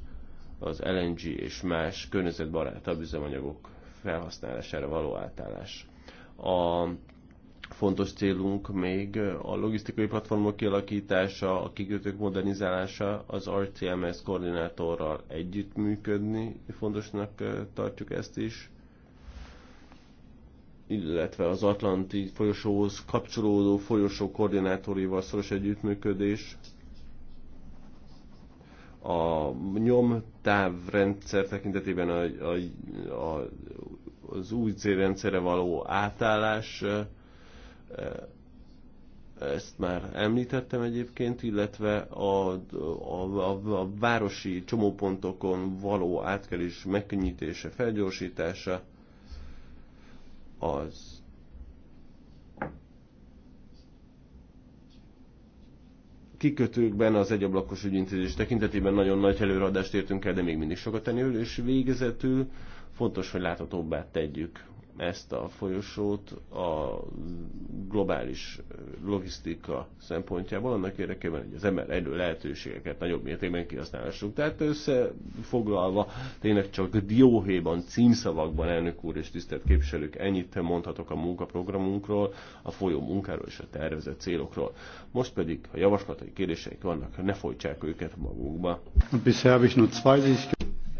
az LNG és más környezetbarátabb üzemanyagok felhasználására való átállás. A Fontos célunk még a logisztikai platformok kialakítása, a kikötők modernizálása, az RTMS koordinátorral együttműködni, fontosnak tartjuk ezt is illetve az Atlanti folyosóhoz kapcsolódó folyosó koordinátorival szoros együttműködés, a nyomtávrendszer tekintetében a, a, a, az új célrendszerre való átállás, ezt már említettem egyébként, illetve a, a, a, a városi csomópontokon való átkelés megkönnyítése, felgyorsítása az kikötőkben az egyablakos ügyintézés tekintetében nagyon nagy előradást értünk el, de még mindig sokat tenni és végezetül fontos, hogy láthatóbbá tegyük ezt a folyosót a globális logisztika szempontjából, annak érdekében, hogy az ember elő lehetőségeket nagyobb mértékben kihasználhassuk. Tehát összefoglalva, tényleg csak dióhéjban, címszavakban, elnök úr és tisztelt képviselők, ennyit mondhatok a munkaprogramunkról, a folyó munkáról és a tervezett célokról. Most pedig, ha javaslatai kérdéseik vannak, ne folytsák őket magukba.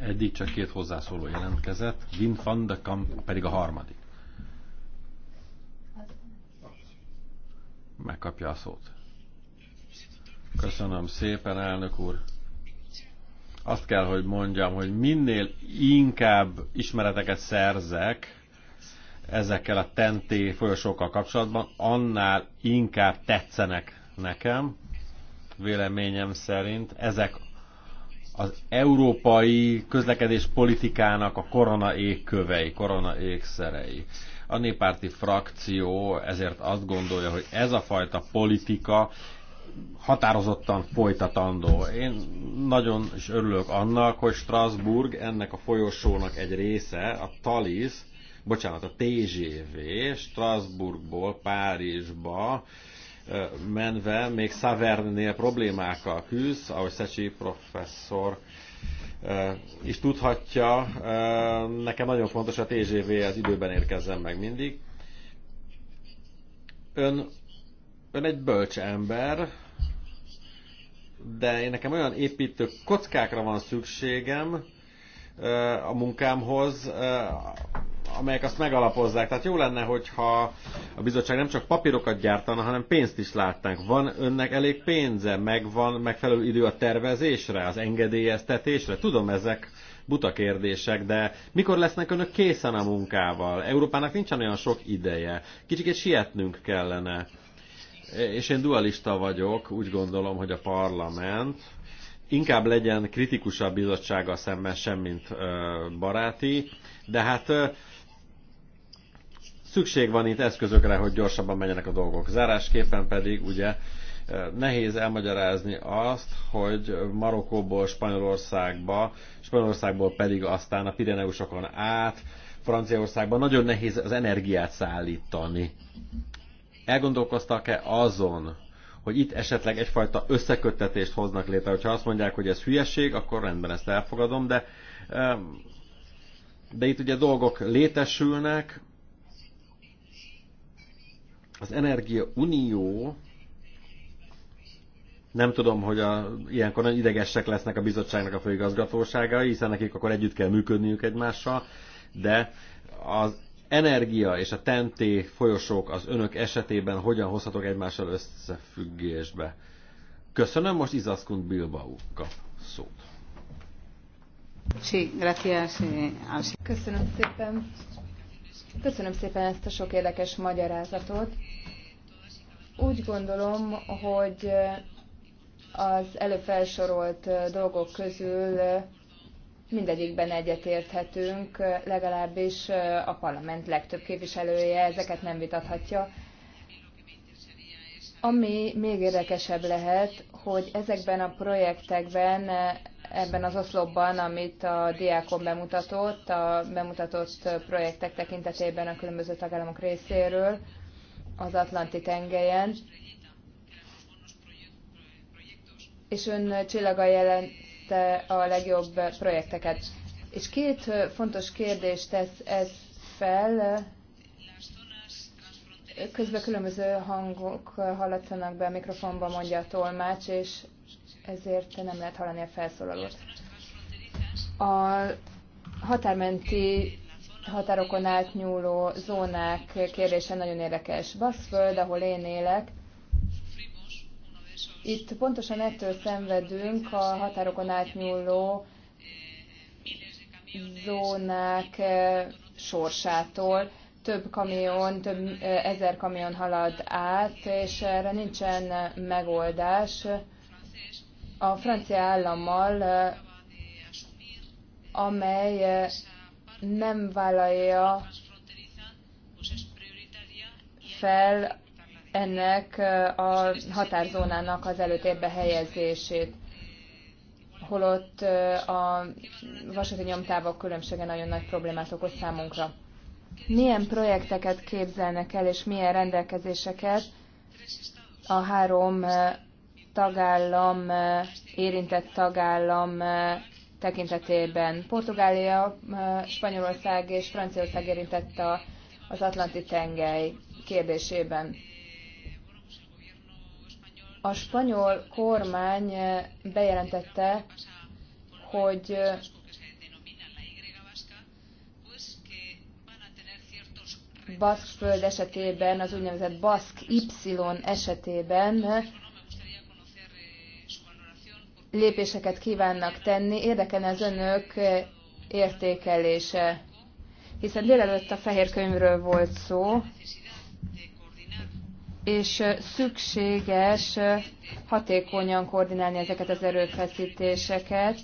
Eddig csak két hozzászóló jelentkezett, Wim van de Kamp pedig a harmadik. Megkapja a szót. Köszönöm szépen, elnök úr. Azt kell, hogy mondjam, hogy minél inkább ismereteket szerzek ezekkel a tenté folyosókkal kapcsolatban, annál inkább tetszenek nekem, véleményem szerint. Ezek az európai közlekedés politikának a korona égkövei, korona égszerei. A néppárti frakció ezért azt gondolja, hogy ez a fajta politika határozottan folytatandó. Én nagyon is örülök annak, hogy Strasbourg ennek a folyosónak egy része, a Talis, bocsánat, a TGV Strasbourgból Párizsba menve még Savernnél problémákkal küzd, ahogy Szecsi professzor is tudhatja, nekem nagyon fontos a TGV az időben érkezzen meg mindig. Ön, ön egy bölcs ember, de én nekem olyan építő kockákra van szükségem a munkámhoz, amelyek azt megalapozzák. Tehát jó lenne, hogyha a bizottság nem csak papírokat gyártana, hanem pénzt is látnánk. Van önnek elég pénze, meg van megfelelő idő a tervezésre, az engedélyeztetésre? Tudom, ezek buta kérdések, de mikor lesznek önök készen a munkával? Európának nincsen olyan sok ideje. Kicsikét sietnünk kellene. És én dualista vagyok, úgy gondolom, hogy a parlament inkább legyen kritikusabb bizottsága szemben, semmint baráti, de hát Szükség van itt eszközökre, hogy gyorsabban menjenek a dolgok. Zárásképpen pedig ugye eh, nehéz elmagyarázni azt, hogy Marokkóból Spanyolországba, Spanyolországból pedig aztán a Pireneusokon át, Franciaországban nagyon nehéz az energiát szállítani. Elgondolkoztak-e azon, hogy itt esetleg egyfajta összeköttetést hoznak létre? ha azt mondják, hogy ez hülyeség, akkor rendben ezt elfogadom, de, eh, de itt ugye dolgok létesülnek, az Energia Unió nem tudom, hogy a, ilyenkor nagyon idegesek lesznek a bizottságnak a főigazgatósága, hiszen nekik akkor együtt kell működniük egymással, de az energia és a tenté folyosók az önök esetében hogyan hozhatok egymással összefüggésbe? Köszönöm, most Izaszkund Bilbao kap szót. Eh, Köszönöm szépen. Köszönöm szépen ezt a sok érdekes magyarázatot. Úgy gondolom, hogy az előbb felsorolt dolgok közül mindegyikben egyetérthetünk, legalábbis a parlament legtöbb képviselője ezeket nem vitathatja. Ami még érdekesebb lehet, hogy ezekben a projektekben ebben az oszlopban, amit a diákon bemutatott, a bemutatott projektek tekintetében a különböző tagállamok részéről az Atlanti tengelyen. És ön csillaga jelente a legjobb projekteket. És két fontos kérdést tesz ez fel, közben különböző hangok hallatszanak be a mikrofonba, mondja a tolmács, és ezért nem lehet hallani a felszólalót. A határmenti határokon átnyúló zónák kérdése nagyon érdekes. Baszföld, ahol én élek, itt pontosan ettől szenvedünk a határokon átnyúló zónák eh, sorsától. Több kamion, több eh, ezer kamion halad át, és erre nincsen megoldás a francia állammal, amely nem vállalja fel ennek a határzónának az előtérbe helyezését, holott a vasúti nyomtávok különbsége nagyon nagy problémát okoz számunkra. Milyen projekteket képzelnek el, és milyen rendelkezéseket a három tagállam, eh, érintett tagállam eh, tekintetében. Portugália, eh, Spanyolország és Franciaország érintett a, az Atlanti tengely kérdésében. A spanyol kormány bejelentette, hogy Baszk föld esetében, az úgynevezett Baszk Y esetében lépéseket kívánnak tenni. Érdekelne az önök értékelése, hiszen délelőtt a fehér könyvről volt szó, és szükséges hatékonyan koordinálni ezeket az erőfeszítéseket.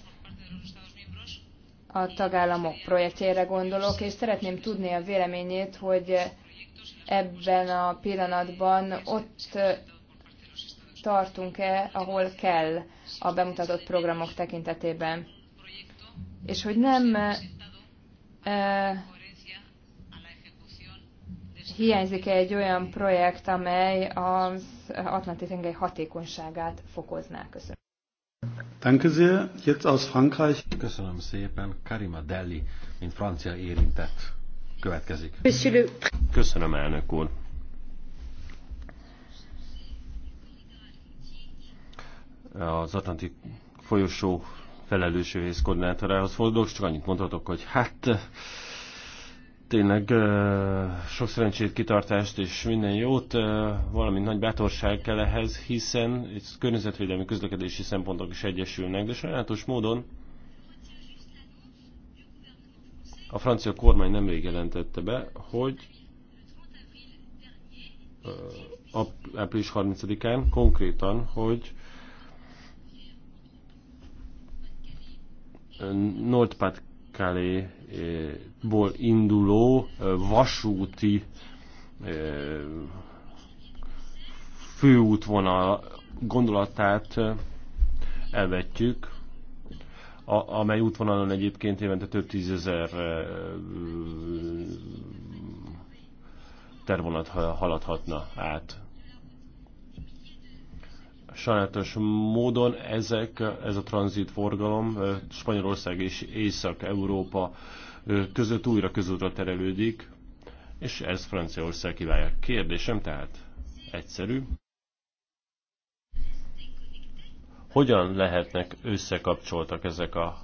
A tagállamok projektjére gondolok, és szeretném tudni a véleményét, hogy ebben a pillanatban ott tartunk-e, ahol kell a bemutatott programok tekintetében. És hogy nem e, hiányzik -e egy olyan projekt, amely az atlanti tengely hatékonyságát fokozná. Köszönöm. Danke sehr. Jetzt aus Frankreich. Köszönöm szépen. Karima Delli, mint francia érintett következik. Köszönöm, elnök úr. az Atlanti folyosó felelősségész koordinátorához fordulok, csak annyit mondhatok, hogy hát tényleg sok szerencsét, kitartást és minden jót, valamint nagy bátorság kell ehhez, hiszen itt környezetvédelmi közlekedési szempontok is egyesülnek, de sajátos módon a francia kormány nemrég jelentette be, hogy április 30-án konkrétan, hogy Nordpatkaléból induló vasúti főútvonal gondolatát elvetjük, amely útvonalon egyébként évente több tízezer tervonat haladhatna át sajátos módon ezek, ez a tranzitforgalom Spanyolország és Észak-Európa között újra közútra terelődik, és ez Franciaország kívánja. Kérdésem tehát egyszerű. Hogyan lehetnek összekapcsoltak ezek a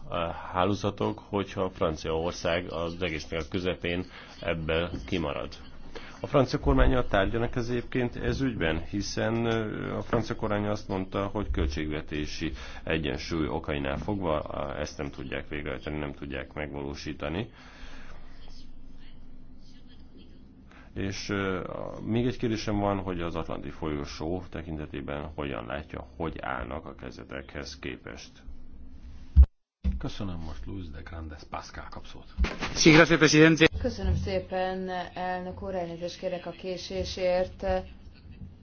hálózatok, hogyha Franciaország az egésznek a közepén ebből kimarad? A francia kormányjal tárgyanak ez egyébként ez ügyben, hiszen a francia kormány azt mondta, hogy költségvetési egyensúly okainál fogva ezt nem tudják végrehajtani, nem tudják megvalósítani. És még egy kérdésem van, hogy az Atlanti folyosó tekintetében hogyan látja, hogy állnak a kezetekhez képest. Köszönöm most Luis de Grandes Pascal kapszót. Köszönöm szépen, elnök úr, elnézést kérek a késésért.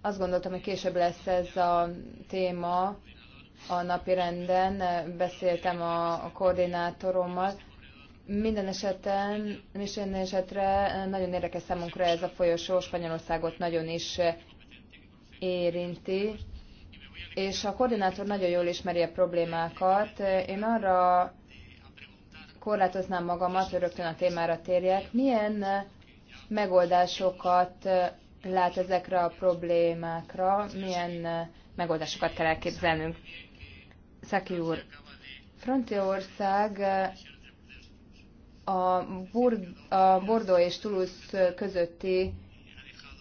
Azt gondoltam, hogy később lesz ez a téma a napi renden. Beszéltem a koordinátorommal. Minden esetben, minden esetre nagyon érdekes számunkra ez a folyosó, Spanyolországot nagyon is érinti és a koordinátor nagyon jól ismeri a problémákat. Én arra korlátoznám magamat, hogy rögtön a témára térjek. Milyen megoldásokat lát ezekre a problémákra, milyen megoldásokat kell elképzelnünk? Szaki úr, Franciaország a, Bord a és Toulouse közötti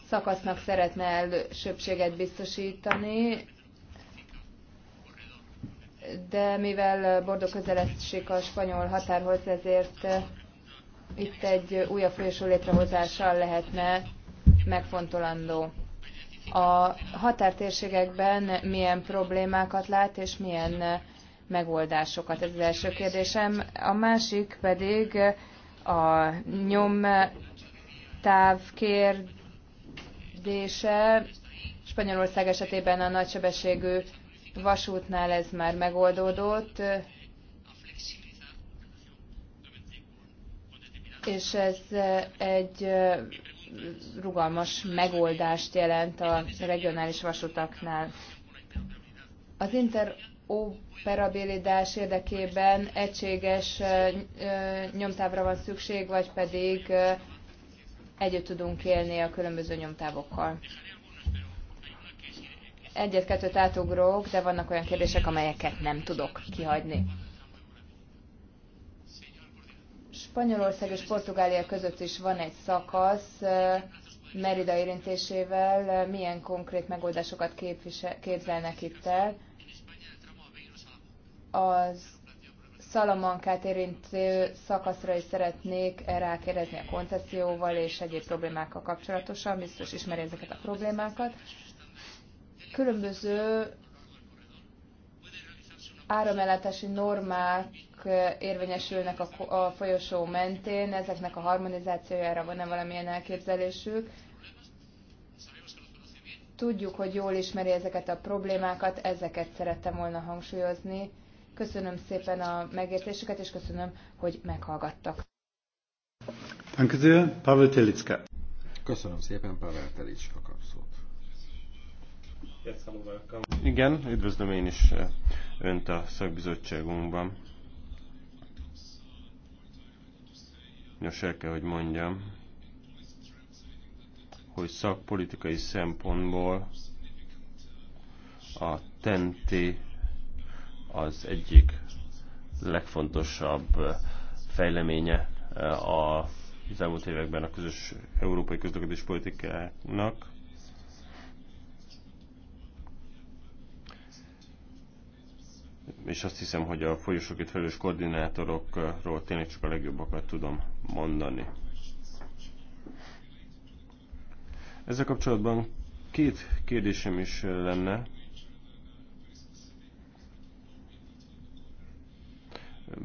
szakasznak szeretne elsőbséget biztosítani, de mivel Bordó közel a spanyol határhoz, ezért eh, itt egy újabb folyosó létrehozással lehetne megfontolandó. A határtérségekben milyen problémákat lát, és milyen eh, megoldásokat? Ez az első kérdésem. A másik pedig eh, a nyomtáv kérdése. Spanyolország esetében a nagysebességű vasútnál ez már megoldódott, és ez egy rugalmas megoldást jelent a regionális vasutaknál. Az interoperabilitás érdekében egységes nyomtávra van szükség, vagy pedig együtt tudunk élni a különböző nyomtávokkal. Egyet-kettőt átugrok, de vannak olyan kérdések, amelyeket nem tudok kihagyni. Spanyolország és Portugália között is van egy szakasz, eh, Merida érintésével eh, milyen konkrét megoldásokat képvisel, képzelnek itt el. Az Szalamankát érintő szakaszra is szeretnék rákérdezni a koncesszióval és egyéb problémákkal kapcsolatosan, biztos ismeri ezeket a problémákat különböző áramellátási normák érvényesülnek a, a folyosó mentén, ezeknek a harmonizációjára van-e valamilyen elképzelésük. Tudjuk, hogy jól ismeri ezeket a problémákat, ezeket szerettem volna hangsúlyozni. Köszönöm szépen a megértésüket, és köszönöm, hogy meghallgattak. Köszönöm szépen, Pavel Telicka igen, üdvözlöm én is eh, Önt a szakbizottságunkban. Nos, el kell, hogy mondjam, hogy szakpolitikai szempontból a TNT az egyik legfontosabb eh, fejleménye eh, az elmúlt években a közös európai közlekedés politikának és azt hiszem, hogy a folyosókét felelős koordinátorokról tényleg csak a legjobbakat tudom mondani. Ezzel kapcsolatban két kérdésem is lenne.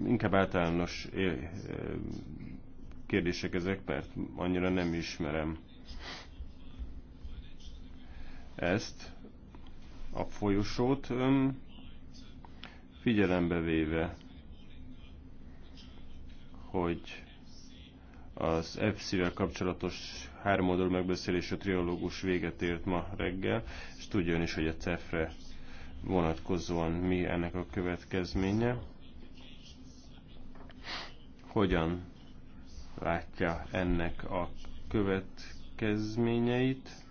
Inkább általános kérdések ezek, mert annyira nem ismerem ezt, a folyosót figyelembe véve, hogy az epsz vel kapcsolatos háromoldalú megbeszélés a triológus véget ért ma reggel, és ön is, hogy a CEF-re vonatkozóan mi ennek a következménye. Hogyan látja ennek a következményeit?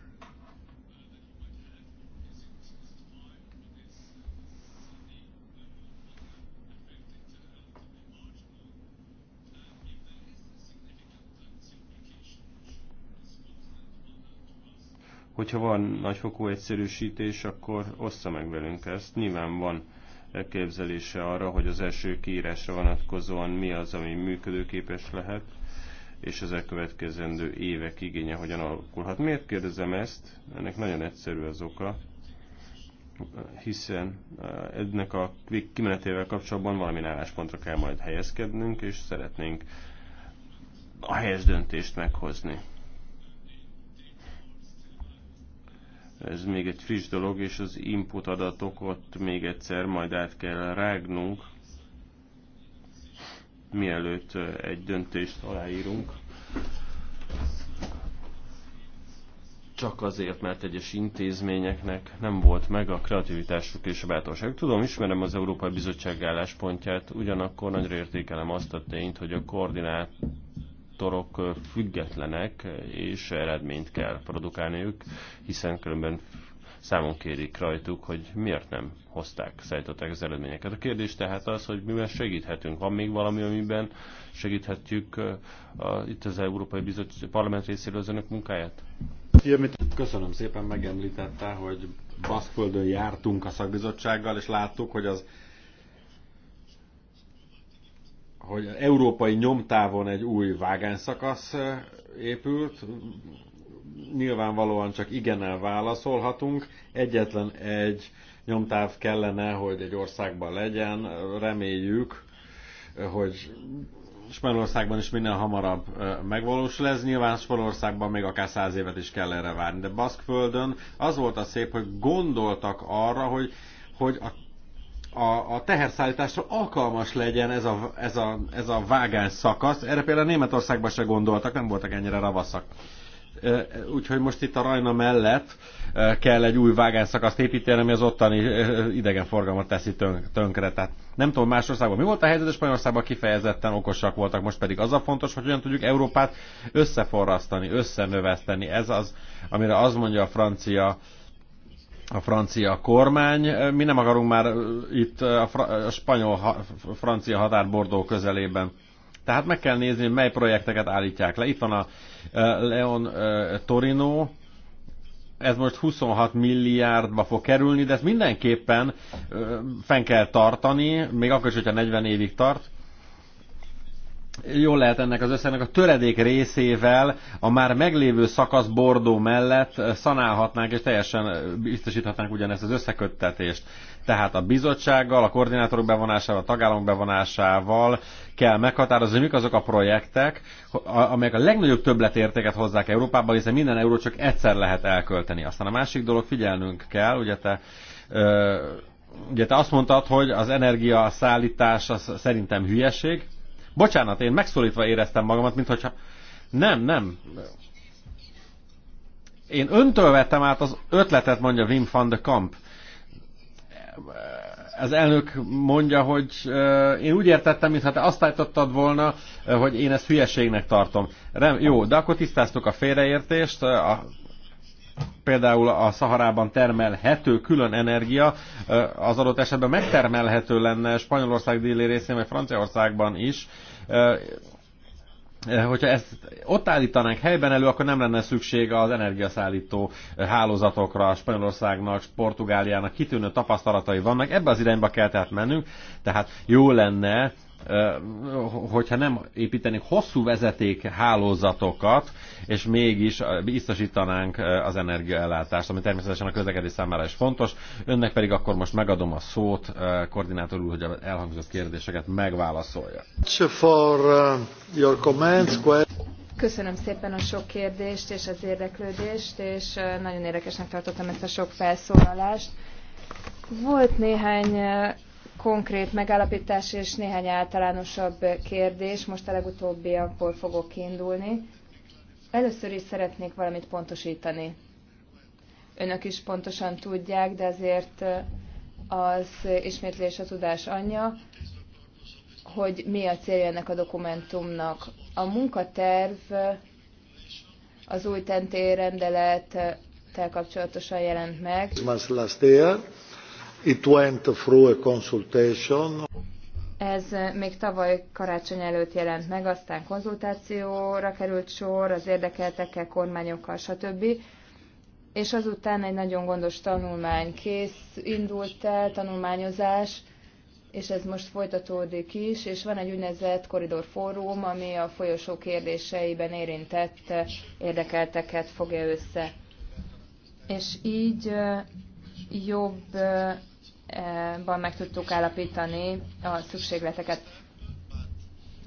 Hogyha van nagyfokú egyszerűsítés, akkor ossza meg velünk ezt. Nyilván van elképzelése arra, hogy az első kiírásra vonatkozóan mi az, ami működőképes lehet, és az elkövetkezendő évek igénye hogyan alakulhat. Miért kérdezem ezt? Ennek nagyon egyszerű az oka hiszen eh, ennek a kimenetével kapcsolatban valamilyen álláspontra kell majd helyezkednünk, és szeretnénk a helyes döntést meghozni. Ez még egy friss dolog, és az input adatokat még egyszer majd át kell rágnunk, mielőtt egy döntést aláírunk. Csak azért, mert egyes intézményeknek nem volt meg a kreativitásuk és a bátorság. Tudom, ismerem az Európai Bizottság álláspontját, ugyanakkor nagyra értékelem azt a tényt, hogy a koordinát szektorok függetlenek, és eredményt kell produkálniuk, hiszen különben számon kérik rajtuk, hogy miért nem hozták, szállították az eredményeket. A kérdés tehát az, hogy miben segíthetünk. Van még valami, amiben segíthetjük a, itt az Európai Bizottság Parlament részéről az önök munkáját? Köszönöm szépen, megemlítette, hogy Baszföldön jártunk a szakbizottsággal, és láttuk, hogy az hogy európai nyomtávon egy új vágányszakasz épült, nyilvánvalóan csak igennel válaszolhatunk. Egyetlen egy nyomtáv kellene, hogy egy országban legyen. Reméljük, hogy Spanyolországban is minden hamarabb megvalósul ez. Nyilván Spanyolországban még akár száz évet is kell erre várni. De Baszkföldön az volt a szép, hogy gondoltak arra, hogy, hogy a a, a teherszállításra alkalmas legyen ez a, ez, a, ez a vágány szakasz. Erre például Németországban se gondoltak, nem voltak ennyire ravaszak. Úgyhogy most itt a Rajna mellett kell egy új szakaszt építeni, ami az ottani idegenforgalmat teszi tönkre. Tehát nem tudom, más országban mi volt a helyzet, és Spanyolországban kifejezetten okosak voltak. Most pedig az a fontos, hogy hogyan tudjuk Európát összeforrasztani, összenöveszteni. Ez az, amire azt mondja a francia a francia kormány. Mi nem akarunk már itt a, fra- a spanyol-francia határ Bordó közelében. Tehát meg kell nézni, mely projekteket állítják le. Itt van a Leon Torino, ez most 26 milliárdba fog kerülni, de ezt mindenképpen fenn kell tartani, még akkor is, hogyha 40 évig tart jól lehet ennek az összegnek a töredék részével a már meglévő szakasz Bordó mellett szanálhatnánk, és teljesen biztosíthatnánk ugyanezt az összeköttetést. Tehát a bizottsággal, a koordinátorok bevonásával, a tagállamok bevonásával kell meghatározni, mik azok a projektek, amelyek a legnagyobb többletértéket hozzák Európában, hiszen minden euró csak egyszer lehet elkölteni. Aztán a másik dolog, figyelnünk kell, ugye te Ugye te azt mondtad, hogy az energia szállítás az szerintem hülyeség, Bocsánat, én megszólítva éreztem magamat, mintha... Nem, nem. Én öntől vettem át az ötletet, mondja Wim van de Kamp. Az elnök mondja, hogy eh, én úgy értettem, mintha te azt állítottad volna, eh, hogy én ezt hülyeségnek tartom. Rem, jó, de akkor tisztáztuk a félreértést, eh, a például a Szaharában termelhető külön energia az adott esetben megtermelhető lenne Spanyolország déli részén, vagy Franciaországban is. Hogyha ezt ott állítanánk helyben elő, akkor nem lenne szükség az energiaszállító hálózatokra, Spanyolországnak, Portugáliának kitűnő tapasztalatai vannak, ebbe az irányba kell tehát mennünk, tehát jó lenne hogyha nem építenénk hosszú vezeték hálózatokat, és mégis biztosítanánk az energiaellátást, ami természetesen a közlekedés számára is fontos. Önnek pedig akkor most megadom a szót, koordinátor úr, hogy elhangzott kérdéseket megválaszolja. Uh, Köszönöm szépen a sok kérdést és az érdeklődést, és nagyon érdekesnek tartottam ezt a sok felszólalást. Volt néhány konkrét megállapítás és néhány általánosabb kérdés. Most a legutóbbiakból fogok kiindulni. Először is szeretnék valamit pontosítani. Önök is pontosan tudják, de azért eh, az ismétlés a tudás anyja, hogy mi a célja ennek a dokumentumnak. A munkaterv eh, az új tentérendelettel kapcsolatosan jelent meg. It went through a consultation. Ez még tavaly karácsony előtt jelent meg, aztán konzultációra került sor az érdekeltekkel, kormányokkal, stb. És azután egy nagyon gondos tanulmány kész indult el, tanulmányozás, és ez most folytatódik is, és van egy úgynevezett koridor fórum, ami a folyosó kérdéseiben érintett érdekelteket fogja össze. És így jobb ban meg tudtuk állapítani a szükségleteket.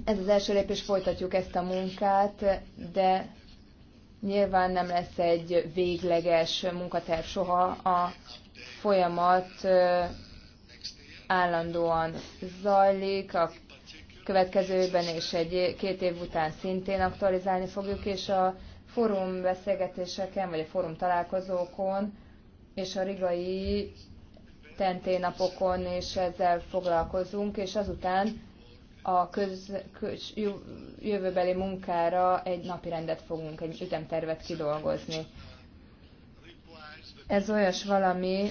Ez az első lépés, folytatjuk ezt a munkát, de nyilván nem lesz egy végleges munkaterv soha. A folyamat állandóan zajlik, a következő évben és egy két év után szintén aktualizálni fogjuk, és a fórum beszélgetéseken, vagy a fórum találkozókon, és a rigai hetente, napokon, és ezzel foglalkozunk, és azután a köz, köz, jövőbeli munkára egy napi rendet fogunk, egy ütemtervet kidolgozni. Ez olyas valami,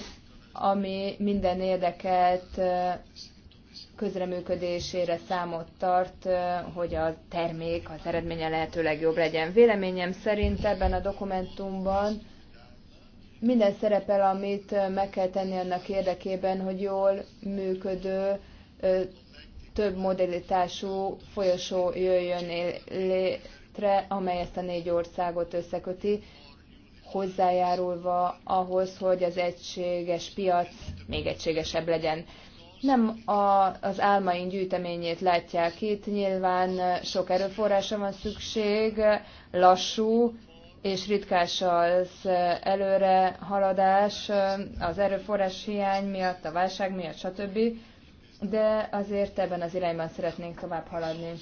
ami minden érdekelt közreműködésére számot tart, hogy a termék, az eredménye lehetőleg jobb legyen. Véleményem szerint ebben a dokumentumban minden szerepel, amit meg kell tenni annak érdekében, hogy jól működő, több modellitású folyosó jöjjön létre, amely ezt a négy országot összeköti, hozzájárulva ahhoz, hogy az egységes piac még egységesebb legyen. Nem a, az álmaink gyűjteményét látják itt, nyilván sok erőforrásra van szükség, lassú, és ritkás az előre haladás az erőforrás hiány miatt, a válság miatt, stb. De azért ebben az irányban szeretnénk tovább haladni.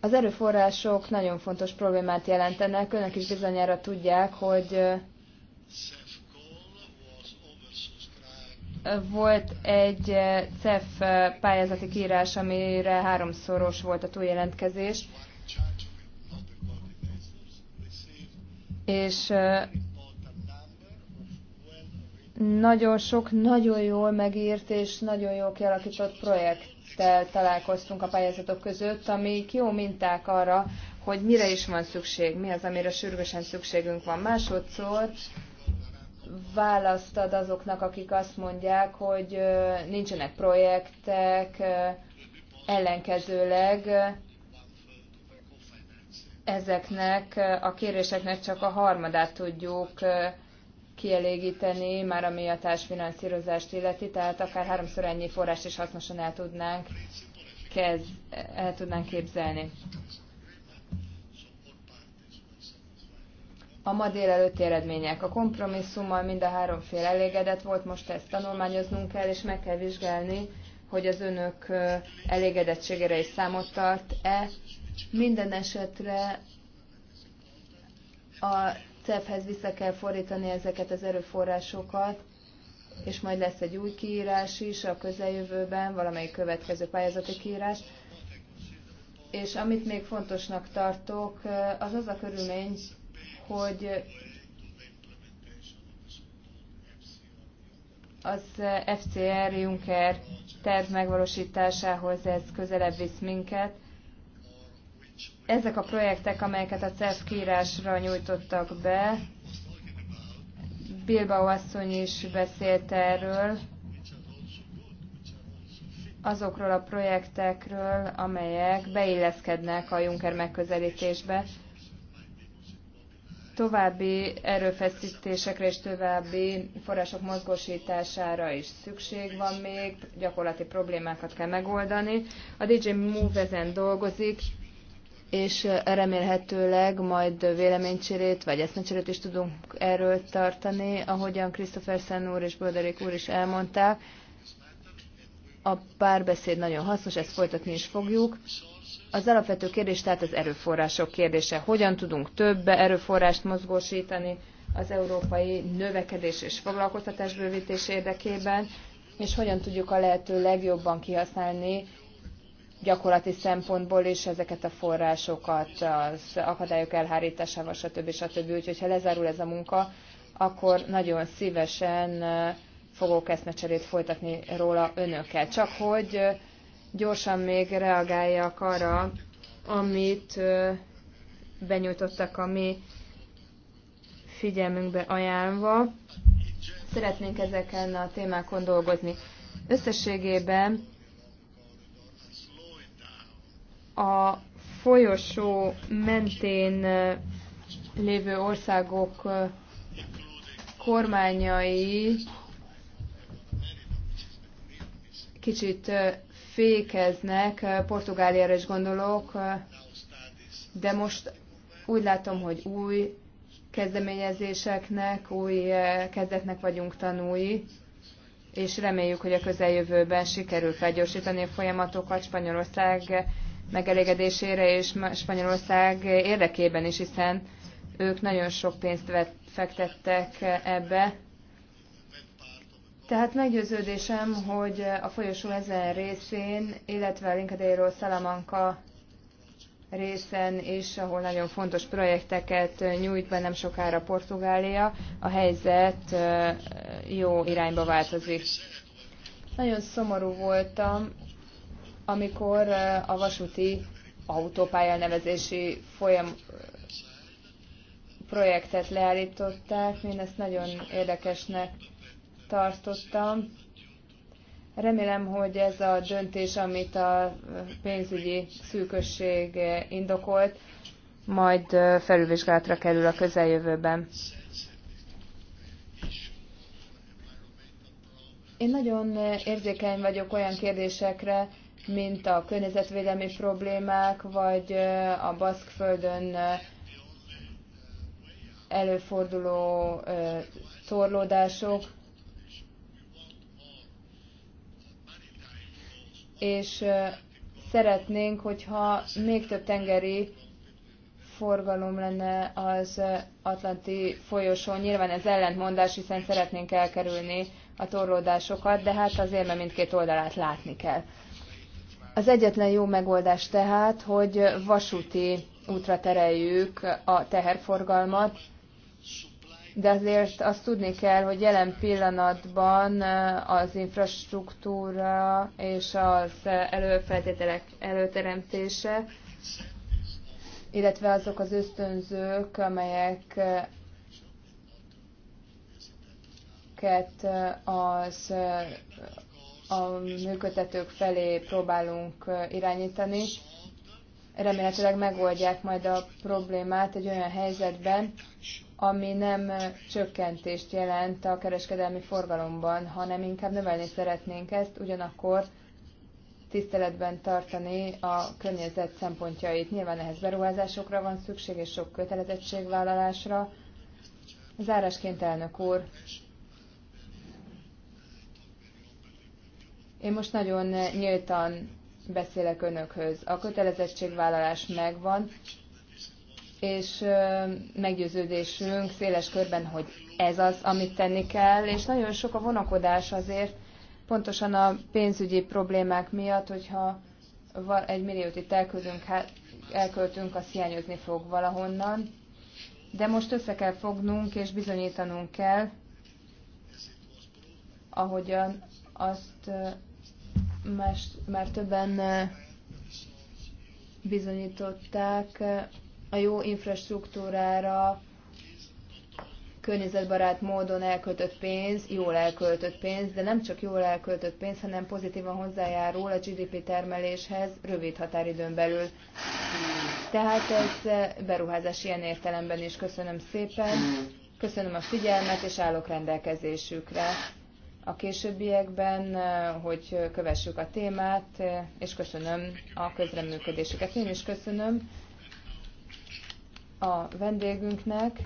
Az erőforrások nagyon fontos problémát jelentenek. Önök is bizonyára tudják, hogy volt egy CEF pályázati kiírás, amire háromszoros volt a túljelentkezés, és nagyon sok, nagyon jól megírt és nagyon jól kialakított projekttel találkoztunk a pályázatok között, ami jó minták arra, hogy mire is van szükség, mi az, amire sürgősen szükségünk van. Másodszor választad azoknak, akik azt mondják, hogy nincsenek projektek, ellenkezőleg ezeknek a kéréseknek csak a harmadát tudjuk kielégíteni, már ami a társfinanszírozást illeti, tehát akár háromszor ennyi forrás is hasznosan el tudnánk, kez, el tudnánk képzelni. A ma délelőtti eredmények. A kompromisszummal mind a három fél elégedett volt, most ezt tanulmányoznunk kell, és meg kell vizsgálni, hogy az önök elégedettségére is számot tart-e, minden esetre a CEP-hez vissza kell fordítani ezeket az erőforrásokat, és majd lesz egy új kiírás is a közeljövőben, valamelyik következő pályázati kiírás. És amit még fontosnak tartok, az az a körülmény, hogy az FCR Juncker terv megvalósításához ez közelebb visz minket, ezek a projektek, amelyeket a CEF kiírásra nyújtottak be, Bilbao asszony is beszélt erről, azokról a projektekről, amelyek beilleszkednek a Juncker megközelítésbe. További erőfeszítésekre és további források mozgósítására is szükség van még, gyakorlati problémákat kell megoldani. A DJ Move ezen dolgozik, és remélhetőleg majd véleménycserét vagy eszmecserét is tudunk erről tartani, ahogyan Christopher Szen úr és Bölderék úr is elmondták. A párbeszéd nagyon hasznos, ezt folytatni is fogjuk. Az alapvető kérdés tehát az erőforrások kérdése. Hogyan tudunk több erőforrást mozgósítani az európai növekedés és foglalkoztatás bővítés érdekében, és hogyan tudjuk a lehető legjobban kihasználni gyakorlati szempontból is ezeket a forrásokat, az akadályok elhárításával, stb. stb. Úgyhogy ha lezárul ez a munka, akkor nagyon szívesen fogok eszmecserét folytatni róla önökkel. Csak hogy gyorsan még reagáljak arra, amit benyújtottak a mi figyelmünkbe ajánlva. Szeretnénk ezeken a témákon dolgozni. Összességében a folyosó mentén lévő országok kormányai kicsit fékeznek, Portugáliára is gondolok, de most úgy látom, hogy új kezdeményezéseknek, új kezdetnek vagyunk tanúi, és reméljük, hogy a közeljövőben sikerül felgyorsítani a folyamatokat. Spanyolország megelégedésére és Spanyolország érdekében is, hiszen ők nagyon sok pénzt vett, fektettek ebbe. Tehát meggyőződésem, hogy a folyosó ezen részén, illetve a Linkadéról Salamanca részen is, ahol nagyon fontos projekteket nyújt be nem sokára Portugália, a helyzet jó irányba változik. Nagyon szomorú voltam, amikor a vasúti autópálya nevezési folyam projektet leállították, én ezt nagyon érdekesnek tartottam. Remélem, hogy ez a döntés, amit a pénzügyi szűkösség indokolt, majd felülvizsgálatra kerül a közeljövőben. Én nagyon érzékeny vagyok olyan kérdésekre, mint a környezetvédelmi problémák, vagy a Baszkföldön előforduló torlódások. És szeretnénk, hogyha még több tengeri forgalom lenne az Atlanti folyosón. Nyilván ez ellentmondás, hiszen szeretnénk elkerülni a torlódásokat, de hát azért, mert mindkét oldalát látni kell. Az egyetlen jó megoldás tehát, hogy vasúti útra tereljük a teherforgalmat, de azért azt tudni kell, hogy jelen pillanatban az infrastruktúra és az előfeltételek előteremtése, illetve azok az ösztönzők, amelyek az a működtetők felé próbálunk irányítani. Remélhetőleg megoldják majd a problémát egy olyan helyzetben, ami nem csökkentést jelent a kereskedelmi forgalomban, hanem inkább növelni szeretnénk ezt, ugyanakkor tiszteletben tartani a környezet szempontjait. Nyilván ehhez beruházásokra van szükség, és sok kötelezettségvállalásra. Zárásként elnök úr, Én most nagyon nyíltan beszélek önökhöz. A kötelezettségvállalás megvan, és meggyőződésünk széles körben, hogy ez az, amit tenni kell, és nagyon sok a vonakodás azért, pontosan a pénzügyi problémák miatt, hogyha egy milliót itt elköltünk, hát elköltünk, az hiányozni fog valahonnan. De most össze kell fognunk, és bizonyítanunk kell, ahogyan azt más, már többen bizonyították, a jó infrastruktúrára környezetbarát módon elköltött pénz, jól elköltött pénz, de nem csak jól elköltött pénz, hanem pozitívan hozzájárul a GDP termeléshez rövid határidőn belül. Tehát ez beruházás ilyen értelemben is. Köszönöm szépen, köszönöm a figyelmet, és állok rendelkezésükre a későbbiekben, eh, hogy kövessük a témát, eh, és köszönöm a közreműködéseket. Én is köszönöm a vendégünknek.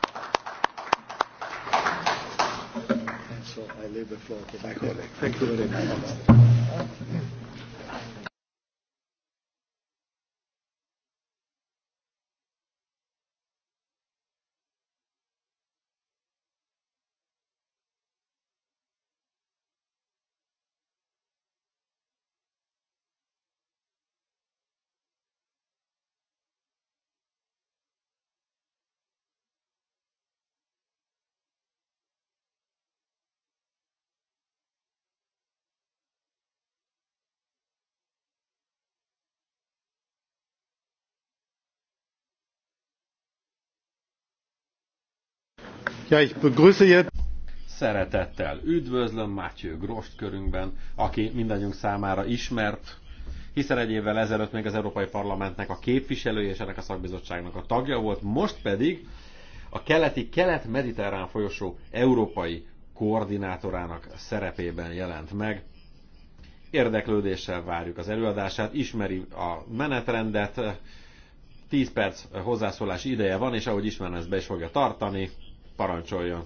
so I leave the floor to my colleague. Thank you very much. Ja, ich begrüße jetzt. Szeretettel üdvözlöm Mátyő Grost körünkben, aki mindannyiunk számára ismert, hiszen egy évvel ezelőtt még az Európai Parlamentnek a képviselője és ennek a szakbizottságnak a tagja volt, most pedig a keleti kelet-mediterrán folyosó európai koordinátorának szerepében jelent meg. Érdeklődéssel várjuk az előadását, ismeri a menetrendet, 10 perc hozzászólás ideje van, és ahogy ismerem, ezt be is fogja tartani parancsoljon.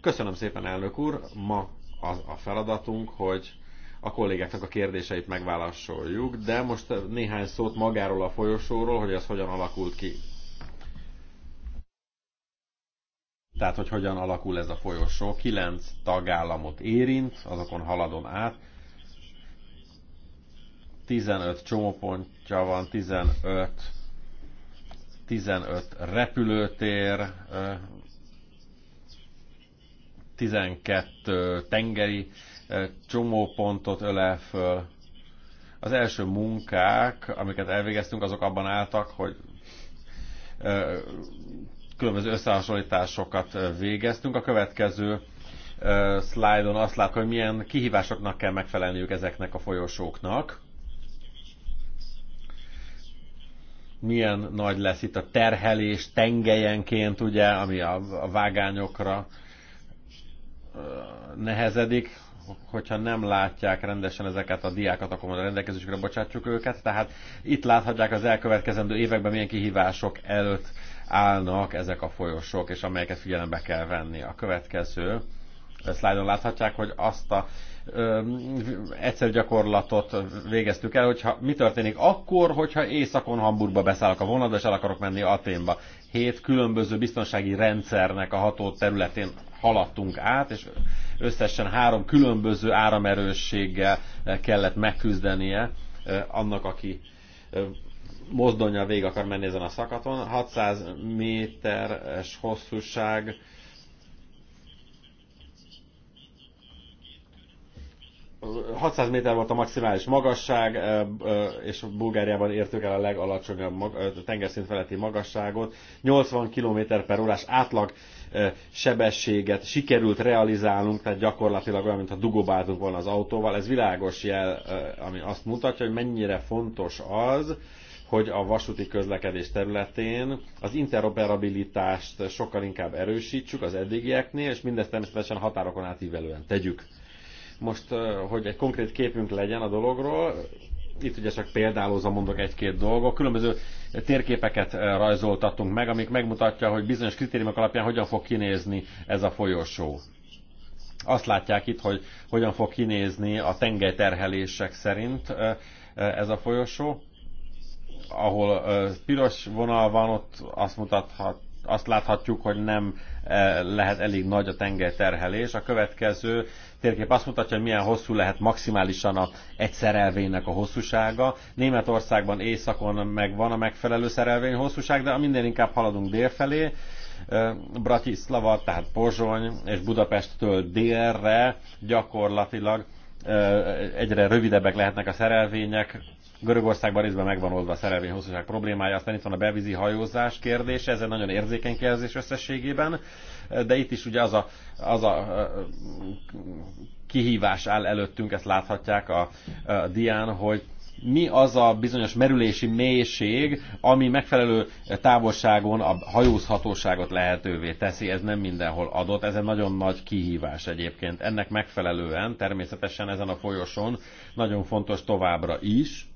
Köszönöm szépen, elnök úr. Ma az a feladatunk, hogy a kollégáknak a kérdéseit megválaszoljuk, de most néhány szót magáról a folyosóról, hogy ez hogyan alakult ki. Tehát, hogy hogyan alakul ez a folyosó. Kilenc tagállamot érint, azokon haladon át. 15 csomópontja van, 15 15 repülőtér, 12 tengeri csomópontot ölel föl. Az első munkák, amiket elvégeztünk, azok abban álltak, hogy különböző összehasonlításokat végeztünk. A következő szlájdon azt látjuk, hogy milyen kihívásoknak kell megfelelniük ezeknek a folyosóknak. milyen nagy lesz itt a terhelés tengelyenként, ugye, ami a, a vágányokra nehezedik, hogyha nem látják rendesen ezeket a diákat, akkor a rendelkezésükre bocsátjuk őket. Tehát itt láthatják az elkövetkezendő években milyen kihívások előtt állnak ezek a folyosók, és amelyeket figyelembe kell venni. A következő szlájdon láthatják, hogy azt a egyszerű gyakorlatot végeztük el, hogyha mi történik akkor, hogyha éjszakon Hamburgba beszállok a vonatba, és el akarok menni Aténba. Hét különböző biztonsági rendszernek a ható területén haladtunk át, és összesen három különböző áramerősséggel kellett megküzdenie annak, aki mozdonya vég akar menni ezen a szakaton. 600 méteres hosszúság 600 méter volt a maximális magasság, és Bulgáriában értük el a legalacsonyabb tengerszint feletti magasságot. 80 km per órás átlag sebességet sikerült realizálnunk, tehát gyakorlatilag olyan, mintha dugobáltunk volna az autóval. Ez világos jel, ami azt mutatja, hogy mennyire fontos az, hogy a vasúti közlekedés területén az interoperabilitást sokkal inkább erősítsük az eddigieknél, és mindezt természetesen határokon átívelően tegyük most, hogy egy konkrét képünk legyen a dologról, itt ugye csak példálózom mondok egy-két dolgot. Különböző térképeket rajzoltattunk meg, amik megmutatja, hogy bizonyos kritériumok alapján hogyan fog kinézni ez a folyosó. Azt látják itt, hogy hogyan fog kinézni a tengelyterhelések szerint ez a folyosó. Ahol piros vonal van, ott azt mutathat, azt láthatjuk, hogy nem eh, lehet elég nagy a tengerterhelés. A következő térkép azt mutatja, hogy milyen hosszú lehet maximálisan a egy szerelvénynek a hosszúsága. Németországban északon megvan a megfelelő szerelvény hosszúság, de minden inkább haladunk délfelé. Eh, Bratislava, tehát Pozsony és Budapesttől délre gyakorlatilag eh, egyre rövidebbek lehetnek a szerelvények, Görögországban részben megvan oldva a szerelvény hosszúság problémája, aztán itt van a bevízi hajózás kérdése, ez egy nagyon érzékeny kérdés összességében, de itt is ugye az a, az a kihívás áll előttünk, ezt láthatják a, a dián, hogy mi az a bizonyos merülési mélység, ami megfelelő távolságon a hajózhatóságot lehetővé teszi. Ez nem mindenhol adott, ez egy nagyon nagy kihívás egyébként. Ennek megfelelően természetesen ezen a folyosón nagyon fontos továbbra is,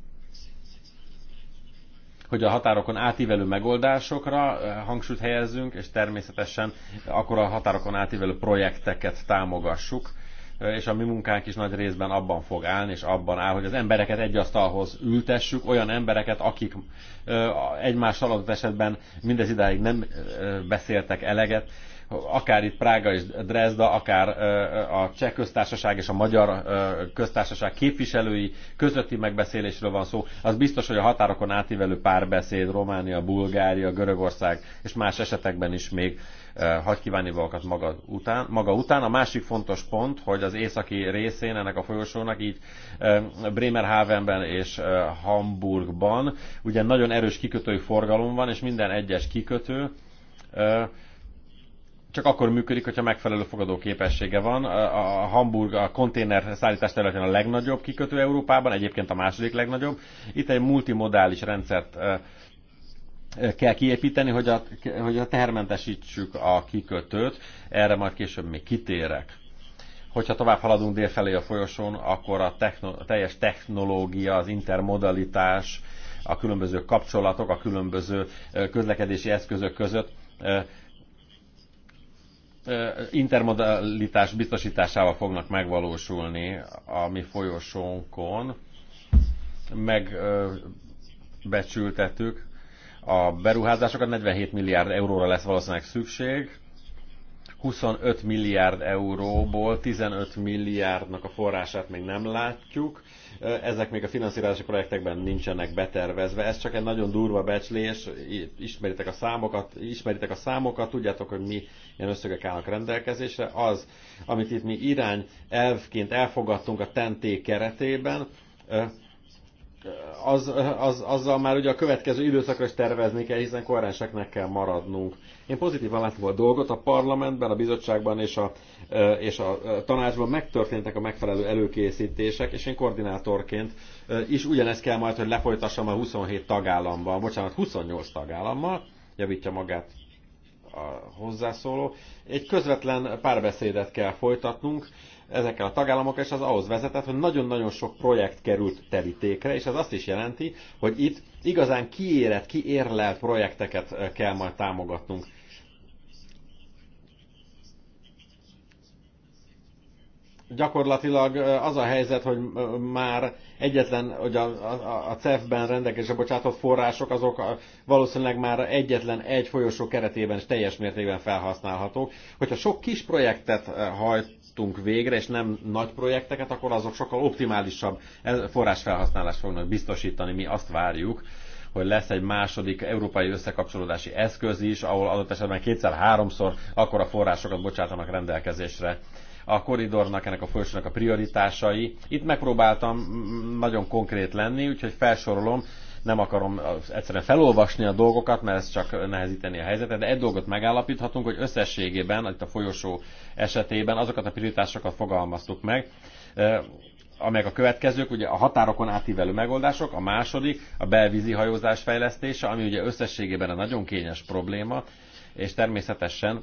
hogy a határokon átívelő megoldásokra eh, hangsúlyt helyezzünk, és természetesen akkor a határokon átívelő projekteket támogassuk eh, és a mi munkánk is nagy részben abban fog állni, és abban áll, hogy az embereket egy asztalhoz ültessük, olyan embereket, akik eh, egymás adott esetben mindez idáig nem beszéltek eleget, akár itt Prága és Dresda, akár a cseh köztársaság és a magyar köztársaság képviselői közötti megbeszélésről van szó, az biztos, hogy a határokon átívelő párbeszéd Románia, Bulgária, Görögország és más esetekben is még hagy kívánni valakat maga után. maga után. A másik fontos pont, hogy az északi részén ennek a folyosónak, így Bremerhavenben és Hamburgban, ugye nagyon erős kikötői forgalom van, és minden egyes kikötő csak akkor működik, hogyha megfelelő fogadó képessége van. A Hamburg a konténer szállítás területén a legnagyobb kikötő Európában, egyébként a második legnagyobb. Itt egy multimodális rendszert kell kiépíteni, hogy a, hogy a tehermentesítsük a kikötőt. Erre majd később még kitérek. Hogyha tovább haladunk délfelé a folyosón, akkor a techno, a teljes technológia, az intermodalitás, a különböző kapcsolatok, a különböző közlekedési eszközök között intermodalitás biztosításával fognak megvalósulni a mi folyosónkon. Megbecsültettük a beruházásokat, 47 milliárd euróra lesz valószínűleg szükség. 25 milliárd euróból 15 milliárdnak a forrását még nem látjuk ezek még a finanszírozási projektekben nincsenek betervezve. Ez csak egy nagyon durva becslés, ismeritek a számokat, ismeritek a számokat tudjátok, hogy mi ilyen összegek állnak rendelkezésre. Az, amit itt mi irány elvként elfogadtunk a TNT keretében, az, az, azzal már ugye a következő időszakra is tervezni kell, hiszen korránseknek kell maradnunk. Én pozitívan látom a dolgot, a parlamentben, a bizottságban és a, e, és a e, tanácsban megtörténtek a megfelelő előkészítések, és én koordinátorként e, is ugyanezt kell majd, hogy lefolytassam a 27 tagállammal, bocsánat, 28 tagállammal, javítja magát a hozzászóló. Egy közvetlen párbeszédet kell folytatnunk, ezekkel a tagállamokkal, és az ahhoz vezetett, hogy nagyon-nagyon sok projekt került terítékre, és ez azt is jelenti, hogy itt igazán kiérett, kiérlelt projekteket kell majd támogatnunk. gyakorlatilag az a helyzet, hogy már egyetlen, hogy a, a, a CEF-ben rendelkezésre bocsátott források, azok valószínűleg már egyetlen egy folyosó keretében és teljes mértékben felhasználhatók. Hogyha sok kis projektet hajt hajtunk végre, és nem nagy projekteket, akkor azok sokkal optimálisabb forrásfelhasználást fognak biztosítani. Mi azt várjuk, hogy lesz egy második európai összekapcsolódási eszköz is, ahol adott esetben kétszer-háromszor akkor a forrásokat bocsátanak rendelkezésre a koridornak, ennek a folyosónak a prioritásai. Itt megpróbáltam mm, nagyon konkrét lenni, úgyhogy felsorolom nem akarom egyszerűen felolvasni a dolgokat, mert ez csak nehezíteni a helyzetet, de egy dolgot megállapíthatunk, hogy összességében, itt a folyosó esetében azokat a prioritásokat fogalmaztuk meg, amelyek a következők, ugye a határokon átívelő megoldások, a második, a belvízi hajózás fejlesztése, ami ugye összességében egy nagyon kényes probléma, és természetesen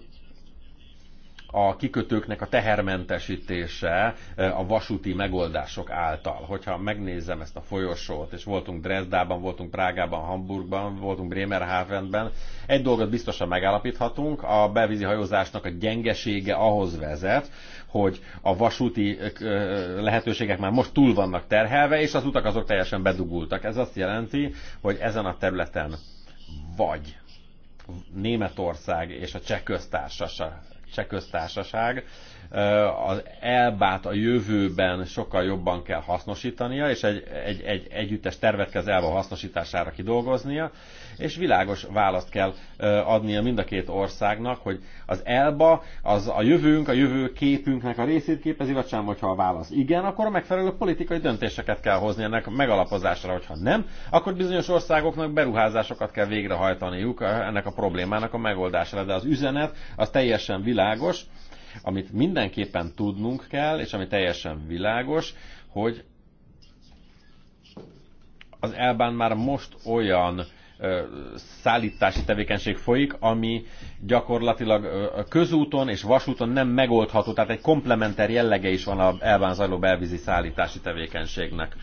a kikötőknek a tehermentesítése eh, a vasúti megoldások által. Hogyha megnézem ezt a folyosót, és voltunk Dresdában, voltunk Prágában, Hamburgban, voltunk Bremerhavenben, egy dolgot biztosan megállapíthatunk, a belvízi hajózásnak a gyengesége ahhoz vezet, hogy a vasúti eh, eh, lehetőségek már most túl vannak terhelve, és az utak azok teljesen bedugultak. Ez azt jelenti, hogy ezen a területen vagy Németország és a cseh köztársaság se köztársaság az elbát a jövőben sokkal jobban kell hasznosítania, és egy, egy, egy együttes tervet kell az elba hasznosítására kidolgoznia, és világos választ kell adnia mind a két országnak, hogy az elba az a jövőnk, a jövő képünknek a részét képezi, vagy sem, hogyha a válasz igen, akkor a megfelelő politikai döntéseket kell hozni ennek megalapozásra, hogyha nem, akkor bizonyos országoknak beruházásokat kell végrehajtaniuk ennek a problémának a megoldására, de az üzenet az teljesen világos, amit mindenképpen tudnunk kell, és ami teljesen világos, hogy az elbán már most olyan szállítási tevékenység folyik, ami gyakorlatilag közúton és vasúton nem megoldható, tehát egy komplementer jellege is van az Elbán zajló belvízi szállítási tevékenységnek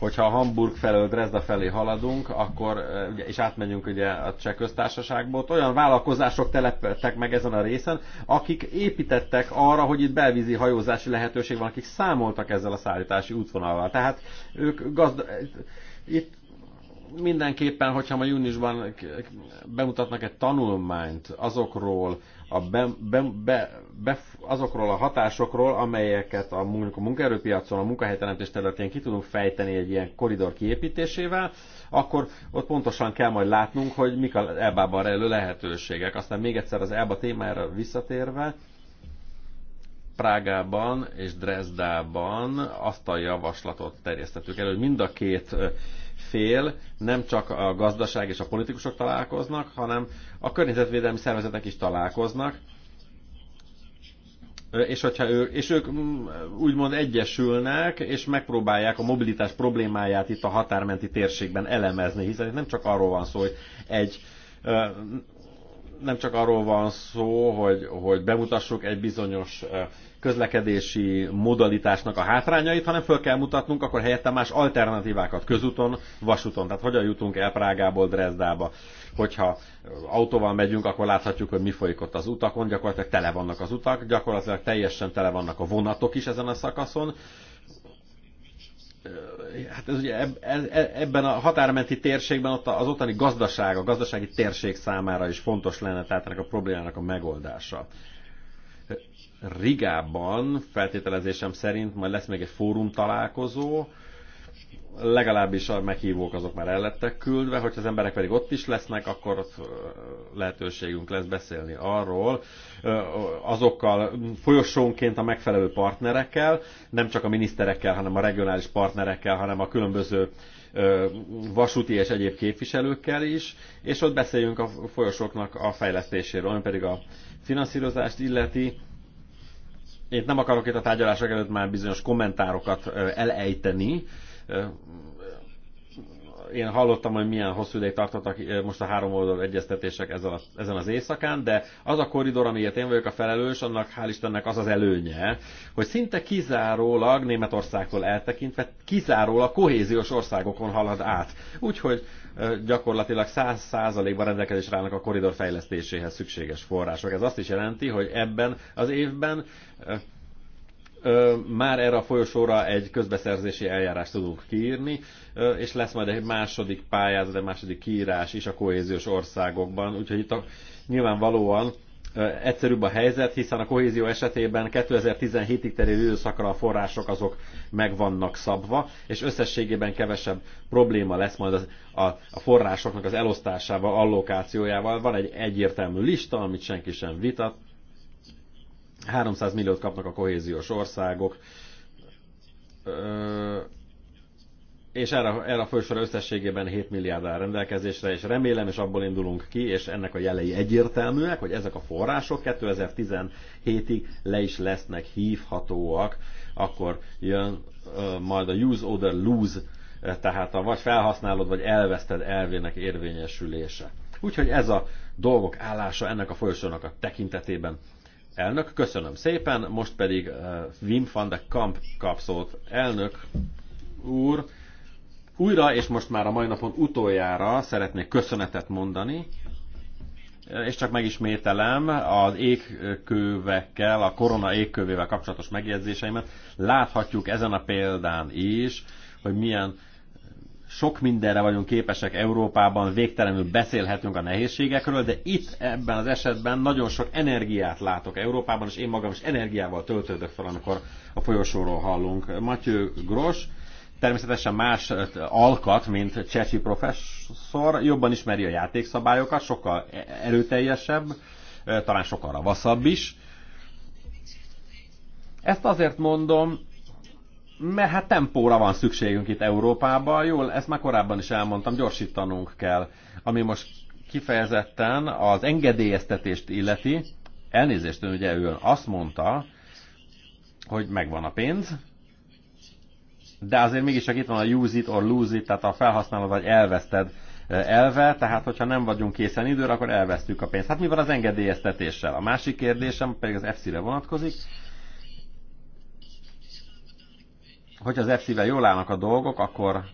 hogyha Hamburg felől Dresda felé haladunk, akkor, és átmegyünk ugye a cseh köztársaságból, olyan vállalkozások telepettek meg ezen a részen, akik építettek arra, hogy itt belvízi hajózási lehetőség van, akik számoltak ezzel a szállítási útvonalval. Tehát ők gazda... Itt mindenképpen, hogyha ma júniusban bemutatnak egy tanulmányt azokról a be, be, be, azokról a hatásokról, amelyeket a munkaerőpiacon, a munkahelyteremtés területén ki tudunk fejteni egy ilyen koridor kiépítésével, akkor ott pontosan kell majd látnunk, hogy mik az elbában rejlő lehetőségek. Aztán még egyszer az elba témára visszatérve, Prágában és Dresdában azt a javaslatot terjesztettük elő, hogy mind a két fél nem csak a gazdaság és a politikusok találkoznak, hanem a környezetvédelmi szervezetek is találkoznak, és, hogyha ő és ők mm, úgymond egyesülnek, és megpróbálják a mobilitás problémáját itt a határmenti térségben elemezni, hiszen itt nem csak arról van szó, hogy egy nem csak arról van szó, hogy, hogy bemutassuk egy bizonyos közlekedési modalitásnak a hátrányait, hanem föl kell mutatnunk akkor helyette más alternatívákat közúton, vasúton. Tehát hogyan jutunk el Prágából Dresdába. Hogyha autóval megyünk, akkor láthatjuk, hogy mi folyik ott az utakon, gyakorlatilag tele vannak az utak, gyakorlatilag teljesen tele vannak a vonatok is ezen a szakaszon hát ez ugye e- ebben a határmenti térségben ott az ottani gazdaság, a gazdasági térség számára is fontos lenne, tehát ennek a problémának a megoldása. Rigában feltételezésem szerint majd lesz még egy fórum találkozó, legalábbis a meghívók azok már el lettek küldve, hogy az emberek pedig ott is lesznek, akkor ott lehetőségünk lesz beszélni arról azokkal folyosónként a megfelelő partnerekkel, nem csak a miniszterekkel, hanem a regionális partnerekkel, hanem a különböző vasúti és egyéb képviselőkkel is, és ott beszéljünk a folyosóknak a fejlesztéséről, ami pedig a finanszírozást illeti, én nem akarok itt a tárgyalások előtt már bizonyos kommentárokat elejteni. Én hallottam, hogy milyen hosszú ideig tartottak most a három oldal egyeztetések ezen az éjszakán, de az a korridor, amiért én vagyok a felelős, annak hál' Istennek az az előnye, hogy szinte kizárólag Németországtól eltekintve, kizárólag kohéziós országokon halad át. Úgyhogy gyakorlatilag 100%-ban rendelkezésre állnak a koridor fejlesztéséhez szükséges források. Ez azt is jelenti, hogy ebben az évben ö, már erre a folyosóra egy közbeszerzési eljárást tudunk kiírni, ö, és lesz majd egy második pályázat, egy második kiírás is a kohéziós országokban, úgyhogy itt a, nyilvánvalóan egyszerűbb a helyzet, hiszen a kohézió esetében 2017-ig terjedő időszakra a források azok meg vannak szabva, és összességében kevesebb probléma lesz majd az, a, a forrásoknak az elosztásával, allokációjával. Van egy egyértelmű lista, amit senki sem vitat. 300 milliót kapnak a kohéziós országok. Ö és erre, erre a fősor összességében 7 milliárd áll rendelkezésre, és remélem, és abból indulunk ki, és ennek a jelei egyértelműek, hogy ezek a források 2017-ig le is lesznek hívhatóak, akkor jön ö, majd a use oder lose, tehát a vagy felhasználod, vagy elveszted elvének érvényesülése. Úgyhogy ez a dolgok állása ennek a folyosónak a tekintetében. Elnök, köszönöm szépen, most pedig uh, Wim van de Kamp kapszót. Elnök úr, újra, és most már a mai napon utoljára szeretnék köszönetet mondani, és csak megismételem az égkövekkel, a korona égkövével kapcsolatos megjegyzéseimet. Láthatjuk ezen a példán is, hogy milyen sok mindenre vagyunk képesek Európában, végtelenül beszélhetünk a nehézségekről, de itt ebben az esetben nagyon sok energiát látok Európában, és én magam is energiával töltődök fel, amikor a folyosóról hallunk. Matyő Gros, természetesen más alkat, mint Csecsi professzor, jobban ismeri a játékszabályokat, sokkal e, erőteljesebb, talán sokkal ravaszabb is. Ezt azért mondom, mert hát tempóra van szükségünk itt Európában, jól, ezt már korábban is elmondtam, gyorsítanunk kell, ami most kifejezetten az engedélyeztetést illeti, elnézést ön ugye ő azt mondta, hogy megvan a pénz, de azért mégiscsak itt van a use it or lose it, tehát a felhasználod vagy elveszted elve, tehát hogyha nem vagyunk készen időre, akkor elvesztük a pénzt. Hát mi van az engedélyeztetéssel? A másik kérdésem pedig az FC-re vonatkozik. Hogyha az FC-vel jól állnak a dolgok, akkor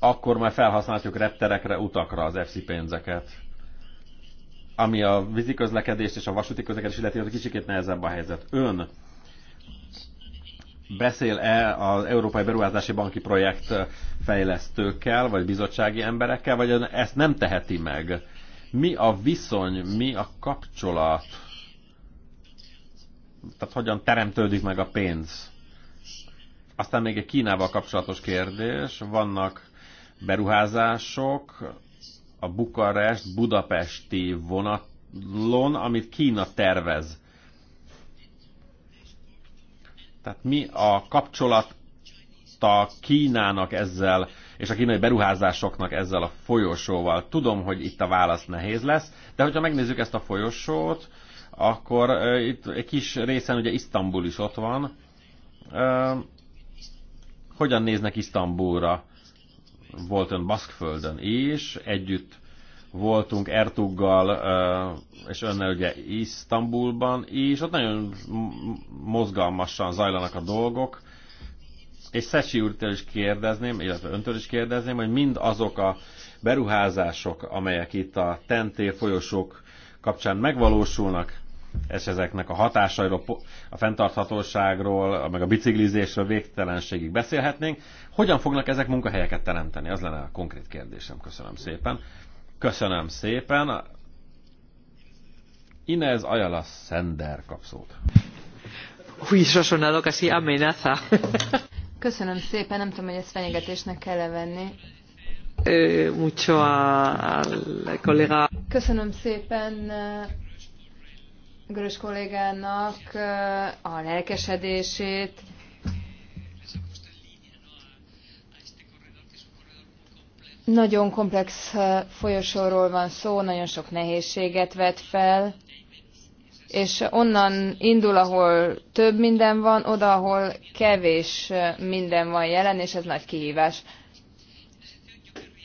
akkor majd felhasználhatjuk repterekre, utakra az FC pénzeket. Ami a víziközlekedést és a vasúti közlekedést illeti, hogy kicsikét nehezebb a helyzet. Ön beszél-e az Európai Beruházási Banki Projekt fejlesztőkkel, vagy bizottsági emberekkel, vagy ezt nem teheti meg? Mi a viszony, mi a kapcsolat? Tehát hogyan teremtődik meg a pénz? Aztán még egy Kínával kapcsolatos kérdés. Vannak beruházások a Bukarest-Budapesti vonat amit Kína tervez. Tehát mi a kapcsolat a Kínának ezzel, és a kínai beruházásoknak ezzel a folyosóval. Tudom, hogy itt a válasz nehéz lesz, de hogyha megnézzük ezt a folyosót, akkor uh, itt egy kis részen ugye Isztambul is ott van. Uh, hogyan néznek Isztambulra? Volt ön Baszkföldön is, együtt voltunk Ertuggal és önnel ugye Isztambulban is, ott nagyon mozgalmasan zajlanak a dolgok, és Szecsi úrtől is kérdezném, illetve öntől is kérdezném, hogy mind azok a beruházások, amelyek itt a tenté folyosók kapcsán megvalósulnak, és ezeknek a hatásairól, a fenntarthatóságról, meg a biciklizésről végtelenségig beszélhetnénk. Hogyan fognak ezek munkahelyeket teremteni? Az lenne a konkrét kérdésem. Köszönöm szépen. Köszönöm szépen. Inez Ajala Szender kapszót. szót. sosonálok, eso sonado casi amenaza. Köszönöm szépen, nem tudom, hogy ezt fenyegetésnek kell venni. Mucho a kollega. Köszönöm szépen Görös kollégának a lelkesedését, Nagyon komplex eh, folyosóról van szó, nagyon sok nehézséget vet fel, és onnan indul, ahol több minden van, oda, ahol kevés eh, minden van jelen, és ez nagy kihívás.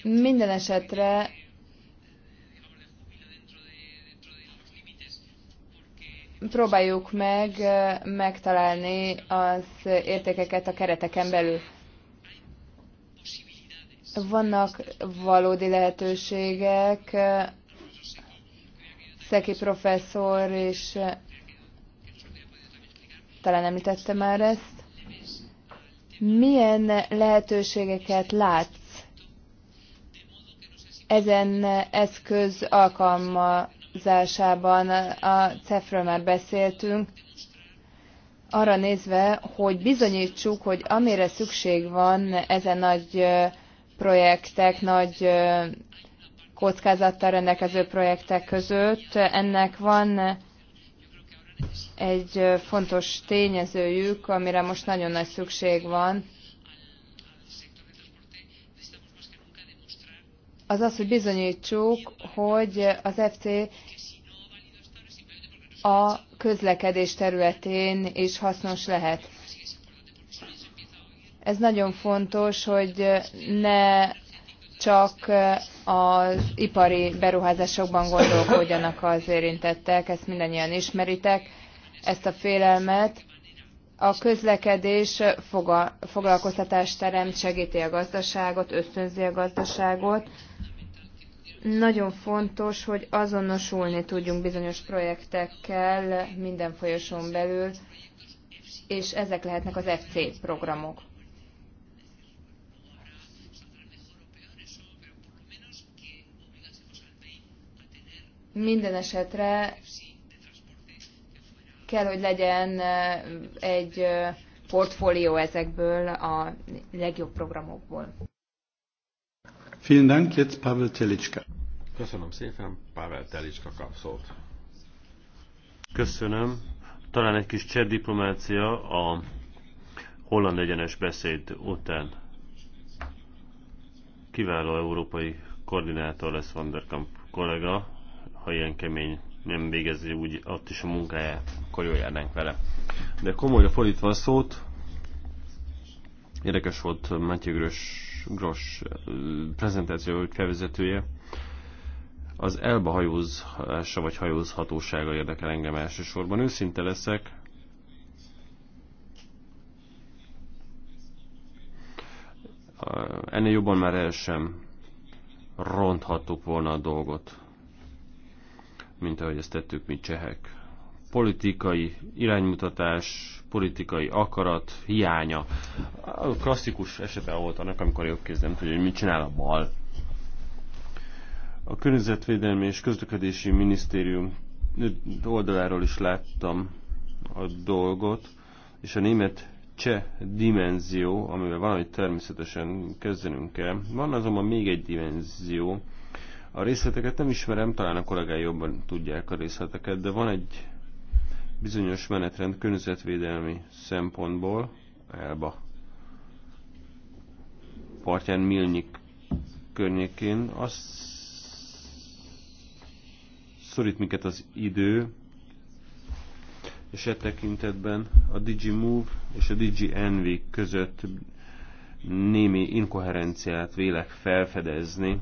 Minden esetre próbáljuk meg eh, megtalálni az értékeket a kereteken belül. Vannak valódi lehetőségek. Szeki professzor is talán említette már ezt. Milyen lehetőségeket látsz ezen eszköz alkalmazásában? A CEF-ről már beszéltünk. Arra nézve, hogy bizonyítsuk, hogy amire szükség van ezen nagy projektek, nagy kockázattal rendelkező projektek között. Ennek van egy fontos tényezőjük, amire most nagyon nagy szükség van. Az az, hogy bizonyítsuk, hogy az FC a közlekedés területén is hasznos lehet. Ez nagyon fontos, hogy ne csak az ipari beruházásokban gondolkodjanak az érintettek, ezt mindannyian ismeritek, ezt a félelmet. A közlekedés foglalkoztatást teremt, segíti a gazdaságot, ösztönzi a gazdaságot. Nagyon fontos, hogy azonosulni tudjunk bizonyos projektekkel minden folyosón belül, és ezek lehetnek az FC programok. Minden esetre kell, hogy legyen egy portfólió ezekből a legjobb programokból. Vielen Dank, jetzt Pavel Telicska. Köszönöm szépen, Pavel Telicska kap szót. Köszönöm. Talán egy kis cseh diplomácia a holland egyenes beszéd után. Kiváló európai koordinátor lesz Vanderkamp kollega, ha ilyen kemény nem végezi úgy ott is a munkáját, akkor jól járnánk vele. De komolyra fordítva a szót, érdekes volt Matthew Gross, Gross prezentáció felvezetője. Az elba hajózása vagy hajózhatósága érdekel engem elsősorban. Őszinte leszek, ennél jobban már el sem ronthattuk volna a dolgot mint ahogy ezt tettük mi csehek. Politikai iránymutatás, politikai akarat hiánya. A klasszikus esete volt annak, amikor jobb kéz nem tudja, hogy mit csinál a bal. A Környezetvédelmi és Közlekedési Minisztérium oldaláról is láttam a dolgot, és a német cseh dimenzió, amivel valamit természetesen kezdenünk kell. Van azonban még egy dimenzió, a részleteket nem ismerem, talán a kollégái jobban tudják a részleteket, de van egy bizonyos menetrend környezetvédelmi szempontból, Elba partján Milnyik környékén, az szorít minket az idő, és e tekintetben a DigiMove és a DigiEnvy között némi inkoherenciát vélek felfedezni,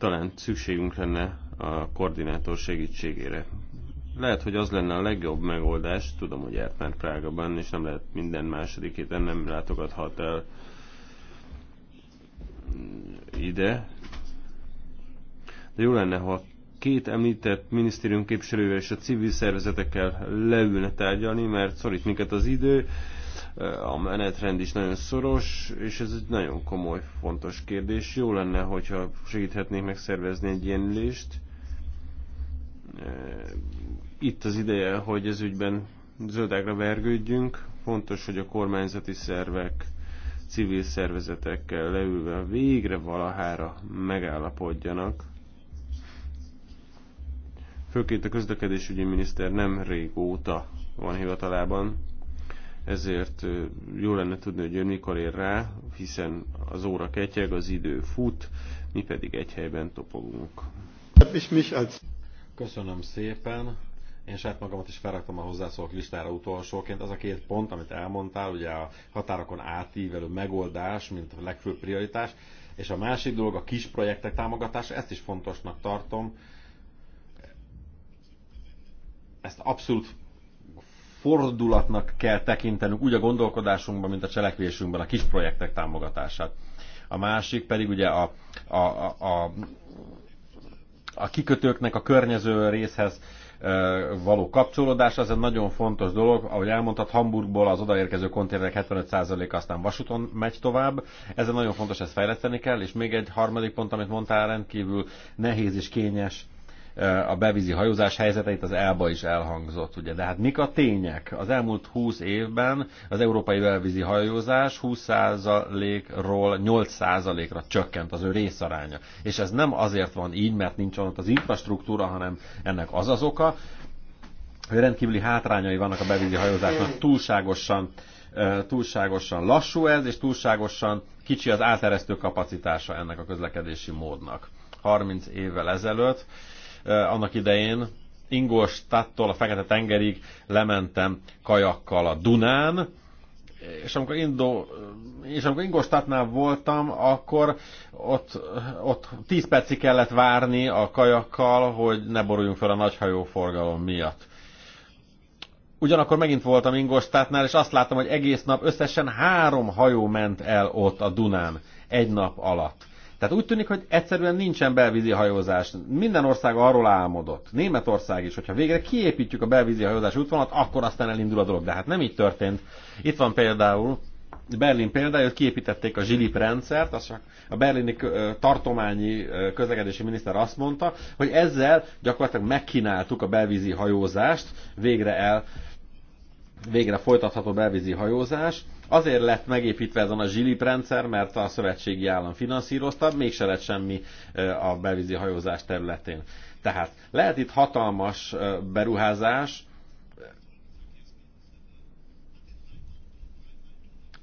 talán szükségünk lenne a koordinátor segítségére. Lehet, hogy az lenne a legjobb megoldás, tudom, hogy járt már Prágaban, és nem lehet minden második héten nem látogathat el ide. De jó lenne, ha két említett minisztérium képviselővel és a civil szervezetekkel leülne tárgyalni, mert szorít minket az idő, a menetrend is nagyon szoros, és ez egy nagyon komoly, fontos kérdés. Jó lenne, hogyha segíthetnénk megszervezni egy ilyen ülést. Eh, itt az ideje, hogy ez ügyben zöldágra vergődjünk. Fontos, hogy a kormányzati szervek, civil szervezetekkel leülve végre valahára megállapodjanak. Főként a közlekedésügyi miniszter nem régóta van hivatalában, ezért jó lenne tudni, hogy ő mikor ér rá, hiszen az óra ketyeg, az idő fut, mi pedig egy helyben topogunk. Köszönöm szépen. Én saját magamat is felraktam a hozzászólók listára utolsóként. Az a két pont, amit elmondtál, ugye a határokon átívelő megoldás, mint a legfőbb prioritás, és a másik dolog a kis projektek támogatása, ezt is fontosnak tartom. Ezt abszolút fordulatnak kell tekintenünk úgy a gondolkodásunkban, mint a cselekvésünkben a kis projektek támogatását. A másik pedig ugye a, a, a, a, a kikötőknek a környező részhez való kapcsolódás, az egy nagyon fontos dolog. Ahogy elmondtad, Hamburgból az odaérkező konténerek 75%-a aztán vasúton megy tovább. Ez nagyon fontos, ezt fejleszteni kell, és még egy harmadik pont, amit mondtál, rendkívül nehéz és kényes a bevízi hajózás helyzeteit az elba is elhangzott, ugye. De hát mik a tények? Az elmúlt 20 évben az európai belvízi hajózás 20%-ról 8%-ra csökkent az ő részaránya. És ez nem azért van így, mert nincs ott az infrastruktúra, hanem ennek az az oka, hogy rendkívüli hátrányai vannak a bevízi hajózásnak, túlságosan túlságosan lassú ez, és túlságosan kicsi az áteresztő kapacitása ennek a közlekedési módnak. 30 évvel ezelőtt Eh, annak idején Ingolstadttól a Fekete-tengerig lementem kajakkal a Dunán, és amikor, Indo, és amikor Ingolstadtnál voltam, akkor ott, ott 10 percig kellett várni a kajakkal, hogy ne boruljunk fel a nagy forgalom miatt. Ugyanakkor megint voltam Ingolstadtnál, és azt láttam, hogy egész nap összesen három hajó ment el ott a Dunán egy nap alatt. Tehát úgy tűnik, hogy egyszerűen nincsen belvízi hajózás. Minden ország arról álmodott. Németország is, hogyha végre kiépítjük a belvízi hajózás útvonalat, akkor aztán elindul a dolog. De hát nem így történt. Itt van például Berlin példája, hogy kiépítették a zsilip rendszert, az csak a berlini tartományi közlekedési miniszter azt mondta, hogy ezzel gyakorlatilag megkínáltuk a belvízi hajózást, végre el végre folytatható belvízi hajózás. Azért lett megépítve ezen a zsilip rendszer, mert a szövetségi állam finanszírozta, mégse lett semmi a belvízi hajózás területén. Tehát lehet itt hatalmas beruházás,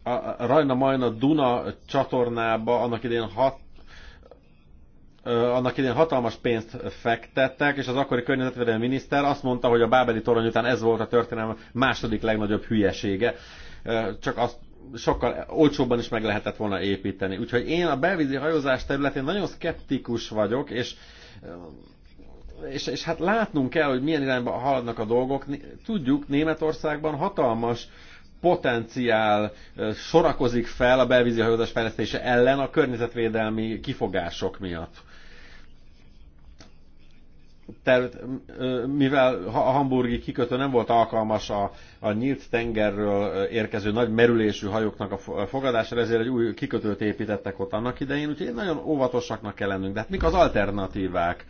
a Rajna Majna Duna csatornába annak idén hat annak idén hatalmas pénzt fektettek, és az akkori környezetvédelmi miniszter azt mondta, hogy a bábeli torony után ez volt a történelem második legnagyobb hülyesége. Csak azt sokkal olcsóbban is meg lehetett volna építeni. Úgyhogy én a belvízi hajózás területén nagyon szkeptikus vagyok, és és, és hát látnunk kell, hogy milyen irányba haladnak a dolgok. Tudjuk, Németországban hatalmas potenciál sorakozik fel a belvízi hajózás fejlesztése ellen a környezetvédelmi kifogások miatt terület, mivel a hamburgi kikötő nem volt alkalmas a, a nyílt tengerről érkező nagy merülésű hajóknak a fogadására, ezért egy új kikötőt építettek ott annak idején, úgyhogy nagyon óvatosaknak kell lennünk. De hát mik az alternatívák?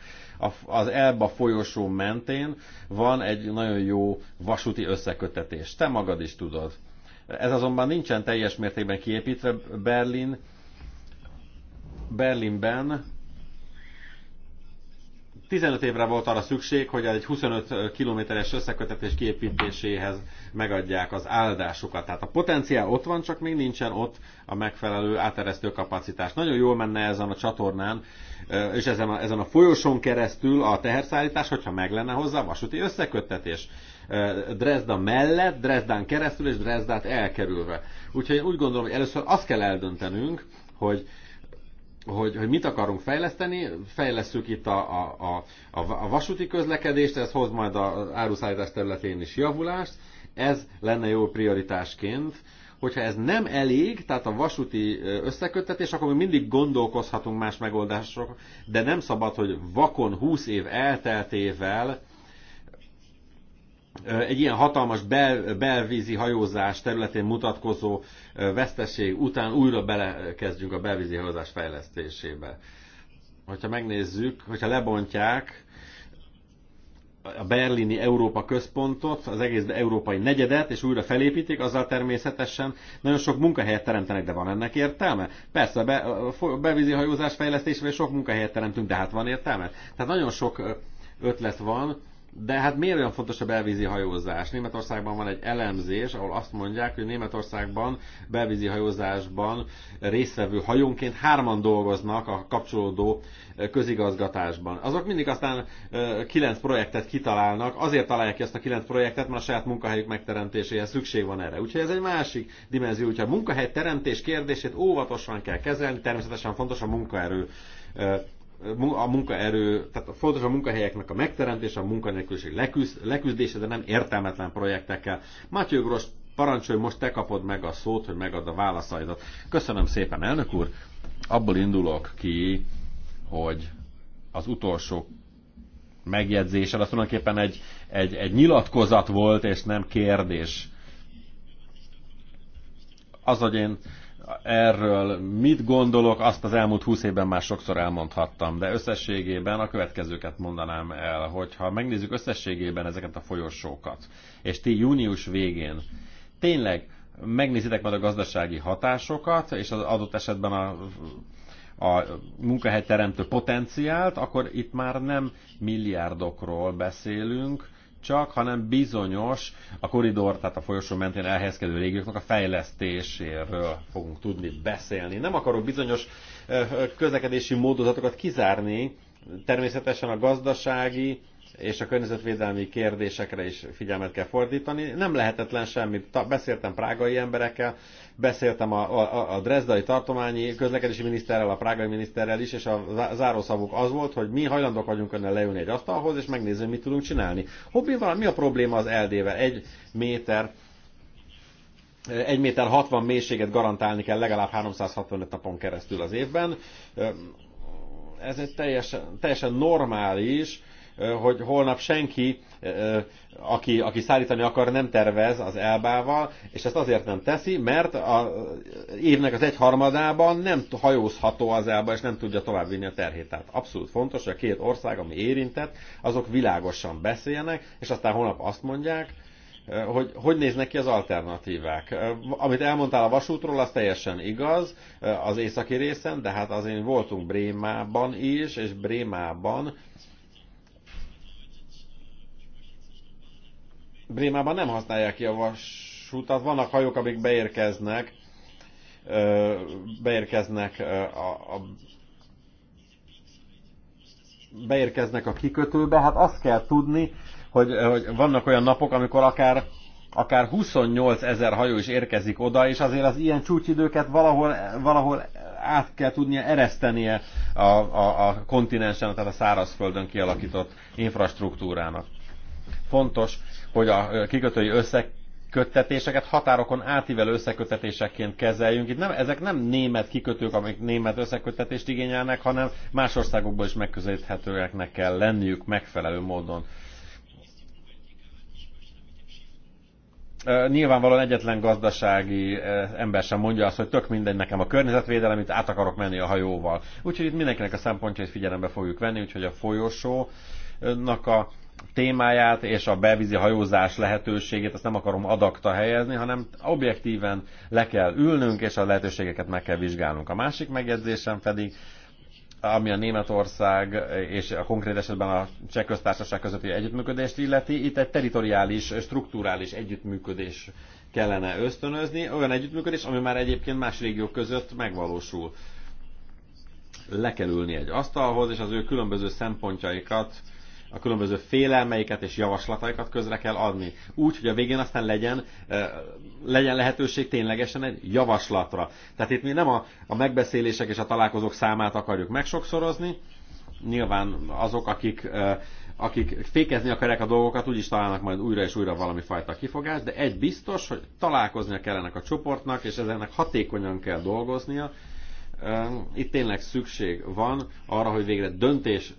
az Elba folyosó mentén van egy nagyon jó vasúti összekötetés. Te magad is tudod. Ez azonban nincsen teljes mértékben kiépítve Berlin. Berlinben 15 évre volt arra szükség, hogy egy 25 kilométeres összekötetés kiépítéséhez megadják az áldásukat. Tehát a potenciál ott van, csak még nincsen ott a megfelelő áteresztő kapacitás. Nagyon jól menne ezen a csatornán, és ezen a, ezen a folyosón keresztül a teherszállítás, hogyha meg lenne hozzá vasúti összekötetés Drezda mellett, Drezdán keresztül és Drezdát elkerülve. Úgyhogy én úgy gondolom, hogy először azt kell eldöntenünk, hogy hogy, hogy mit akarunk fejleszteni, fejlesszük itt a, a, a, a vasúti közlekedést, ez hoz majd az áruszállítás területén is javulást, ez lenne jó prioritásként, hogyha ez nem elég, tehát a vasúti összeköttetés, akkor mi mindig gondolkozhatunk más megoldásokra, de nem szabad, hogy vakon 20 év elteltével egy ilyen hatalmas bel, belvízi hajózás területén mutatkozó veszteség után újra belekezdjünk a belvízi hajózás fejlesztésébe. Hogyha megnézzük, hogyha lebontják a berlini Európa központot, az egész európai negyedet, és újra felépítik, azzal természetesen nagyon sok munkahelyet teremtenek, de van ennek értelme? Persze, a belvízi hajózás fejlesztésével sok munkahelyet teremtünk, de hát van értelme? Tehát nagyon sok ötlet van, de hát miért olyan fontos a belvízi hajózás? Németországban van egy elemzés, ahol azt mondják, hogy Németországban belvízi hajózásban résztvevő hajónként hárman dolgoznak a kapcsolódó közigazgatásban. Azok mindig aztán kilenc projektet kitalálnak, azért találják ki ezt a kilenc projektet, mert a saját munkahelyük megteremtéséhez szükség van erre. Úgyhogy ez egy másik dimenzió, úgyhogy a munkahely teremtés kérdését óvatosan kell kezelni, természetesen fontos a munkaerő a munkaerő, tehát fontos a munkahelyeknek a megteremtése, a munkanélküliség leküz, leküzdése, de nem értelmetlen projektekkel. Matyő Gross, parancsolj, most te kapod meg a szót, hogy megad a válaszaidat. Köszönöm szépen, elnök úr. Abból indulok ki, hogy az utolsó megjegyzéssel, az tulajdonképpen egy, egy, egy nyilatkozat volt, és nem kérdés. Az, hogy én erről mit gondolok, azt az elmúlt 20 évben már sokszor elmondhattam, de összességében a következőket mondanám el, hogyha megnézzük összességében ezeket a folyosókat, és ti június végén tényleg megnézitek majd a gazdasági hatásokat, és az adott esetben a a munkahelyteremtő potenciált, akkor itt már nem milliárdokról beszélünk, csak, hanem bizonyos a koridor, tehát a folyosó mentén elhelyezkedő régióknak a fejlesztéséről fogunk tudni beszélni. Nem akarok bizonyos közlekedési módozatokat kizárni, természetesen a gazdasági, és a környezetvédelmi kérdésekre is figyelmet kell fordítani. Nem lehetetlen semmit. Beszéltem prágai emberekkel, beszéltem a, a, a Dresdai tartományi közlekedési miniszterrel, a prágai miniszterrel is, és a zárószavuk az volt, hogy mi hajlandók vagyunk önnel leülni egy asztalhoz, és megnézni, mit tudunk csinálni. Hobbi van, mi a probléma az LD-vel? Egy méter egy méter 60 mélységet garantálni kell legalább 365 napon keresztül az évben. Ez egy teljesen, teljesen normális, hogy holnap senki, aki, aki szállítani akar, nem tervez az elbával, és ezt azért nem teszi, mert a évnek az egyharmadában nem hajózható az elba, és nem tudja továbbvinni a terhét. Tehát abszolút fontos, hogy a két ország, ami érintett, azok világosan beszéljenek, és aztán holnap azt mondják, hogy hogy néznek ki az alternatívák. Amit elmondtál a vasútról, az teljesen igaz az északi részen, de hát azért voltunk Brémában is, és Brémában Brémában nem használják ki a vasutat, vannak hajók, amik beérkeznek, beérkeznek a, a beérkeznek a kikötőbe, hát azt kell tudni, hogy, hogy vannak olyan napok, amikor akár akár 28 ezer hajó is érkezik oda, és azért az ilyen csúcsidőket valahol, valahol át kell tudnia eresztenie a, a, a kontinensen, tehát a szárazföldön kialakított infrastruktúrának. Fontos, hogy a kikötői összek határokon átívelő összekötetésekként kezeljünk. Itt nem, ezek nem német kikötők, amik német összekötetést igényelnek, hanem más országokból is megközelíthetőeknek kell lenniük megfelelő módon. Nyilvánvalóan egyetlen gazdasági ember sem mondja azt, hogy tök mindegy nekem a környezetvédelem, itt át akarok menni a hajóval. Úgyhogy itt mindenkinek a szempontjait figyelembe fogjuk venni, úgyhogy a folyosónak a témáját és a bevízi hajózás lehetőségét, azt nem akarom adakta helyezni, hanem objektíven le kell ülnünk, és a lehetőségeket meg kell vizsgálnunk. A másik megjegyzésem pedig, ami a Németország és a konkrét esetben a cseh köztársaság közötti együttműködést illeti, itt egy teritoriális, strukturális együttműködés kellene ösztönözni, olyan együttműködés, ami már egyébként más régiók között megvalósul. Le kell ülni egy asztalhoz, és az ő különböző szempontjaikat a különböző félelmeiket és javaslataikat közre kell adni. Úgy, hogy a végén aztán legyen, legyen lehetőség ténylegesen egy javaslatra. Tehát itt mi nem a, a megbeszélések és a találkozók számát akarjuk megsokszorozni, nyilván azok, akik, akik fékezni akarják a dolgokat, úgyis találnak majd újra és újra valami fajta kifogást, de egy biztos, hogy találkoznia kell ennek a csoportnak, és ezeknek hatékonyan kell dolgoznia, itt tényleg szükség van arra, hogy végre döntés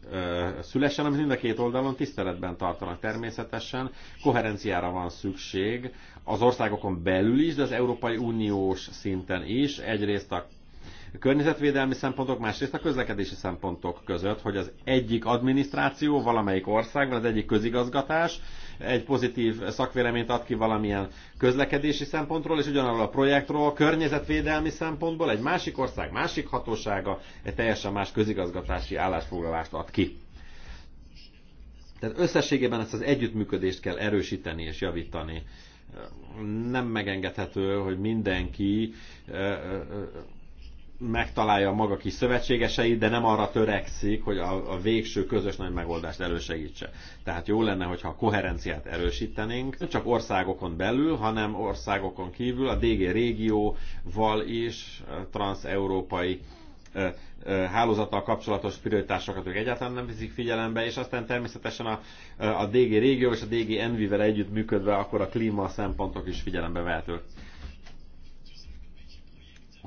szülessen, amit mind a két oldalon tiszteletben tartanak. Természetesen koherenciára van szükség az országokon belül is, de az Európai Uniós szinten is. Egyrészt a környezetvédelmi szempontok, másrészt a közlekedési szempontok között, hogy az egyik adminisztráció valamelyik országban, az egyik közigazgatás egy pozitív szakvéleményt ad ki valamilyen közlekedési szempontról, és ugyanarról a projektról, környezetvédelmi szempontból egy másik ország, másik hatósága egy teljesen más közigazgatási állásfoglalást ad ki. Tehát összességében ezt az együttműködést kell erősíteni és javítani. Nem megengedhető, hogy mindenki megtalálja maga kis szövetségeseit, de nem arra törekszik, hogy a, a végső közös nagy megoldást elősegítse. Tehát jó lenne, hogyha a koherenciát erősítenénk, nem csak országokon belül, hanem országokon kívül a DG régióval is transeurópai hálózattal kapcsolatos prioritásokat ők egyáltalán nem viszik figyelembe, és aztán természetesen a, a DG régió és a DG Envivel együtt működve akkor a klíma szempontok is figyelembe vehetők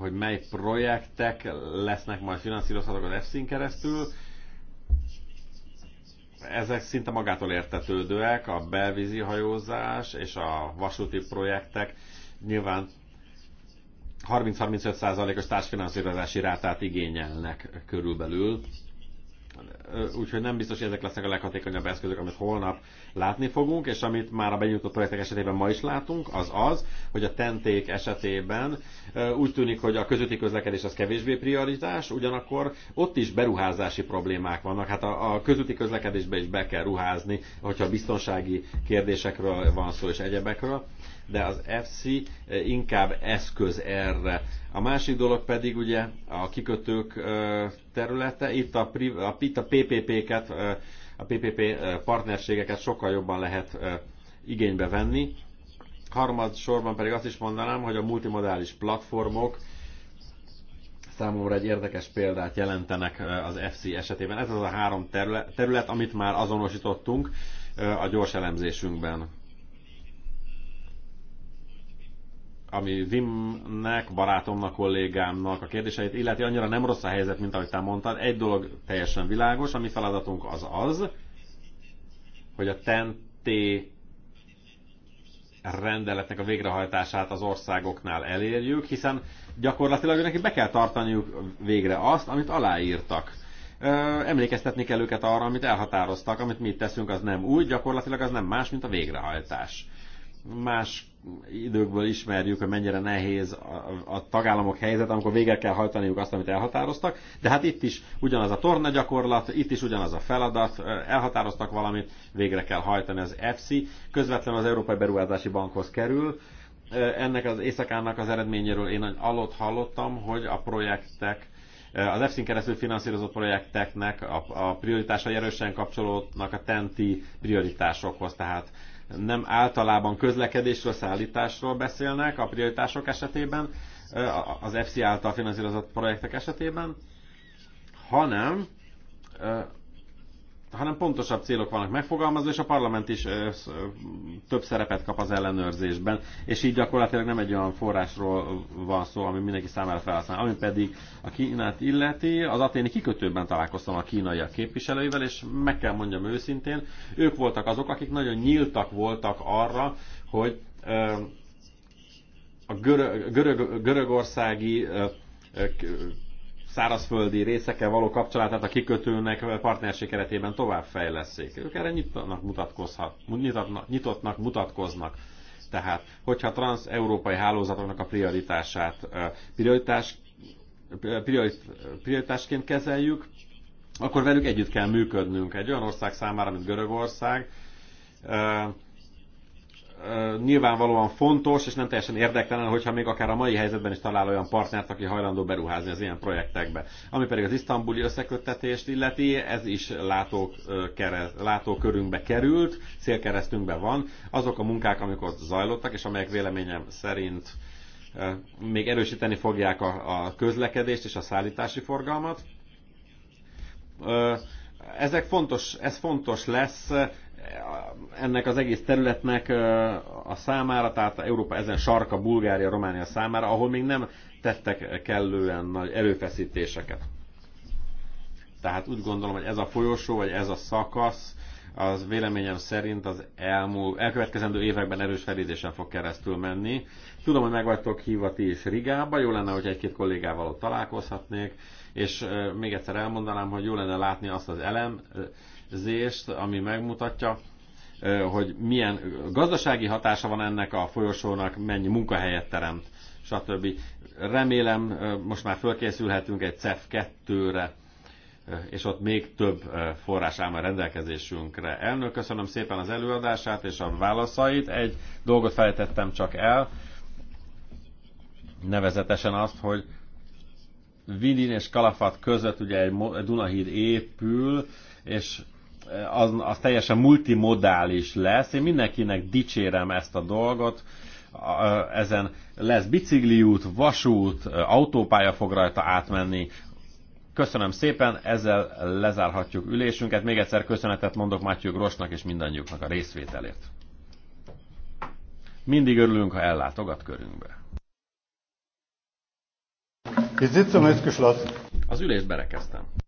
hogy mely projektek lesznek majd finanszírozhatók az EFSZ-n keresztül. Ezek szinte magától értetődőek, a belvízi hajózás és a vasúti projektek nyilván 30-35%-os társfinanszírozási rátát igényelnek körülbelül úgyhogy nem biztos, hogy ezek lesznek a leghatékonyabb eszközök, amit holnap látni fogunk, és amit már a benyújtott projektek esetében ma is látunk, az az, hogy a tenték esetében úgy tűnik, hogy a közötti közlekedés az kevésbé prioritás, ugyanakkor ott is beruházási problémák vannak. Hát a, a közötti közlekedésbe is be kell ruházni, hogyha biztonsági kérdésekről van szó és egyebekről de az FC eh, inkább eszköz erre. A másik dolog pedig ugye a kikötők eh, területe, itt a, itt a PPP-ket, eh, a PPP partnerségeket sokkal jobban lehet igénybe venni. Harmad sorban pedig azt is mondanám, hogy a multimodális platformok számomra egy érdekes példát jelentenek az FC esetében. Ez az a három terület, amit már azonosítottunk a gyors elemzésünkben. ami Vimnek, barátomnak, kollégámnak a kérdéseit illeti, annyira nem rossz a helyzet, mint ahogy te mondtad. Egy dolog teljesen világos, a mi feladatunk az az, hogy a TNT rendeletnek a végrehajtását az országoknál elérjük, hiszen gyakorlatilag neki be kell tartaniuk végre azt, amit aláírtak. Emlékeztetni kell őket arra, amit elhatároztak, amit mi teszünk, az nem úgy, gyakorlatilag az nem más, mint a végrehajtás. Más időkből ismerjük, hogy mennyire nehéz a, a tagállamok helyzet, amikor végre kell hajtaniuk azt, amit elhatároztak, de hát itt is ugyanaz a torna gyakorlat, itt is ugyanaz a feladat, elhatároztak valamit, végre kell hajtani az EFSI, közvetlenül az Európai Beruházási Bankhoz kerül, ennek az éjszakának az eredményéről én alatt hallottam, hogy a projektek az EFSZ-n keresztül finanszírozott projekteknek a, a prioritásai erősen kapcsolódnak a TENTI prioritásokhoz, tehát nem általában közlekedésről, szállításról beszélnek a prioritások esetében, az FC által finanszírozott projektek esetében, hanem hanem pontosabb célok vannak megfogalmazva, és a parlament is több szerepet kap az ellenőrzésben, és így gyakorlatilag nem egy olyan forrásról van szó, ami mindenki számára felhasznál. Ami pedig a Kínát illeti, az aténi kikötőben találkoztam a kínaiak képviselőivel, és meg kell mondjam őszintén, ők voltak azok, akik nagyon nyíltak voltak arra, hogy a görög, görög, görögországi szárazföldi részekkel való kapcsolatát a kikötőnek partnerség keretében továbbfejleszék. Ők erre nyitottnak, mutatkozhat, nyitottnak, nyitottnak mutatkoznak. Tehát, hogyha trans-európai hálózatoknak a prioritását prioritás, priorit, prioritásként kezeljük, akkor velük együtt kell működnünk. Egy olyan ország számára, mint Görögország, nyilvánvalóan fontos, és nem teljesen érdektelen, hogyha még akár a mai helyzetben is talál olyan partnert, aki hajlandó beruházni az ilyen projektekbe. Ami pedig az isztambuli összeköttetést illeti, ez is látók, kereszt, látókörünkbe került, szélkeresztünkbe van. Azok a munkák, amik ott zajlottak, és amelyek véleményem szerint még erősíteni fogják a, a közlekedést és a szállítási forgalmat ezek fontos, ez fontos lesz ennek az egész területnek a számára, tehát Európa ezen sarka, Bulgária, Románia számára, ahol még nem tettek kellően nagy erőfeszítéseket. Tehát úgy gondolom, hogy ez a folyosó, vagy ez a szakasz, az véleményem szerint az elmúlt, elkövetkezendő években erős felidésen fog keresztül menni. Tudom, hogy meg vagytok hívva ti is Rigába, jó lenne, hogy egy-két kollégával ott találkozhatnék, és még egyszer elmondanám, hogy jó lenne látni azt az elem, elemzést, ami megmutatja, hogy milyen gazdasági hatása van ennek a folyosónak, mennyi munkahelyet teremt, stb. Remélem, most már fölkészülhetünk egy CEF2-re, és ott még több forrás áll a rendelkezésünkre. Elnök, köszönöm szépen az előadását és a válaszait. Egy dolgot felejtettem csak el, nevezetesen azt, hogy Vidin és Kalafat között ugye egy Dunahíd épül, és az, az teljesen multimodális lesz. Én mindenkinek dicsérem ezt a dolgot, ezen lesz bicikliút, vasút, autópálya fog rajta átmenni. Köszönöm szépen, ezzel lezárhatjuk ülésünket. Még egyszer köszönetet mondok Mátyú Grosnak és mindannyiuknak a részvételért. Mindig örülünk, ha ellátogat körünkbe. Az ülést berekeztem.